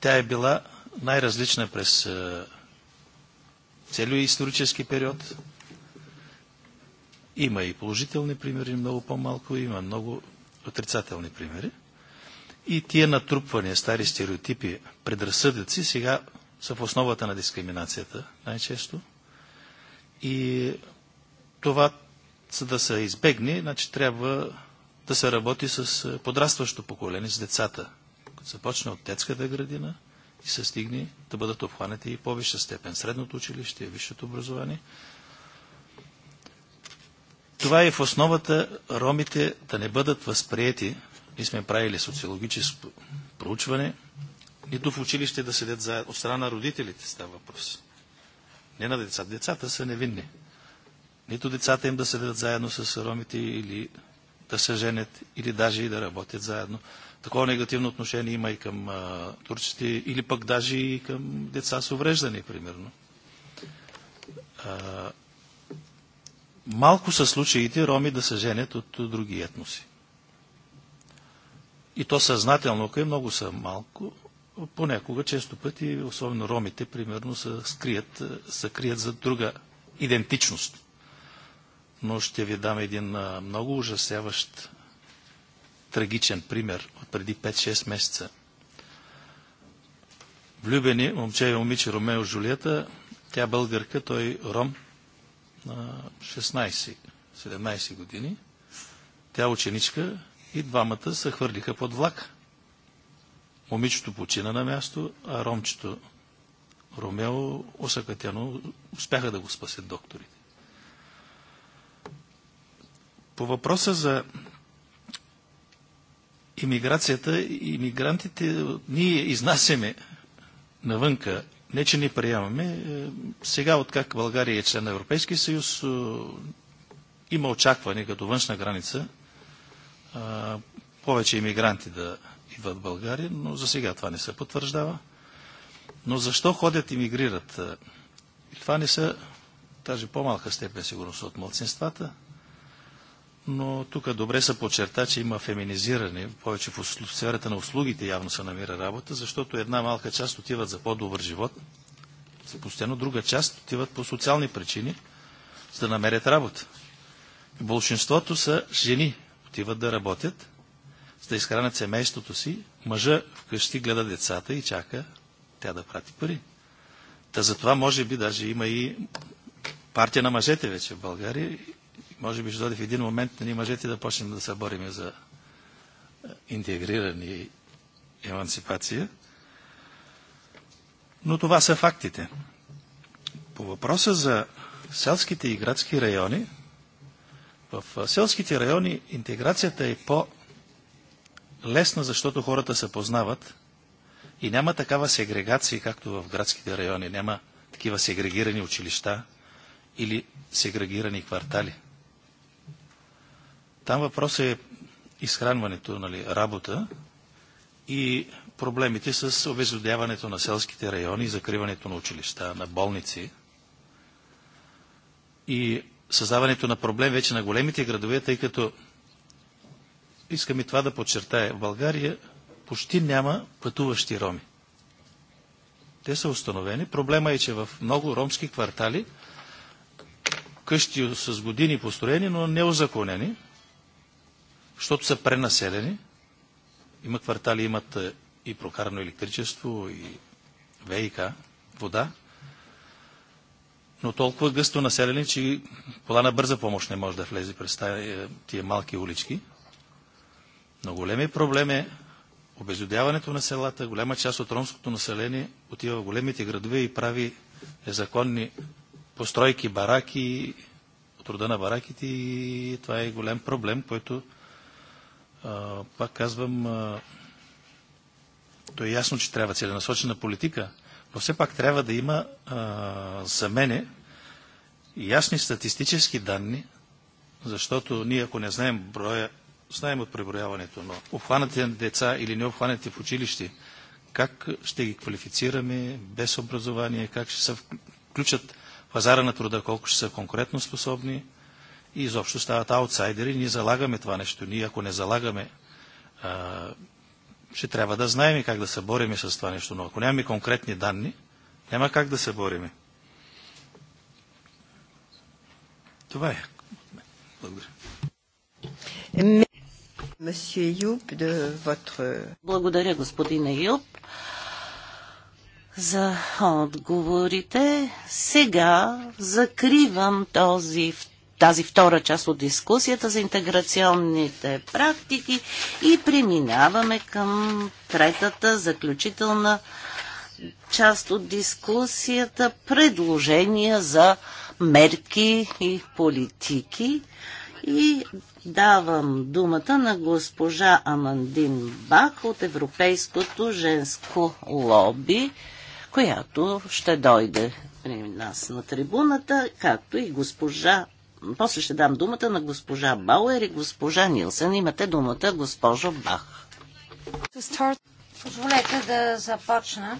Тя е била най-различна през целият исторически период. Има и положителни примери, много по-малко, има много отрицателни примери. И тия натрупвания, стари стереотипи, предразсъдъци сега са в основата на дискриминацията най-често. И това, за да се избегне, значи трябва да се работи с е, подрастващо поколение, с децата. Като започне от детската градина и се стигне да бъдат обхванати и по-висша степен. Средното училище, висшето образование. Това е в основата ромите да не бъдат възприяти ние сме правили социологическо проучване, нито в училище да седят заедно. От страна на родителите става въпрос. Не на децата. Децата са невинни. Нито децата им да седят заедно с ромите или да се женят, или даже и да работят заедно. Такова негативно отношение има и към а, турците, или пък даже и към деца с увреждане, примерно. А, малко са случаите роми да се женят от други етноси и то съзнателно, ако е много са малко, понякога, често пъти, особено ромите, примерно, са, скрият, е, са крият за друга идентичност. Но ще ви дам един е, много ужасяващ, трагичен пример от преди 5-6 месеца. Влюбени момче и момиче Ромео Жулиета, тя е българка, той ром на 16-17 години. Тя ученичка, и двамата се хвърлиха под влак. Момичето почина на място, а ромчето Ромео осъкатено успяха да го спасят докторите. По въпроса за иммиграцията, иммигрантите, ние изнасяме навънка, не че ни приемаме. Е, сега, откак България е член на Европейския съюз, е, има очакване като външна граница повече иммигранти да идват в България, но за сега това не се потвърждава. Но защо ходят и мигрират? Това не са даже по-малка степен сигурност от младсинствата, но тук добре се подчерта, че има феминизиране, повече в сферата на услугите явно се намира работа, защото една малка част отиват за по-добър живот, за постоянно друга част отиват по социални причини, за да намерят работа. Большинството са жени, отиват да работят, за да изхранят семейството си. Мъжа вкъщи гледа децата и чака тя да прати пари. Та за това може би даже има и партия на мъжете вече в България. Може би ще дойде в един момент на нали, ние мъжете да почнем да се борим за е, интегриране и емансипация. Но това са фактите. По въпроса за селските и градски райони, в селските райони интеграцията е по-лесна, защото хората се познават и няма такава сегрегация, както в градските райони. Няма такива сегрегирани училища или сегрегирани квартали. Там въпрос е изхранването, нали, работа и проблемите с обезодяването на селските райони, закриването на училища, на болници. И създаването на проблем вече на големите градове, тъй като искам и това да подчертая. В България почти няма пътуващи роми. Те са установени. Проблема е, че в много ромски квартали къщи с години построени, но неозаконени, защото са пренаселени. Има квартали, имат е, и прокарано електричество, и ВИК, вода но толкова гъсто населени, че кола на бърза помощ не може да влезе през е, тия малки улички. Но големият проблем е обезлюдяването на селата. Голяма част от ромското население отива в големите градове и прави незаконни постройки, бараки, от рода на бараките и това е голям проблем, който пак казвам, то е ясно, че трябва целенасочена политика, но все пак трябва да има а, за мене ясни статистически данни, защото ние ако не знаем броя, знаем от преброяването, но на деца или не в училище, как ще ги квалифицираме без образование, как ще се включат пазара на труда, колко ще са конкурентно способни и изобщо стават аутсайдери. Ние залагаме това нещо. Ние ако не залагаме а, ще трябва да знаем и как да се борим с това нещо. Но ако нямаме конкретни данни, няма как да се бориме. Това е. Благодаря. Благодаря, господин Юб, за отговорите. Сега закривам този втори тази втора част от дискусията за интеграционните практики и преминаваме към третата заключителна част от дискусията предложения за мерки и политики. И давам думата на госпожа Амандин Бах от Европейското женско лоби, която ще дойде при нас на трибуната, както и госпожа после ще дам думата на госпожа Бауер и госпожа Нилсен. Имате думата, госпожо Бах. Позволете да започна,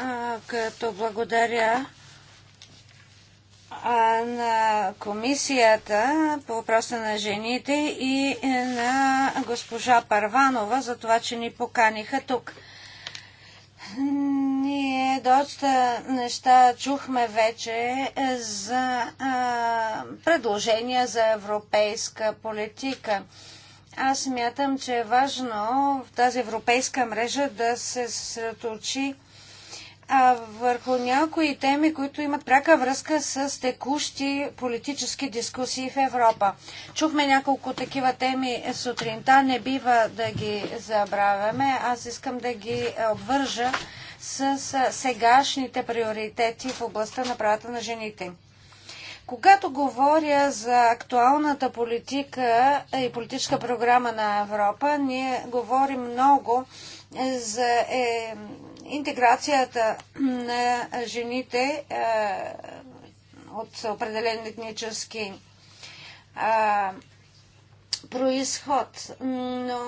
а, като благодаря а, на комисията по въпроса на жените и е, на госпожа Парванова за това, че ни поканиха тук. Ние доста неща чухме вече е, за а, предложения за европейска политика. Аз смятам, че е важно в тази европейска мрежа да се съсредоточи а, върху някои теми, които имат пряка връзка с текущи политически дискусии в Европа. Чухме няколко такива теми сутринта, не бива да ги забравяме. Аз искам да ги обвържа с сегашните приоритети в областта на правата на жените. Когато говоря за актуалната политика и политическа програма на Европа, ние говорим много за е, интеграцията на жените е, от определен етнически е, происход, но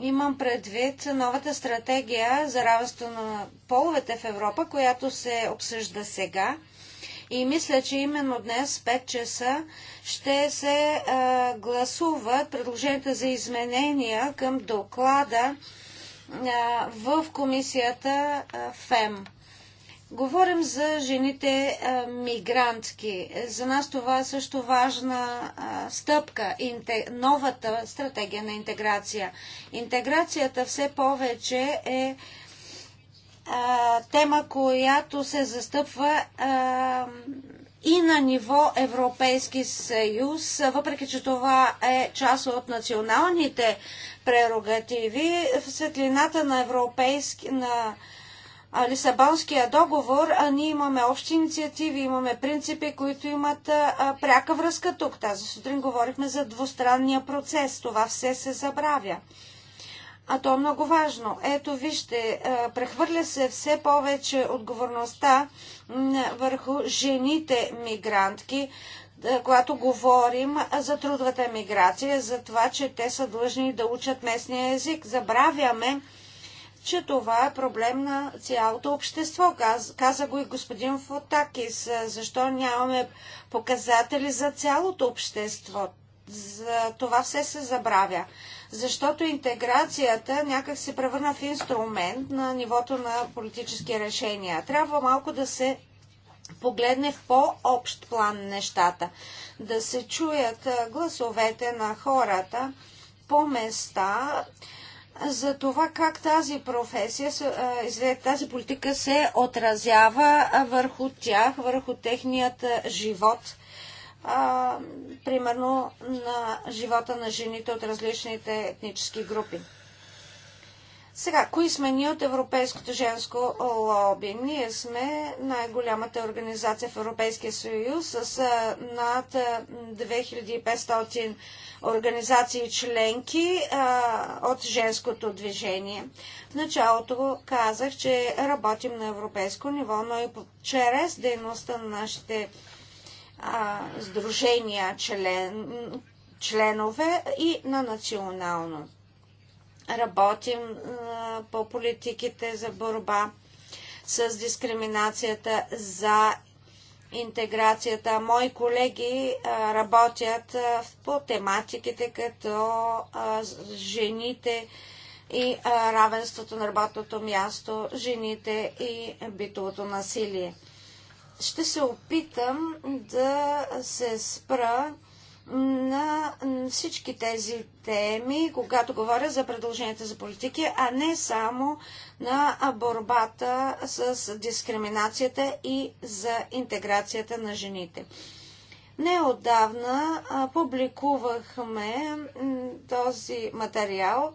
имам предвид новата стратегия за равенство на половете в Европа, която се обсъжда сега. И мисля, че именно днес, 5 часа, ще се а, е, гласуват предложенията за изменения към доклада в комисията ФЕМ. Говорим за жените мигрантки. За нас това е също важна стъпка. Новата стратегия на интеграция. Интеграцията все повече е тема, която се застъпва и на ниво Европейски съюз, въпреки че това е част от националните прерогативи в светлината на европейски, на Лисабонския договор, а ние имаме общи инициативи, имаме принципи, които имат а, пряка връзка тук. Тази сутрин говорихме за двустранния процес. Това все се забравя. А то е много важно. Ето, вижте, а, прехвърля се все повече отговорността върху жените мигрантки, е, когато говорим за трудовата миграция, за това, че те са длъжни да учат местния език. Забравяме, че това е проблем на цялото общество. Каз, каза го и господин Фотакис. Защо нямаме показатели за цялото общество? За това все се забравя. Защото интеграцията някак се превърна в инструмент на нивото на политически решения. Трябва малко да се погледне в по-общ план нещата, да се чуят гласовете на хората по места за това как тази професия, тази политика се отразява върху тях, върху техният живот а, примерно на живота на жените от различните етнически групи. Сега, кои сме ние от Европейското женско лоби? Ние сме най-голямата организация в Европейския съюз с над 2500 организации членки от женското движение. В началото казах, че работим на европейско ниво, но и чрез дейността на нашите сдружения член, членове и на национално. Работим по политиките за борба с дискриминацията, за интеграцията. Мои колеги работят по тематиките като жените и равенството на работното място, жените и битовото насилие. Ще се опитам да се спра на всички тези теми, когато говоря за предложенията за политики, а не само на борбата с дискриминацията и за интеграцията на жените. Неодавна публикувахме този материал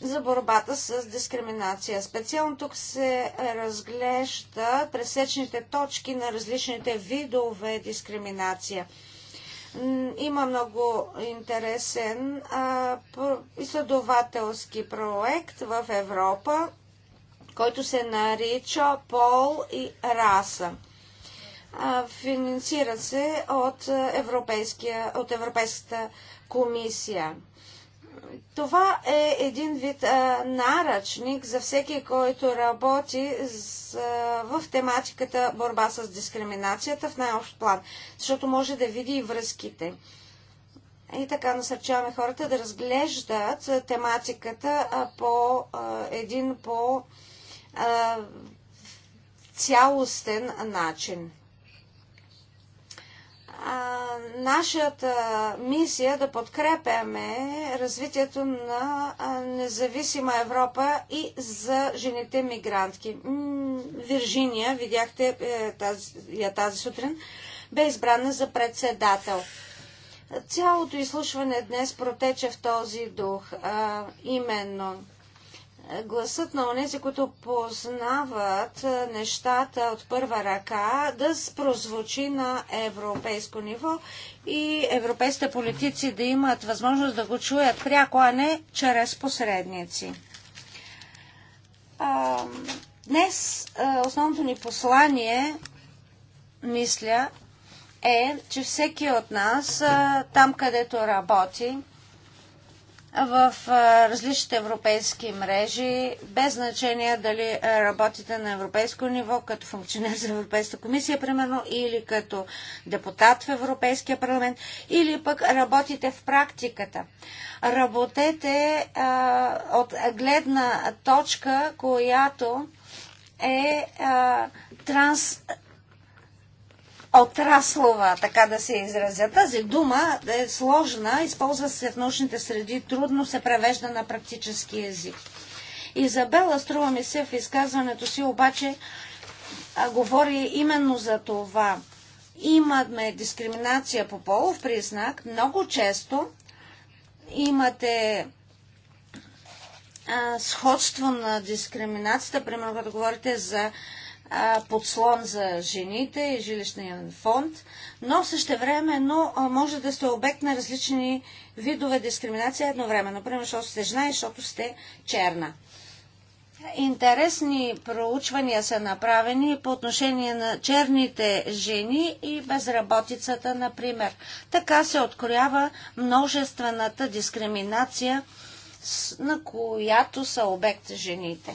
за борбата с дискриминация. Специално тук се разглежда пресечните точки на различните видове дискриминация – има много интересен изследователски проект в Европа, който се нарича Пол и раса. финансира се от, Европейския, от Европейската комисия. Това е един вид а, наръчник за всеки, който работи с, а, в тематиката борба с дискриминацията в най-общ план, защото може да види и връзките. И така насърчаваме хората да разглеждат тематиката а, по а, един по а, цялостен начин нашата мисия да подкрепяме развитието на независима Европа и за жените мигрантки. Виржиния, видяхте е, тази, я тази сутрин, бе избрана за председател. Цялото изслушване днес протече в този дух, именно гласът на онези, които познават нещата от първа ръка, да прозвучи на европейско ниво и европейските политици да имат възможност да го чуят пряко, а не чрез посредници. днес основното ни послание, мисля, е, че всеки от нас, там където работи, в различните европейски мрежи, без значение дали работите на европейско ниво, като функционер за Европейската комисия, примерно, или като депутат в Европейския парламент, или пък работите в практиката. Работете а, от гледна точка, която е а, транс отраслова, така да се изразя. Тази дума е сложна, използва се в научните среди, трудно се превежда на практически език. Изабела, струва ми се в изказването си, обаче говори именно за това. Имаме дискриминация по полов признак. Много често имате а, сходство на дискриминацията, примерно като говорите за подслон за жените и жилищния фонд, но същевременно може да сте обект на различни видове дискриминация едновременно, например, защото сте жена и защото сте черна. Интересни проучвания са направени по отношение на черните жени и безработицата, например. Така се откроява множествената дискриминация, на която са обект жените.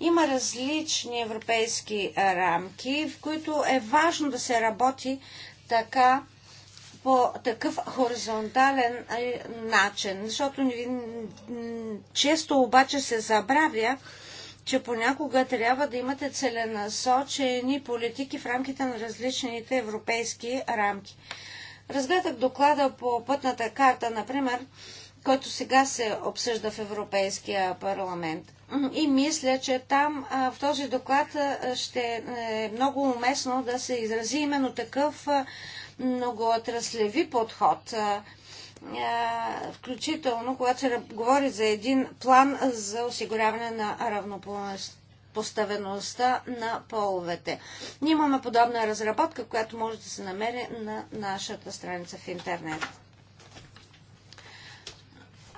Има различни европейски рамки, в които е важно да се работи така, по такъв хоризонтален начин, защото често обаче се забравя, че понякога трябва да имате целенасочени политики в рамките на различните европейски рамки. Разгледах доклада по пътната карта, например, който сега се обсъжда в Европейския парламент. И мисля, че там в този доклад ще е много уместно да се изрази именно такъв многоотраслеви подход, включително когато се говори за един план за осигуряване на равнополност поставеността на половете. Ние имаме подобна разработка, която може да се намери на нашата страница в интернет.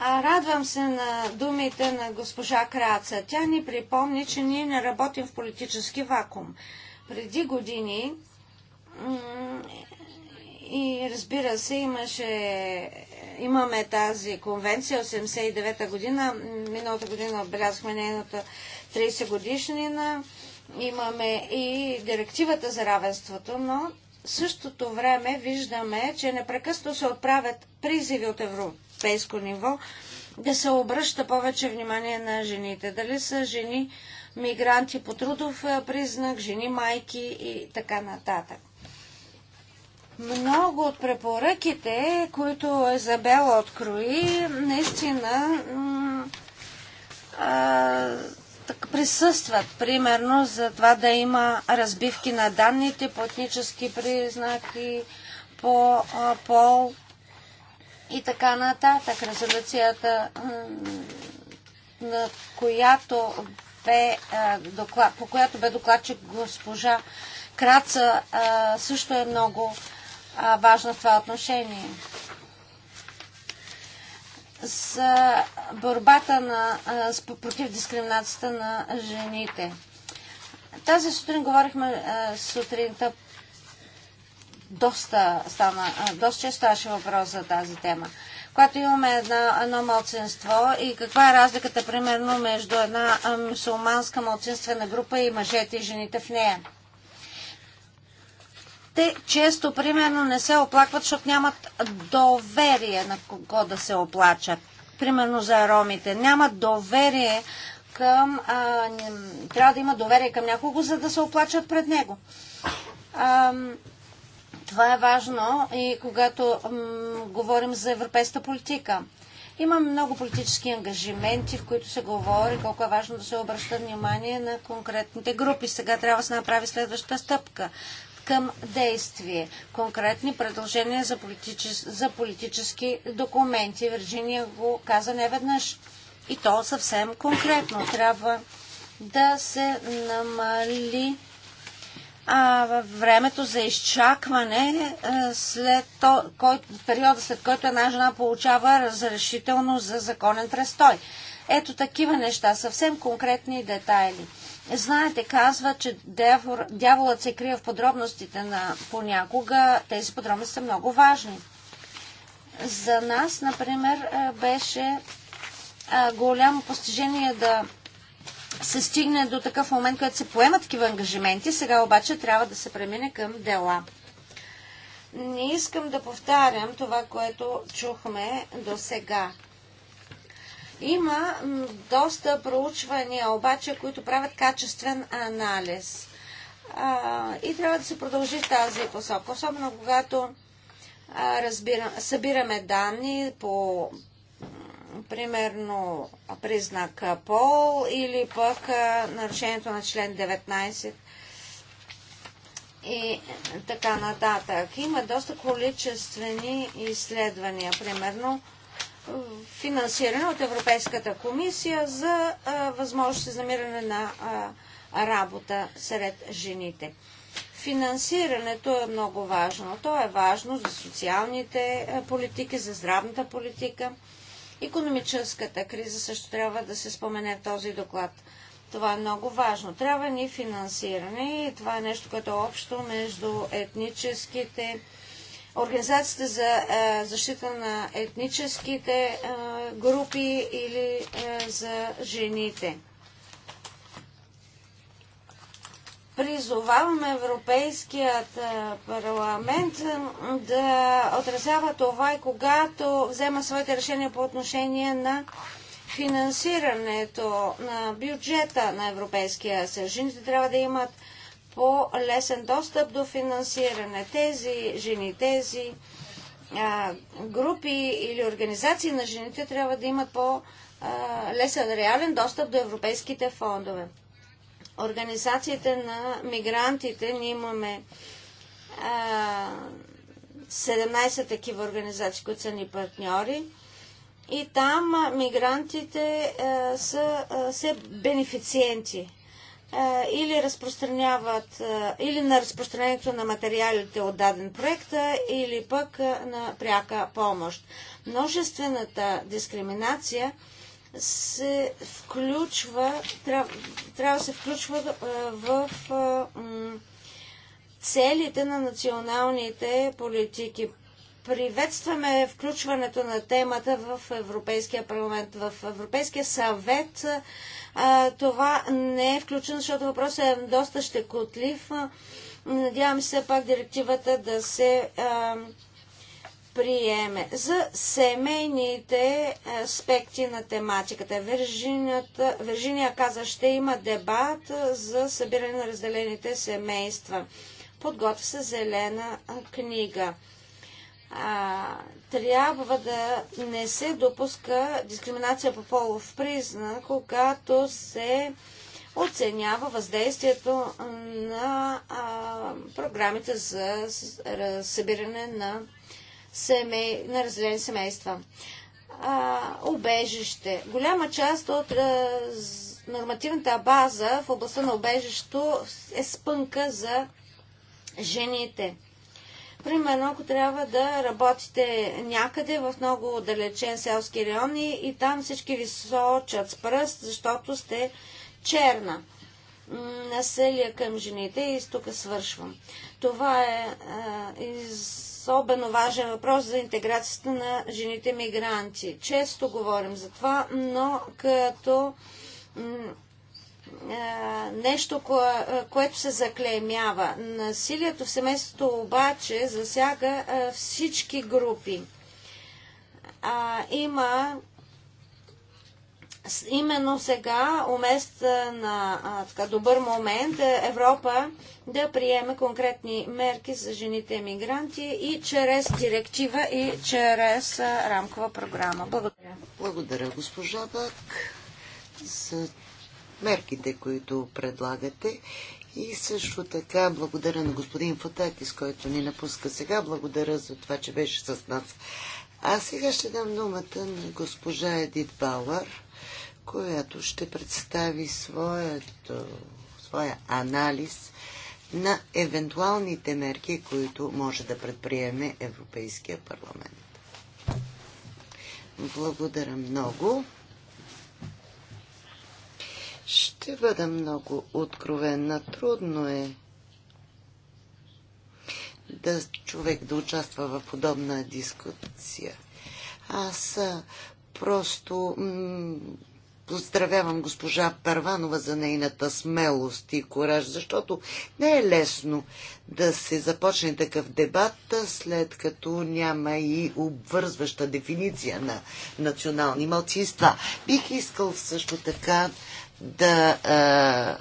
Радвам се на думите на госпожа Краца. Тя ни припомни, че ние не работим в политически вакуум. Преди години и разбира се, имаше, имаме тази конвенция 89-та година. Миналата година отбелязахме нейната 30 годишнина. Имаме и директивата за равенството, но в същото време виждаме, че непрекъснато се отправят призиви от Европа европейско ниво да се обръща повече внимание на жените. Дали са жени мигранти по трудов признак, жени майки и така нататък. Много от препоръките, които Изабела е открои, наистина а, присъстват, примерно, за това да има разбивки на данните по етнически признаки, по пол, и така нататък. Резолюцията, на която бе, доклад, по която бе докладчик госпожа Краца, също е много важна в това отношение за борбата на, против дискриминацията на жените. Тази сутрин говорихме сутринта доста, стана, доста често ставаше въпрос за тази тема. Когато имаме една, едно малцинство и каква е разликата, примерно, между една мусулманска малцинствена група и мъжете и жените в нея. Те често, примерно, не се оплакват, защото нямат доверие на кого да се оплачат. Примерно за ромите. Нямат доверие към... А, трябва да има доверие към някого, за да се оплачат пред него. А, това е важно и когато говорим за европейската политика. Има много политически ангажименти, в които се говори колко е важно да се обръща внимание на конкретните групи. Сега трябва да се направи следващата стъпка към действие. Конкретни предложения за, политичес... за политически документи. Вирджиния го каза не веднъж. И то съвсем конкретно. Трябва да се намали а, във времето за изчакване, е, след то, кой, периода след който една жена получава разрешително за законен престой. Ето такива неща, съвсем конкретни детайли. Знаете, казва, че дяволът се крие в подробностите на понякога. Тези подробности са много важни. За нас, например, е, беше е, голямо постижение да се стигне до такъв момент, където се поемат такива ангажименти, сега обаче трябва да се премине към дела. Не искам да повтарям това, което чухме до сега. Има доста проучвания, обаче, които правят качествен анализ. А, и трябва да се продължи в тази посока, особено когато а, разбира, събираме данни по примерно признак пол или пък нарушението на член 19 и така нататък. Има доста количествени изследвания, примерно финансиране от Европейската комисия за а, възможности за намиране на а, работа сред жените. Финансирането е много важно. То е важно за социалните политики, за здравната политика. Економическата криза също трябва да се спомене в този доклад. Това е много важно. Трябва ни финансиране и това е нещо, което е общо между етническите Организациите за е, защита на етническите е, групи или е, за жените. призоваваме Европейският е, парламент е, да отразява това и когато взема своите решения по отношение на финансирането на бюджета на Европейския съюз. Жените трябва да имат по-лесен достъп до финансиране. Тези жени, тези а, групи или организации на жените трябва да имат по-лесен реален достъп до европейските фондове. Организацията на мигрантите. Ние имаме а, 17 такива организации, които са ни партньори. И там а, мигрантите а, са, а, са бенефициенти или разпространяват, или на разпространението на материалите от даден проект, или пък на пряка помощ. Множествената дискриминация – се включва, трябва, трябва да се включва е, в е, целите на националните политики. Приветстваме включването на темата в Европейския парламент, в Европейския съвет. Е, това не е включено, защото въпросът е доста щекотлив. Надявам се пак директивата да се приеме. За семейните аспекти на тематиката. Вержиния каза, ще има дебат за събиране на разделените семейства. Подготвя се зелена книга. А, трябва да не се допуска дискриминация по полов признак, когато се оценява въздействието на а, програмите за събиране на семей, на разделени семейства. А, обежище. Голяма част от а, нормативната база в областта на обежището е спънка за жените. Примерно, ако трябва да работите някъде в много отдалечен селски район и, и там всички ви сочат с пръст, защото сте черна. Населия към жените и тук свършвам. Това е а, из особено важен въпрос за интеграцията на жените мигранти. Често говорим за това, но като нещо, кое, което се заклеймява. Насилието в семейството обаче засяга всички групи. А, има именно сега, умест на а, така, добър момент, е, Европа да приеме конкретни мерки за жените емигранти и чрез директива и чрез а, рамкова програма. Благодаря. Благодаря, госпожа Бак, за мерките, които предлагате. И също така благодаря на господин Фатакис, който ни напуска сега. Благодаря за това, че беше с нас. А сега ще дам думата на госпожа Едит Бауър която ще представи своето, своя анализ на евентуалните мерки, които може да предприеме Европейския парламент. Благодаря много. Ще бъда много откровенна. Трудно е да човек да участва в подобна дискусия. Аз просто Поздравявам госпожа Първанова за нейната смелост и кораж, защото не е лесно да се започне такъв дебат, след като няма и обвързваща дефиниция на национални малцинства. Бих искал също така да а,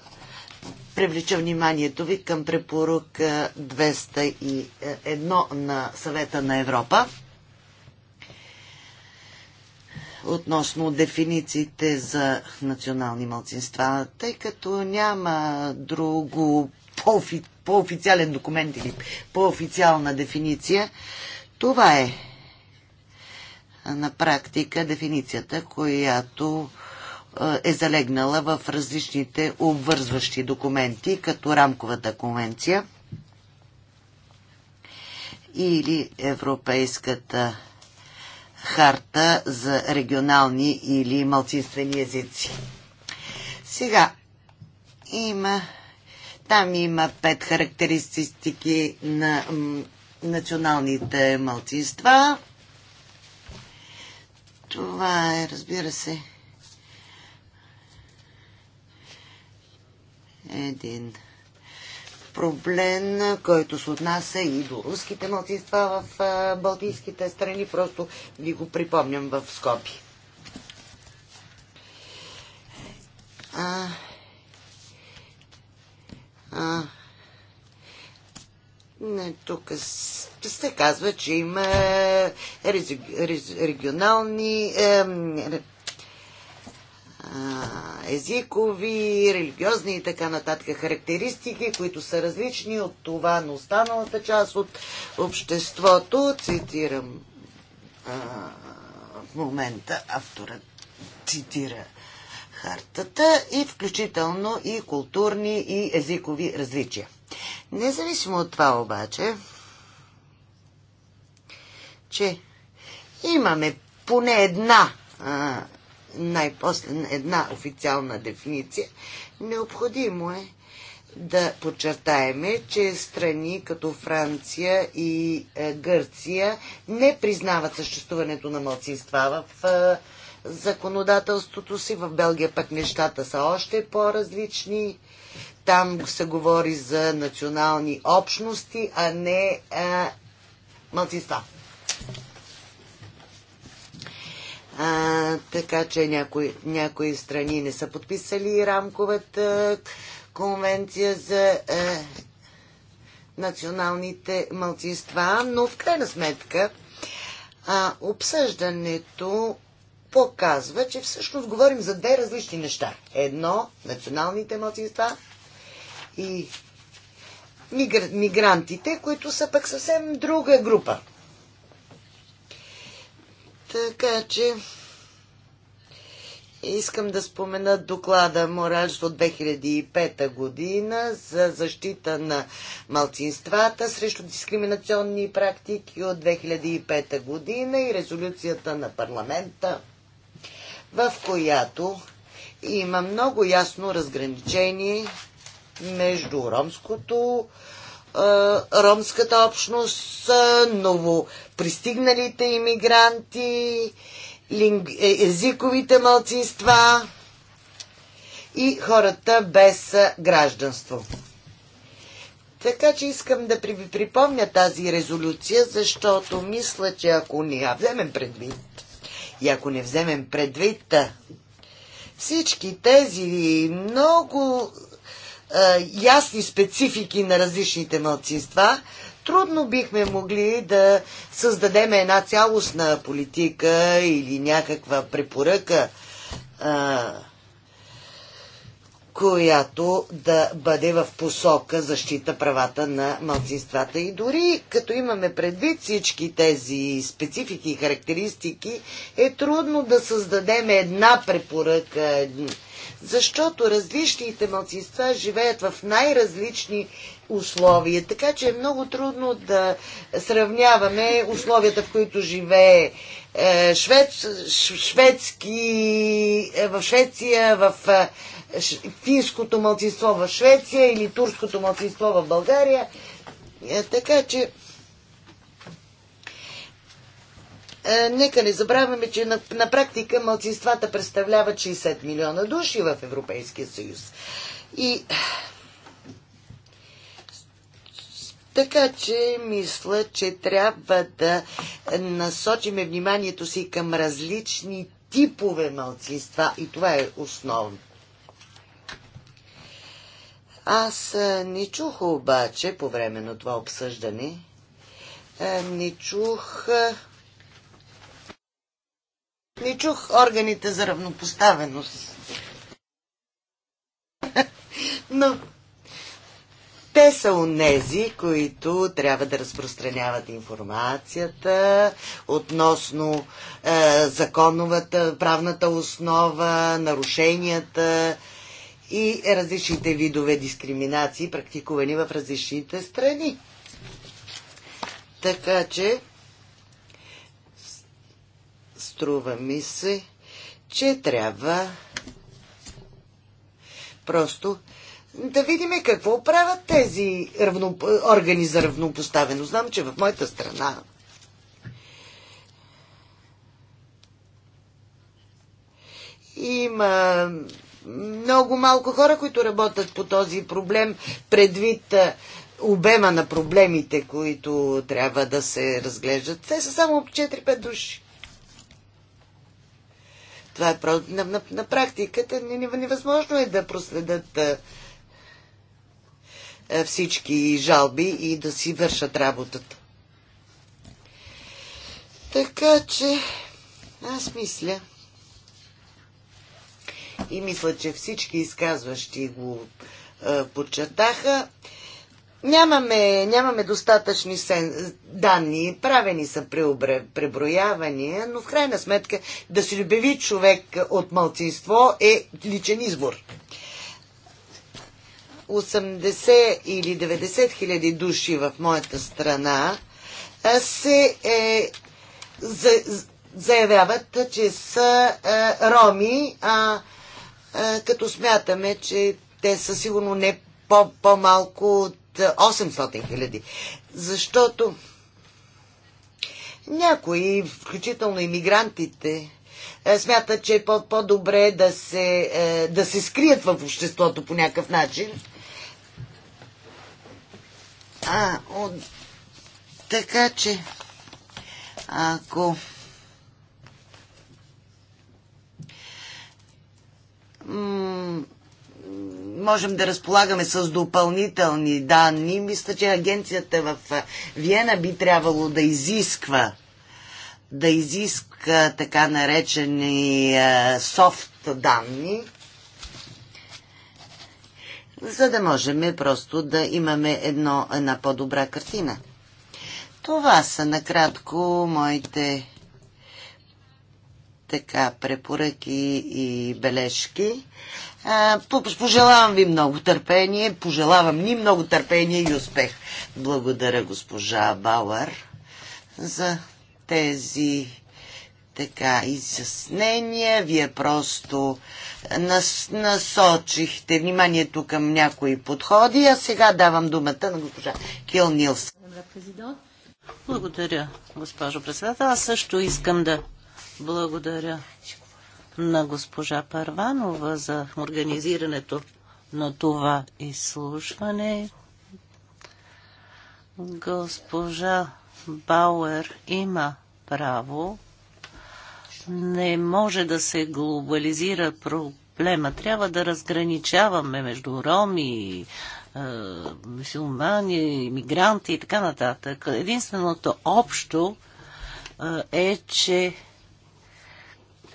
привлеча вниманието ви към препорък 201 на Съвета на Европа относно дефинициите за национални мълцинства, тъй като няма друго по-офи, по-официален документ или по-официална дефиниция, това е на практика дефиницията, която е, е залегнала в различните обвързващи документи, като рамковата конвенция или Европейската харта за регионални или малцинствени езици. Сега, има, там има пет характеристики на националните малцинства. Това е, разбира се, един проблем, който се отнася и до руските младсинства в балтийските страни. Просто ви го припомням в скоби. А, а, не, тук се казва, че има е, регионални е, езикови, религиозни и така нататък характеристики, които са различни от това на останалата част от обществото. Цитирам а, в момента автора цитира хартата и включително и културни и езикови различия. Независимо от това обаче, че имаме поне една а, най-после една официална дефиниция, необходимо е да подчертаеме, че страни като Франция и е, Гърция не признават съществуването на младсинства в е, законодателството си. В Белгия пък нещата са още по-различни. Там се говори за национални общности, а не а, е, младсинства. А, така че някои, някои страни не са подписали рамковата конвенция за е, националните мълцинства, но в крайна сметка а, обсъждането показва, че всъщност говорим за две различни неща. Едно, националните мълцинства, и мигр... мигрантите, които са пък съвсем друга група. Така че искам да спомена доклада Мораж от 2005 година за защита на малцинствата срещу дискриминационни практики от 2005 година и резолюцията на парламента, в която има много ясно разграничение между ромското е, ромската общност, ново пристигналите иммигранти, е, езиковите малцинства и хората без гражданство. Така че искам да ви припомня тази резолюция, защото мисля, че ако не я вземем предвид и ако не вземем предвид всички тези много е, ясни специфики на различните мълцинства, трудно бихме могли да създадем една цялостна политика или някаква препоръка, а, е, която да бъде в посока защита правата на младсинствата. И дори като имаме предвид всички тези специфики и характеристики, е трудно да създадем една препоръка, защото различните младсинства живеят в най-различни условия. Така че е много трудно да сравняваме условията, в които живее е, швед, шведски, е, в Швеция, в е, финското младсинство в Швеция или турското младсинство в България. Така че Е, нека не забравяме, че на, на практика мълцинствата представляват 60 милиона души в Европейския съюз. И така че мисля, че трябва да насочиме вниманието си към различни типове мълцинства и това е основно. Аз е, не чух обаче по време на това обсъждане, е, не чух не чух органите за равнопоставеност. Но те са онези, които трябва да разпространяват информацията относно е, законовата, правната основа, нарушенията и различните видове дискриминации, практикувани в различните страни. Така че Струва ми се, че трябва просто да видим какво правят тези равно, органи за равнопоставено. Знам, че в моята страна има много малко хора, които работят по този проблем, предвид обема на проблемите, които трябва да се разглеждат. Те са само 4-5 души. Това е просто на, на, на практиката невъзможно е да проследат а, всички жалби и да си вършат работата. Така че аз мисля и мисля, че всички изказващи го а, подчертаха, Нямаме, нямаме достатъчни сен... данни, правени са преобр... преброявания, но в крайна сметка да се любеви човек от мълцинство е личен избор. 80 или 90 хиляди души в моята страна се е, за, заявяват, че са е, роми, а е, като смятаме, че те са сигурно не по-малко по от 800 хиляди. Защото някои, включително иммигрантите, е, смятат, че е по-добре -по да се, е, да се скрият в обществото по някакъв начин. А, от... Така че, ако можем да разполагаме с допълнителни данни. Мисля, че агенцията в Виена би трябвало да изисква да изиска така наречени софт данни, за да можем просто да имаме едно, една по-добра картина. Това са накратко моите така, препоръки и бележки. А, пожелавам ви много търпение, пожелавам ни много търпение и успех. Благодаря госпожа Бауър за тези така изяснения. Вие просто нас, насочихте вниманието към някои подходи, а сега давам думата на госпожа Кил Нилс. Благодаря, госпожо председател. Аз също искам да благодаря на госпожа Парванова за организирането на това изслушване. Госпожа Бауер има право. Не може да се глобализира проблема. Трябва да разграничаваме между роми, е, мусулмани, мигранти и така нататък. Единственото общо е, че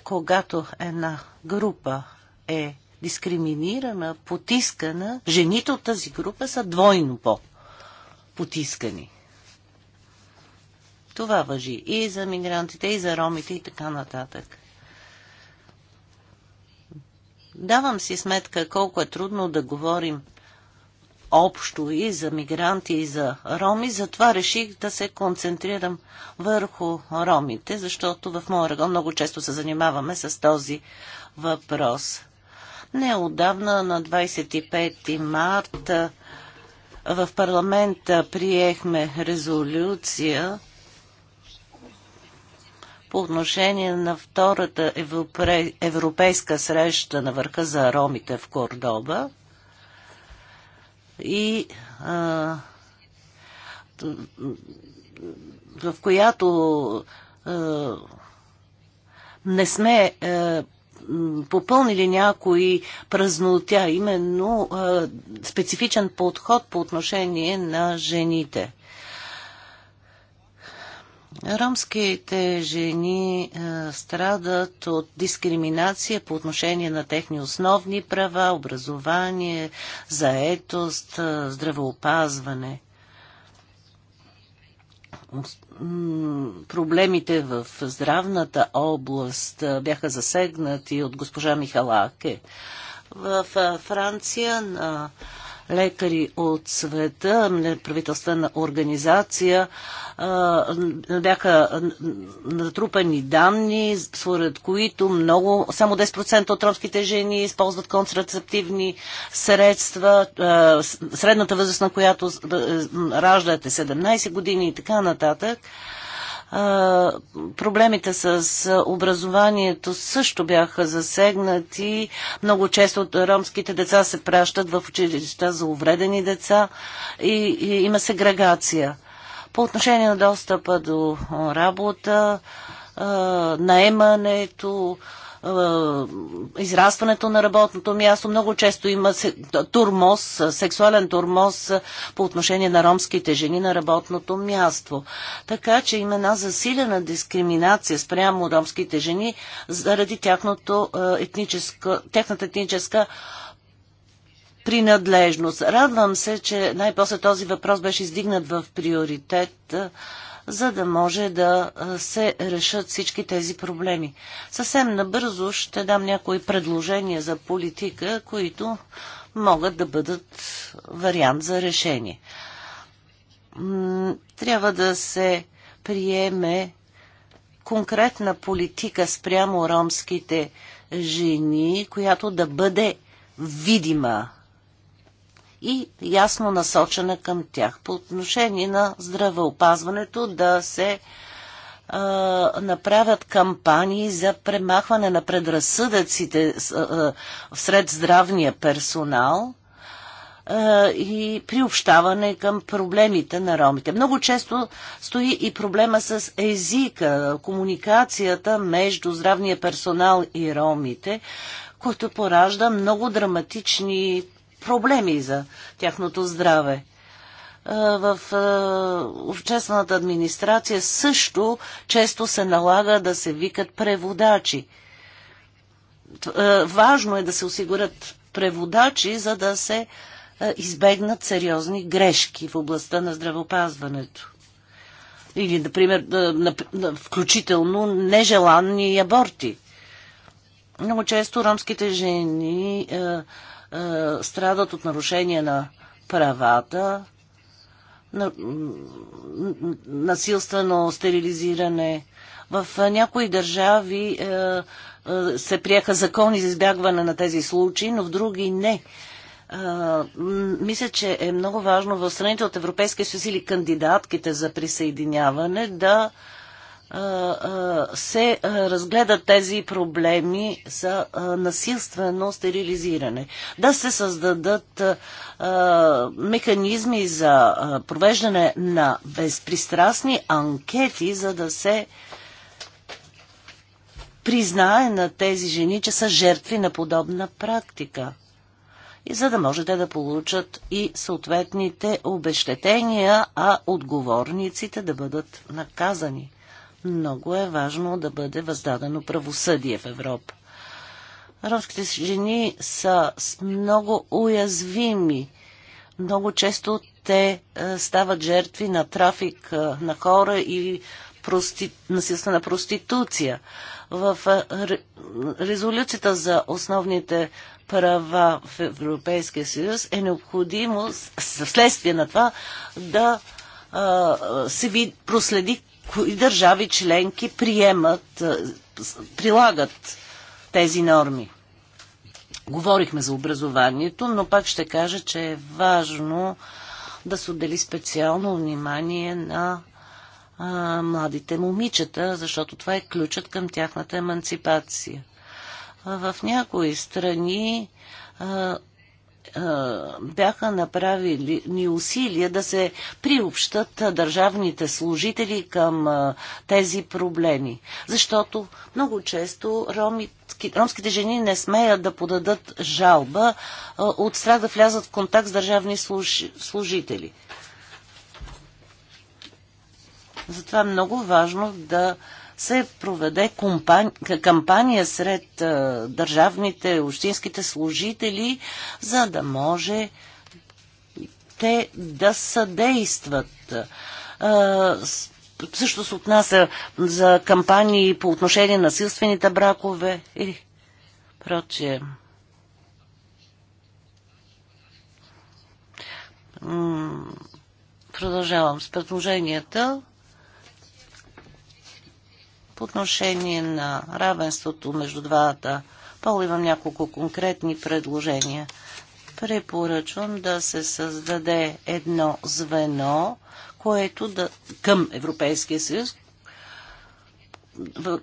когато една група е дискриминирана, потискана, жените от тази група са двойно по-потискани. Това въжи и за мигрантите, и за ромите, и така нататък. Давам си сметка колко е трудно да говорим общо и за мигранти, и за роми. Затова реших да се концентрирам върху ромите, защото в моя регион много често се занимаваме с този въпрос. Неодавна на 25 март в парламента приехме резолюция по отношение на втората европейска среща на върха за ромите в Кордоба – и а, в която а, не сме а, попълнили някои празнотя, именно а, специфичен подход по отношение на жените. Ромските жени е, страдат от дискриминация по отношение на техни основни права, образование, заетост, е, здравеопазване. Проблемите в здравната област е, бяха засегнати от госпожа Михалаке. В Франция на лекари от света, неправителствена организация, бяха натрупани данни, според които много, само 10% от ромските жени използват контрацептивни средства, средната възраст на която раждате 17 години и така нататък. Проблемите с образованието също бяха засегнати. Много често от ромските деца се пращат в училища за увредени деца и, и има сегрегация. По отношение на достъпа до работа, наемането, израстването на работното място. Много често има турмоз, сексуален турмоз по отношение на ромските жени на работното място. Така че има една засилена дискриминация спрямо ромските жени заради тяхното, тяхната етническа принадлежност. Радвам се, че най-после този въпрос беше издигнат в приоритет за да може да се решат всички тези проблеми. Съвсем набързо ще дам някои предложения за политика, които могат да бъдат вариант за решение. Трябва да се приеме конкретна политика спрямо ромските жени, която да бъде видима и ясно насочена към тях. По отношение на здравеопазването да се направят кампании за премахване на предразсъдъците а, сред здравния персонал и приобщаване към проблемите на ромите. Много често стои и проблема с езика, комуникацията между здравния персонал и ромите, който поражда много драматични проблеми за тяхното здраве. В обществената администрация също често се налага да се викат преводачи. Важно е да се осигурят преводачи, за да се избегнат сериозни грешки в областта на здравеопазването. Или, например, включително нежеланни аборти. Много често ромските жени е, страдат от нарушение на правата, на, насилствено стерилизиране. В е, някои държави е, е, се приеха закони за избягване на тези случаи, но в други не. Е, мисля, че е много важно в страните от Европейския съюз или кандидатките за присъединяване да е, се разгледат тези проблеми за насилствено стерилизиране. Да се създадат механизми за провеждане на безпристрастни анкети, за да се признае на тези жени, че са жертви на подобна практика. И за да може те да получат и съответните обещетения, а отговорниците да бъдат наказани. Много е важно да бъде въздадено правосъдие в Европа. Ромските жени са много уязвими. Много често те е, стават жертви на трафик е, на хора и прости... на проституция. В е, резолюцията за основните права в Европейския съюз е необходимо вследствие на това да се проследи кои държави членки приемат, прилагат тези норми. Говорихме за образованието, но пак ще кажа, че е важно да се отдели специално внимание на а, младите момичета, защото това е ключът към тяхната емансипация. А в някои страни а, бяха направили ни усилия да се приобщат държавните служители към тези проблеми. Защото много често ромските жени не смеят да подадат жалба от страх да влязат в контакт с държавни служители. Затова е много важно да се проведе компания, кампания сред държавните, общинските служители, за да може те да съдействат. също се отнася за кампании по отношение на силствените бракове и прочие. Продължавам с предложенията. По отношение на равенството между двата пола имам няколко конкретни предложения. Препоръчвам да се създаде едно звено, което да, към Европейския съюз,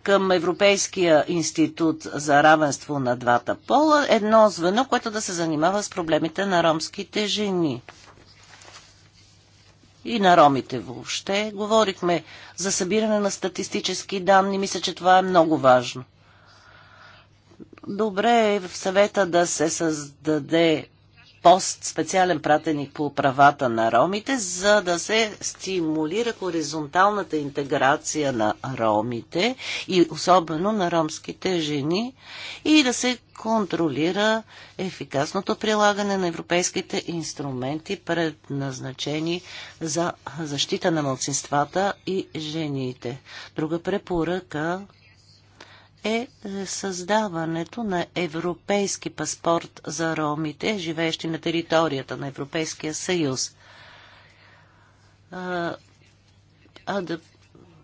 към Европейския институт за равенство на двата пола едно звено, което да се занимава с проблемите на ромските жени и на ромите въобще. Говорихме за събиране на статистически данни. Мисля, че това е много важно. Добре е в съвета да се създаде пост, специален пратеник по правата на ромите, за да се стимулира хоризонталната интеграция на ромите и особено на ромските жени и да се контролира ефикасното прилагане на европейските инструменти, предназначени за защита на младсинствата и жените. Друга препоръка е, е създаването на европейски паспорт за ромите, живеещи на територията на Европейския съюз. А, а да,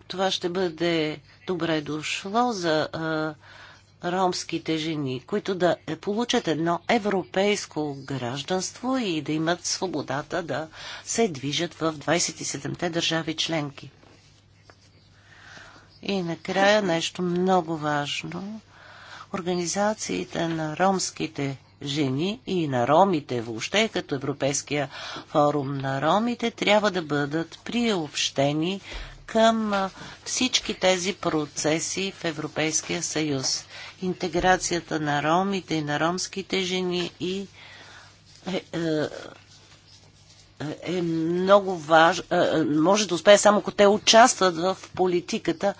това ще бъде добре дошло за а, ромските жени, които да е, получат едно европейско гражданство и да имат свободата да се движат в 27-те държави членки. И накрая нещо много важно. Организациите на ромските жени и на ромите въобще, като Европейския форум на ромите, трябва да бъдат приобщени към всички тези процеси в Европейския съюз. Интеграцията на ромите и на ромските жени и е, е, е много важно, е, е, може да успее само ако те участват в политиката,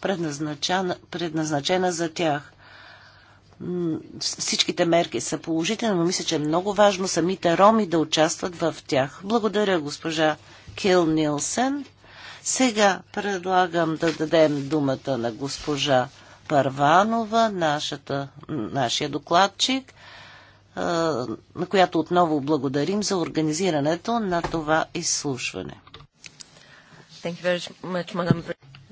предназначена, предназначена за тях. Всичките мерки са положителни, но мисля, че е много важно самите роми да участват в тях. Благодаря, госпожа Кил Нилсен. Сега предлагам да дадем думата на госпожа Парванова, нашата, нашия докладчик, на която отново благодарим за организирането на това изслушване.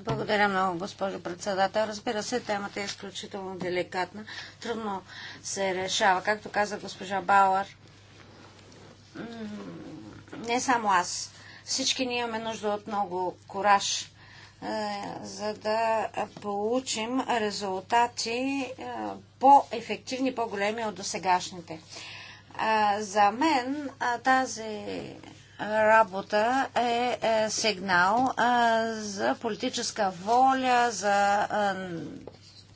Благодаря много, госпожо председател. Разбира се, темата е изключително деликатна. Трудно се решава. Както каза госпожа Бауър, не само аз. Всички ние имаме нужда от много кораж е, за да получим резултати е, по-ефективни, по-големи от досегашните. Е, за мен тази работа е сигнал за политическа воля, за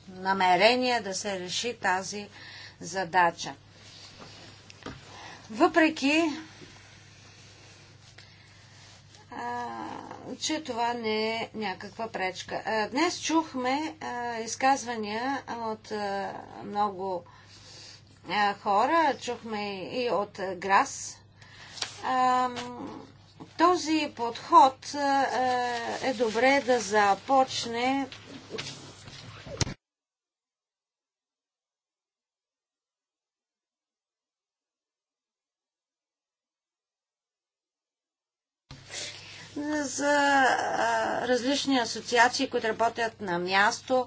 намерение да се реши тази задача. Въпреки че това не е някаква пречка. Днес чухме изказвания от много хора, чухме и от ГРАС. Този подход е добре да започне за различни асоциации, които работят на място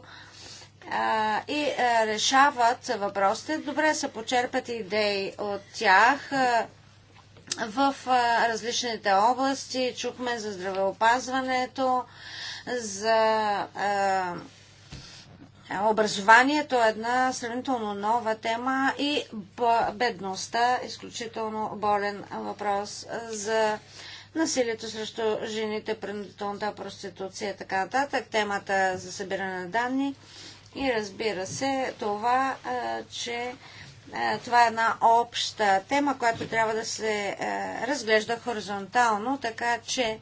и решават въпросите. Добре се почерпят идеи от тях в различните области. Чухме за здравеопазването, за образованието е една сравнително нова тема и бедността, изключително болен въпрос за насилието срещу жените, принудителната проституция и така нататък, темата за събиране на данни и разбира се това, че това е една обща тема, която трябва да се разглежда хоризонтално, така че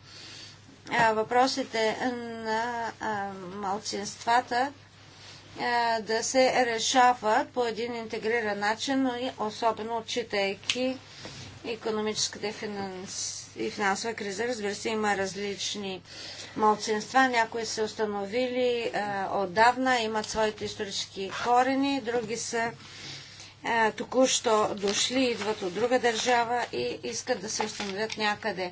въпросите на малцинствата да се решават по един интегриран начин, но и особено отчитайки економическата и и финансова криза. Разбира се, има различни младсенства. Някои са установили а, отдавна, имат своите исторически корени, други са току-що дошли, идват от друга държава и искат да се установят някъде.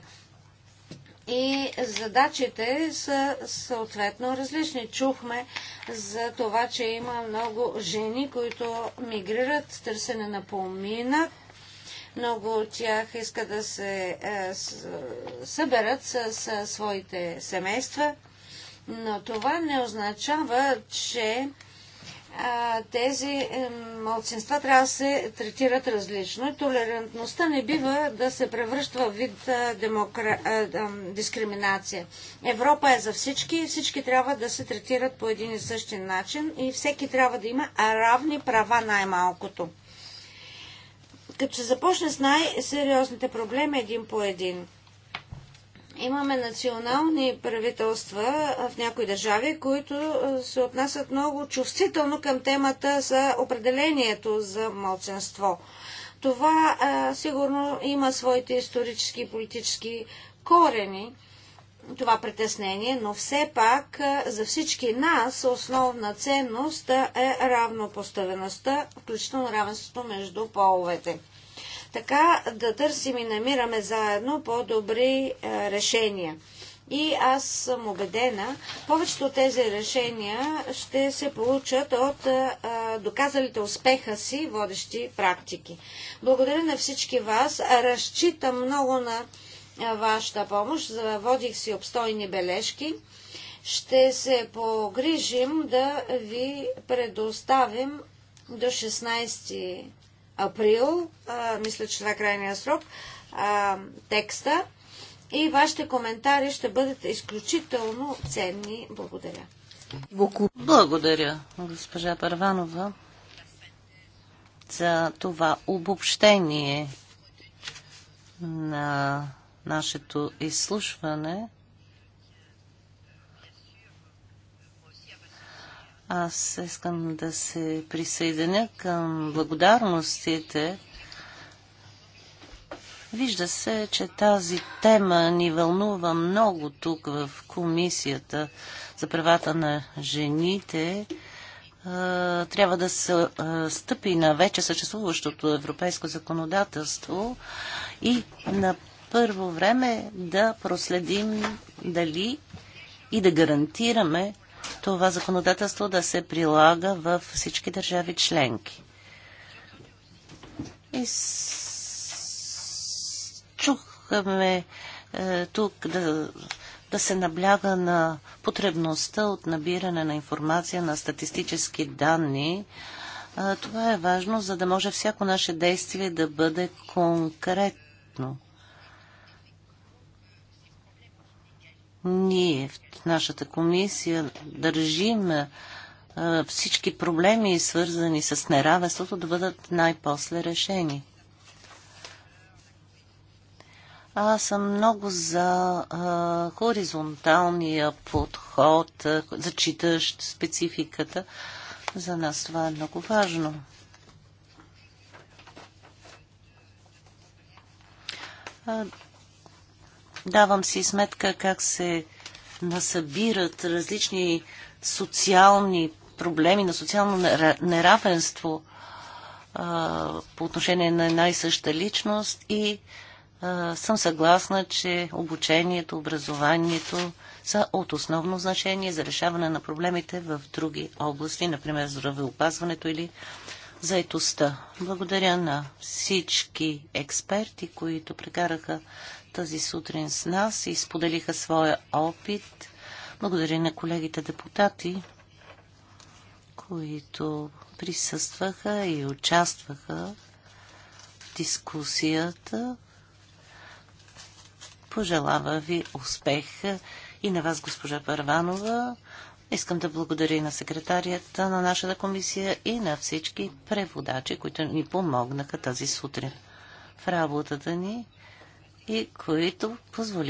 И задачите са съответно различни. Чухме за това, че има много жени, които мигрират с търсене на поминък, много от тях искат да се е, съберат с, своите семейства, но това не означава, че е, тези е, младсинства трябва да се третират различно толерантността не бива да се превръща в вид демокра... дискриминация. Европа е за всички и всички трябва да се третират по един и същи начин и всеки трябва да има равни права най-малкото като се започне с най-сериозните проблеми един по един. Имаме национални правителства в някои държави, които се отнасят много чувствително към темата за определението за младсенство. Това а, сигурно има своите исторически и политически корени това притеснение, но все пак е, за всички нас основна ценност е равнопоставеността, включително равенството между половете. Така да търсим и намираме заедно по-добри е, решения. И аз съм убедена, повечето от тези решения ще се получат от а, е, доказалите успеха си водещи практики. Благодаря на всички вас. Разчитам много на вашата помощ. Заводих си обстойни бележки. Ще се погрижим да ви предоставим до 16 април, а, мисля, че това е крайния срок, а, текста и вашите коментари ще бъдат изключително ценни. Благодаря. Благодаря, госпожа Парванова, за това обобщение на нашето изслушване. Аз искам да се присъединя към благодарностите. Вижда се, че тази тема ни вълнува много тук в Комисията за правата на жените трябва да се стъпи на вече съществуващото европейско законодателство и на първо време да проследим дали и да гарантираме това законодателство да се прилага във всички държави членки. И чухаме е, тук да, да се набляга на потребността от набиране на информация на статистически данни. Е, това е важно, за да може всяко наше действие да бъде конкретно. Ние в нашата комисия държим всички проблеми, свързани с неравенството, да бъдат най-после решени. Аз съм много за хоризонталния подход, зачитащ спецификата. За нас това е много важно. А, Давам си сметка как се насъбират различни социални проблеми на социално неравенство а, по отношение на една и съща личност и а, съм съгласна, че обучението, образованието са от основно значение за решаване на проблемите в други области, например здравеопазването или заетостта. Благодаря на всички експерти, които прекараха тази сутрин с нас и споделиха своя опит. Благодаря на колегите депутати, които присъстваха и участваха в дискусията. Пожелава ви успех и на вас, госпожа Парванова. Искам да благодаря и на секретарията на нашата комисия и на всички преводачи, които ни помогнаха тази сутрин в работата ни и които позволиха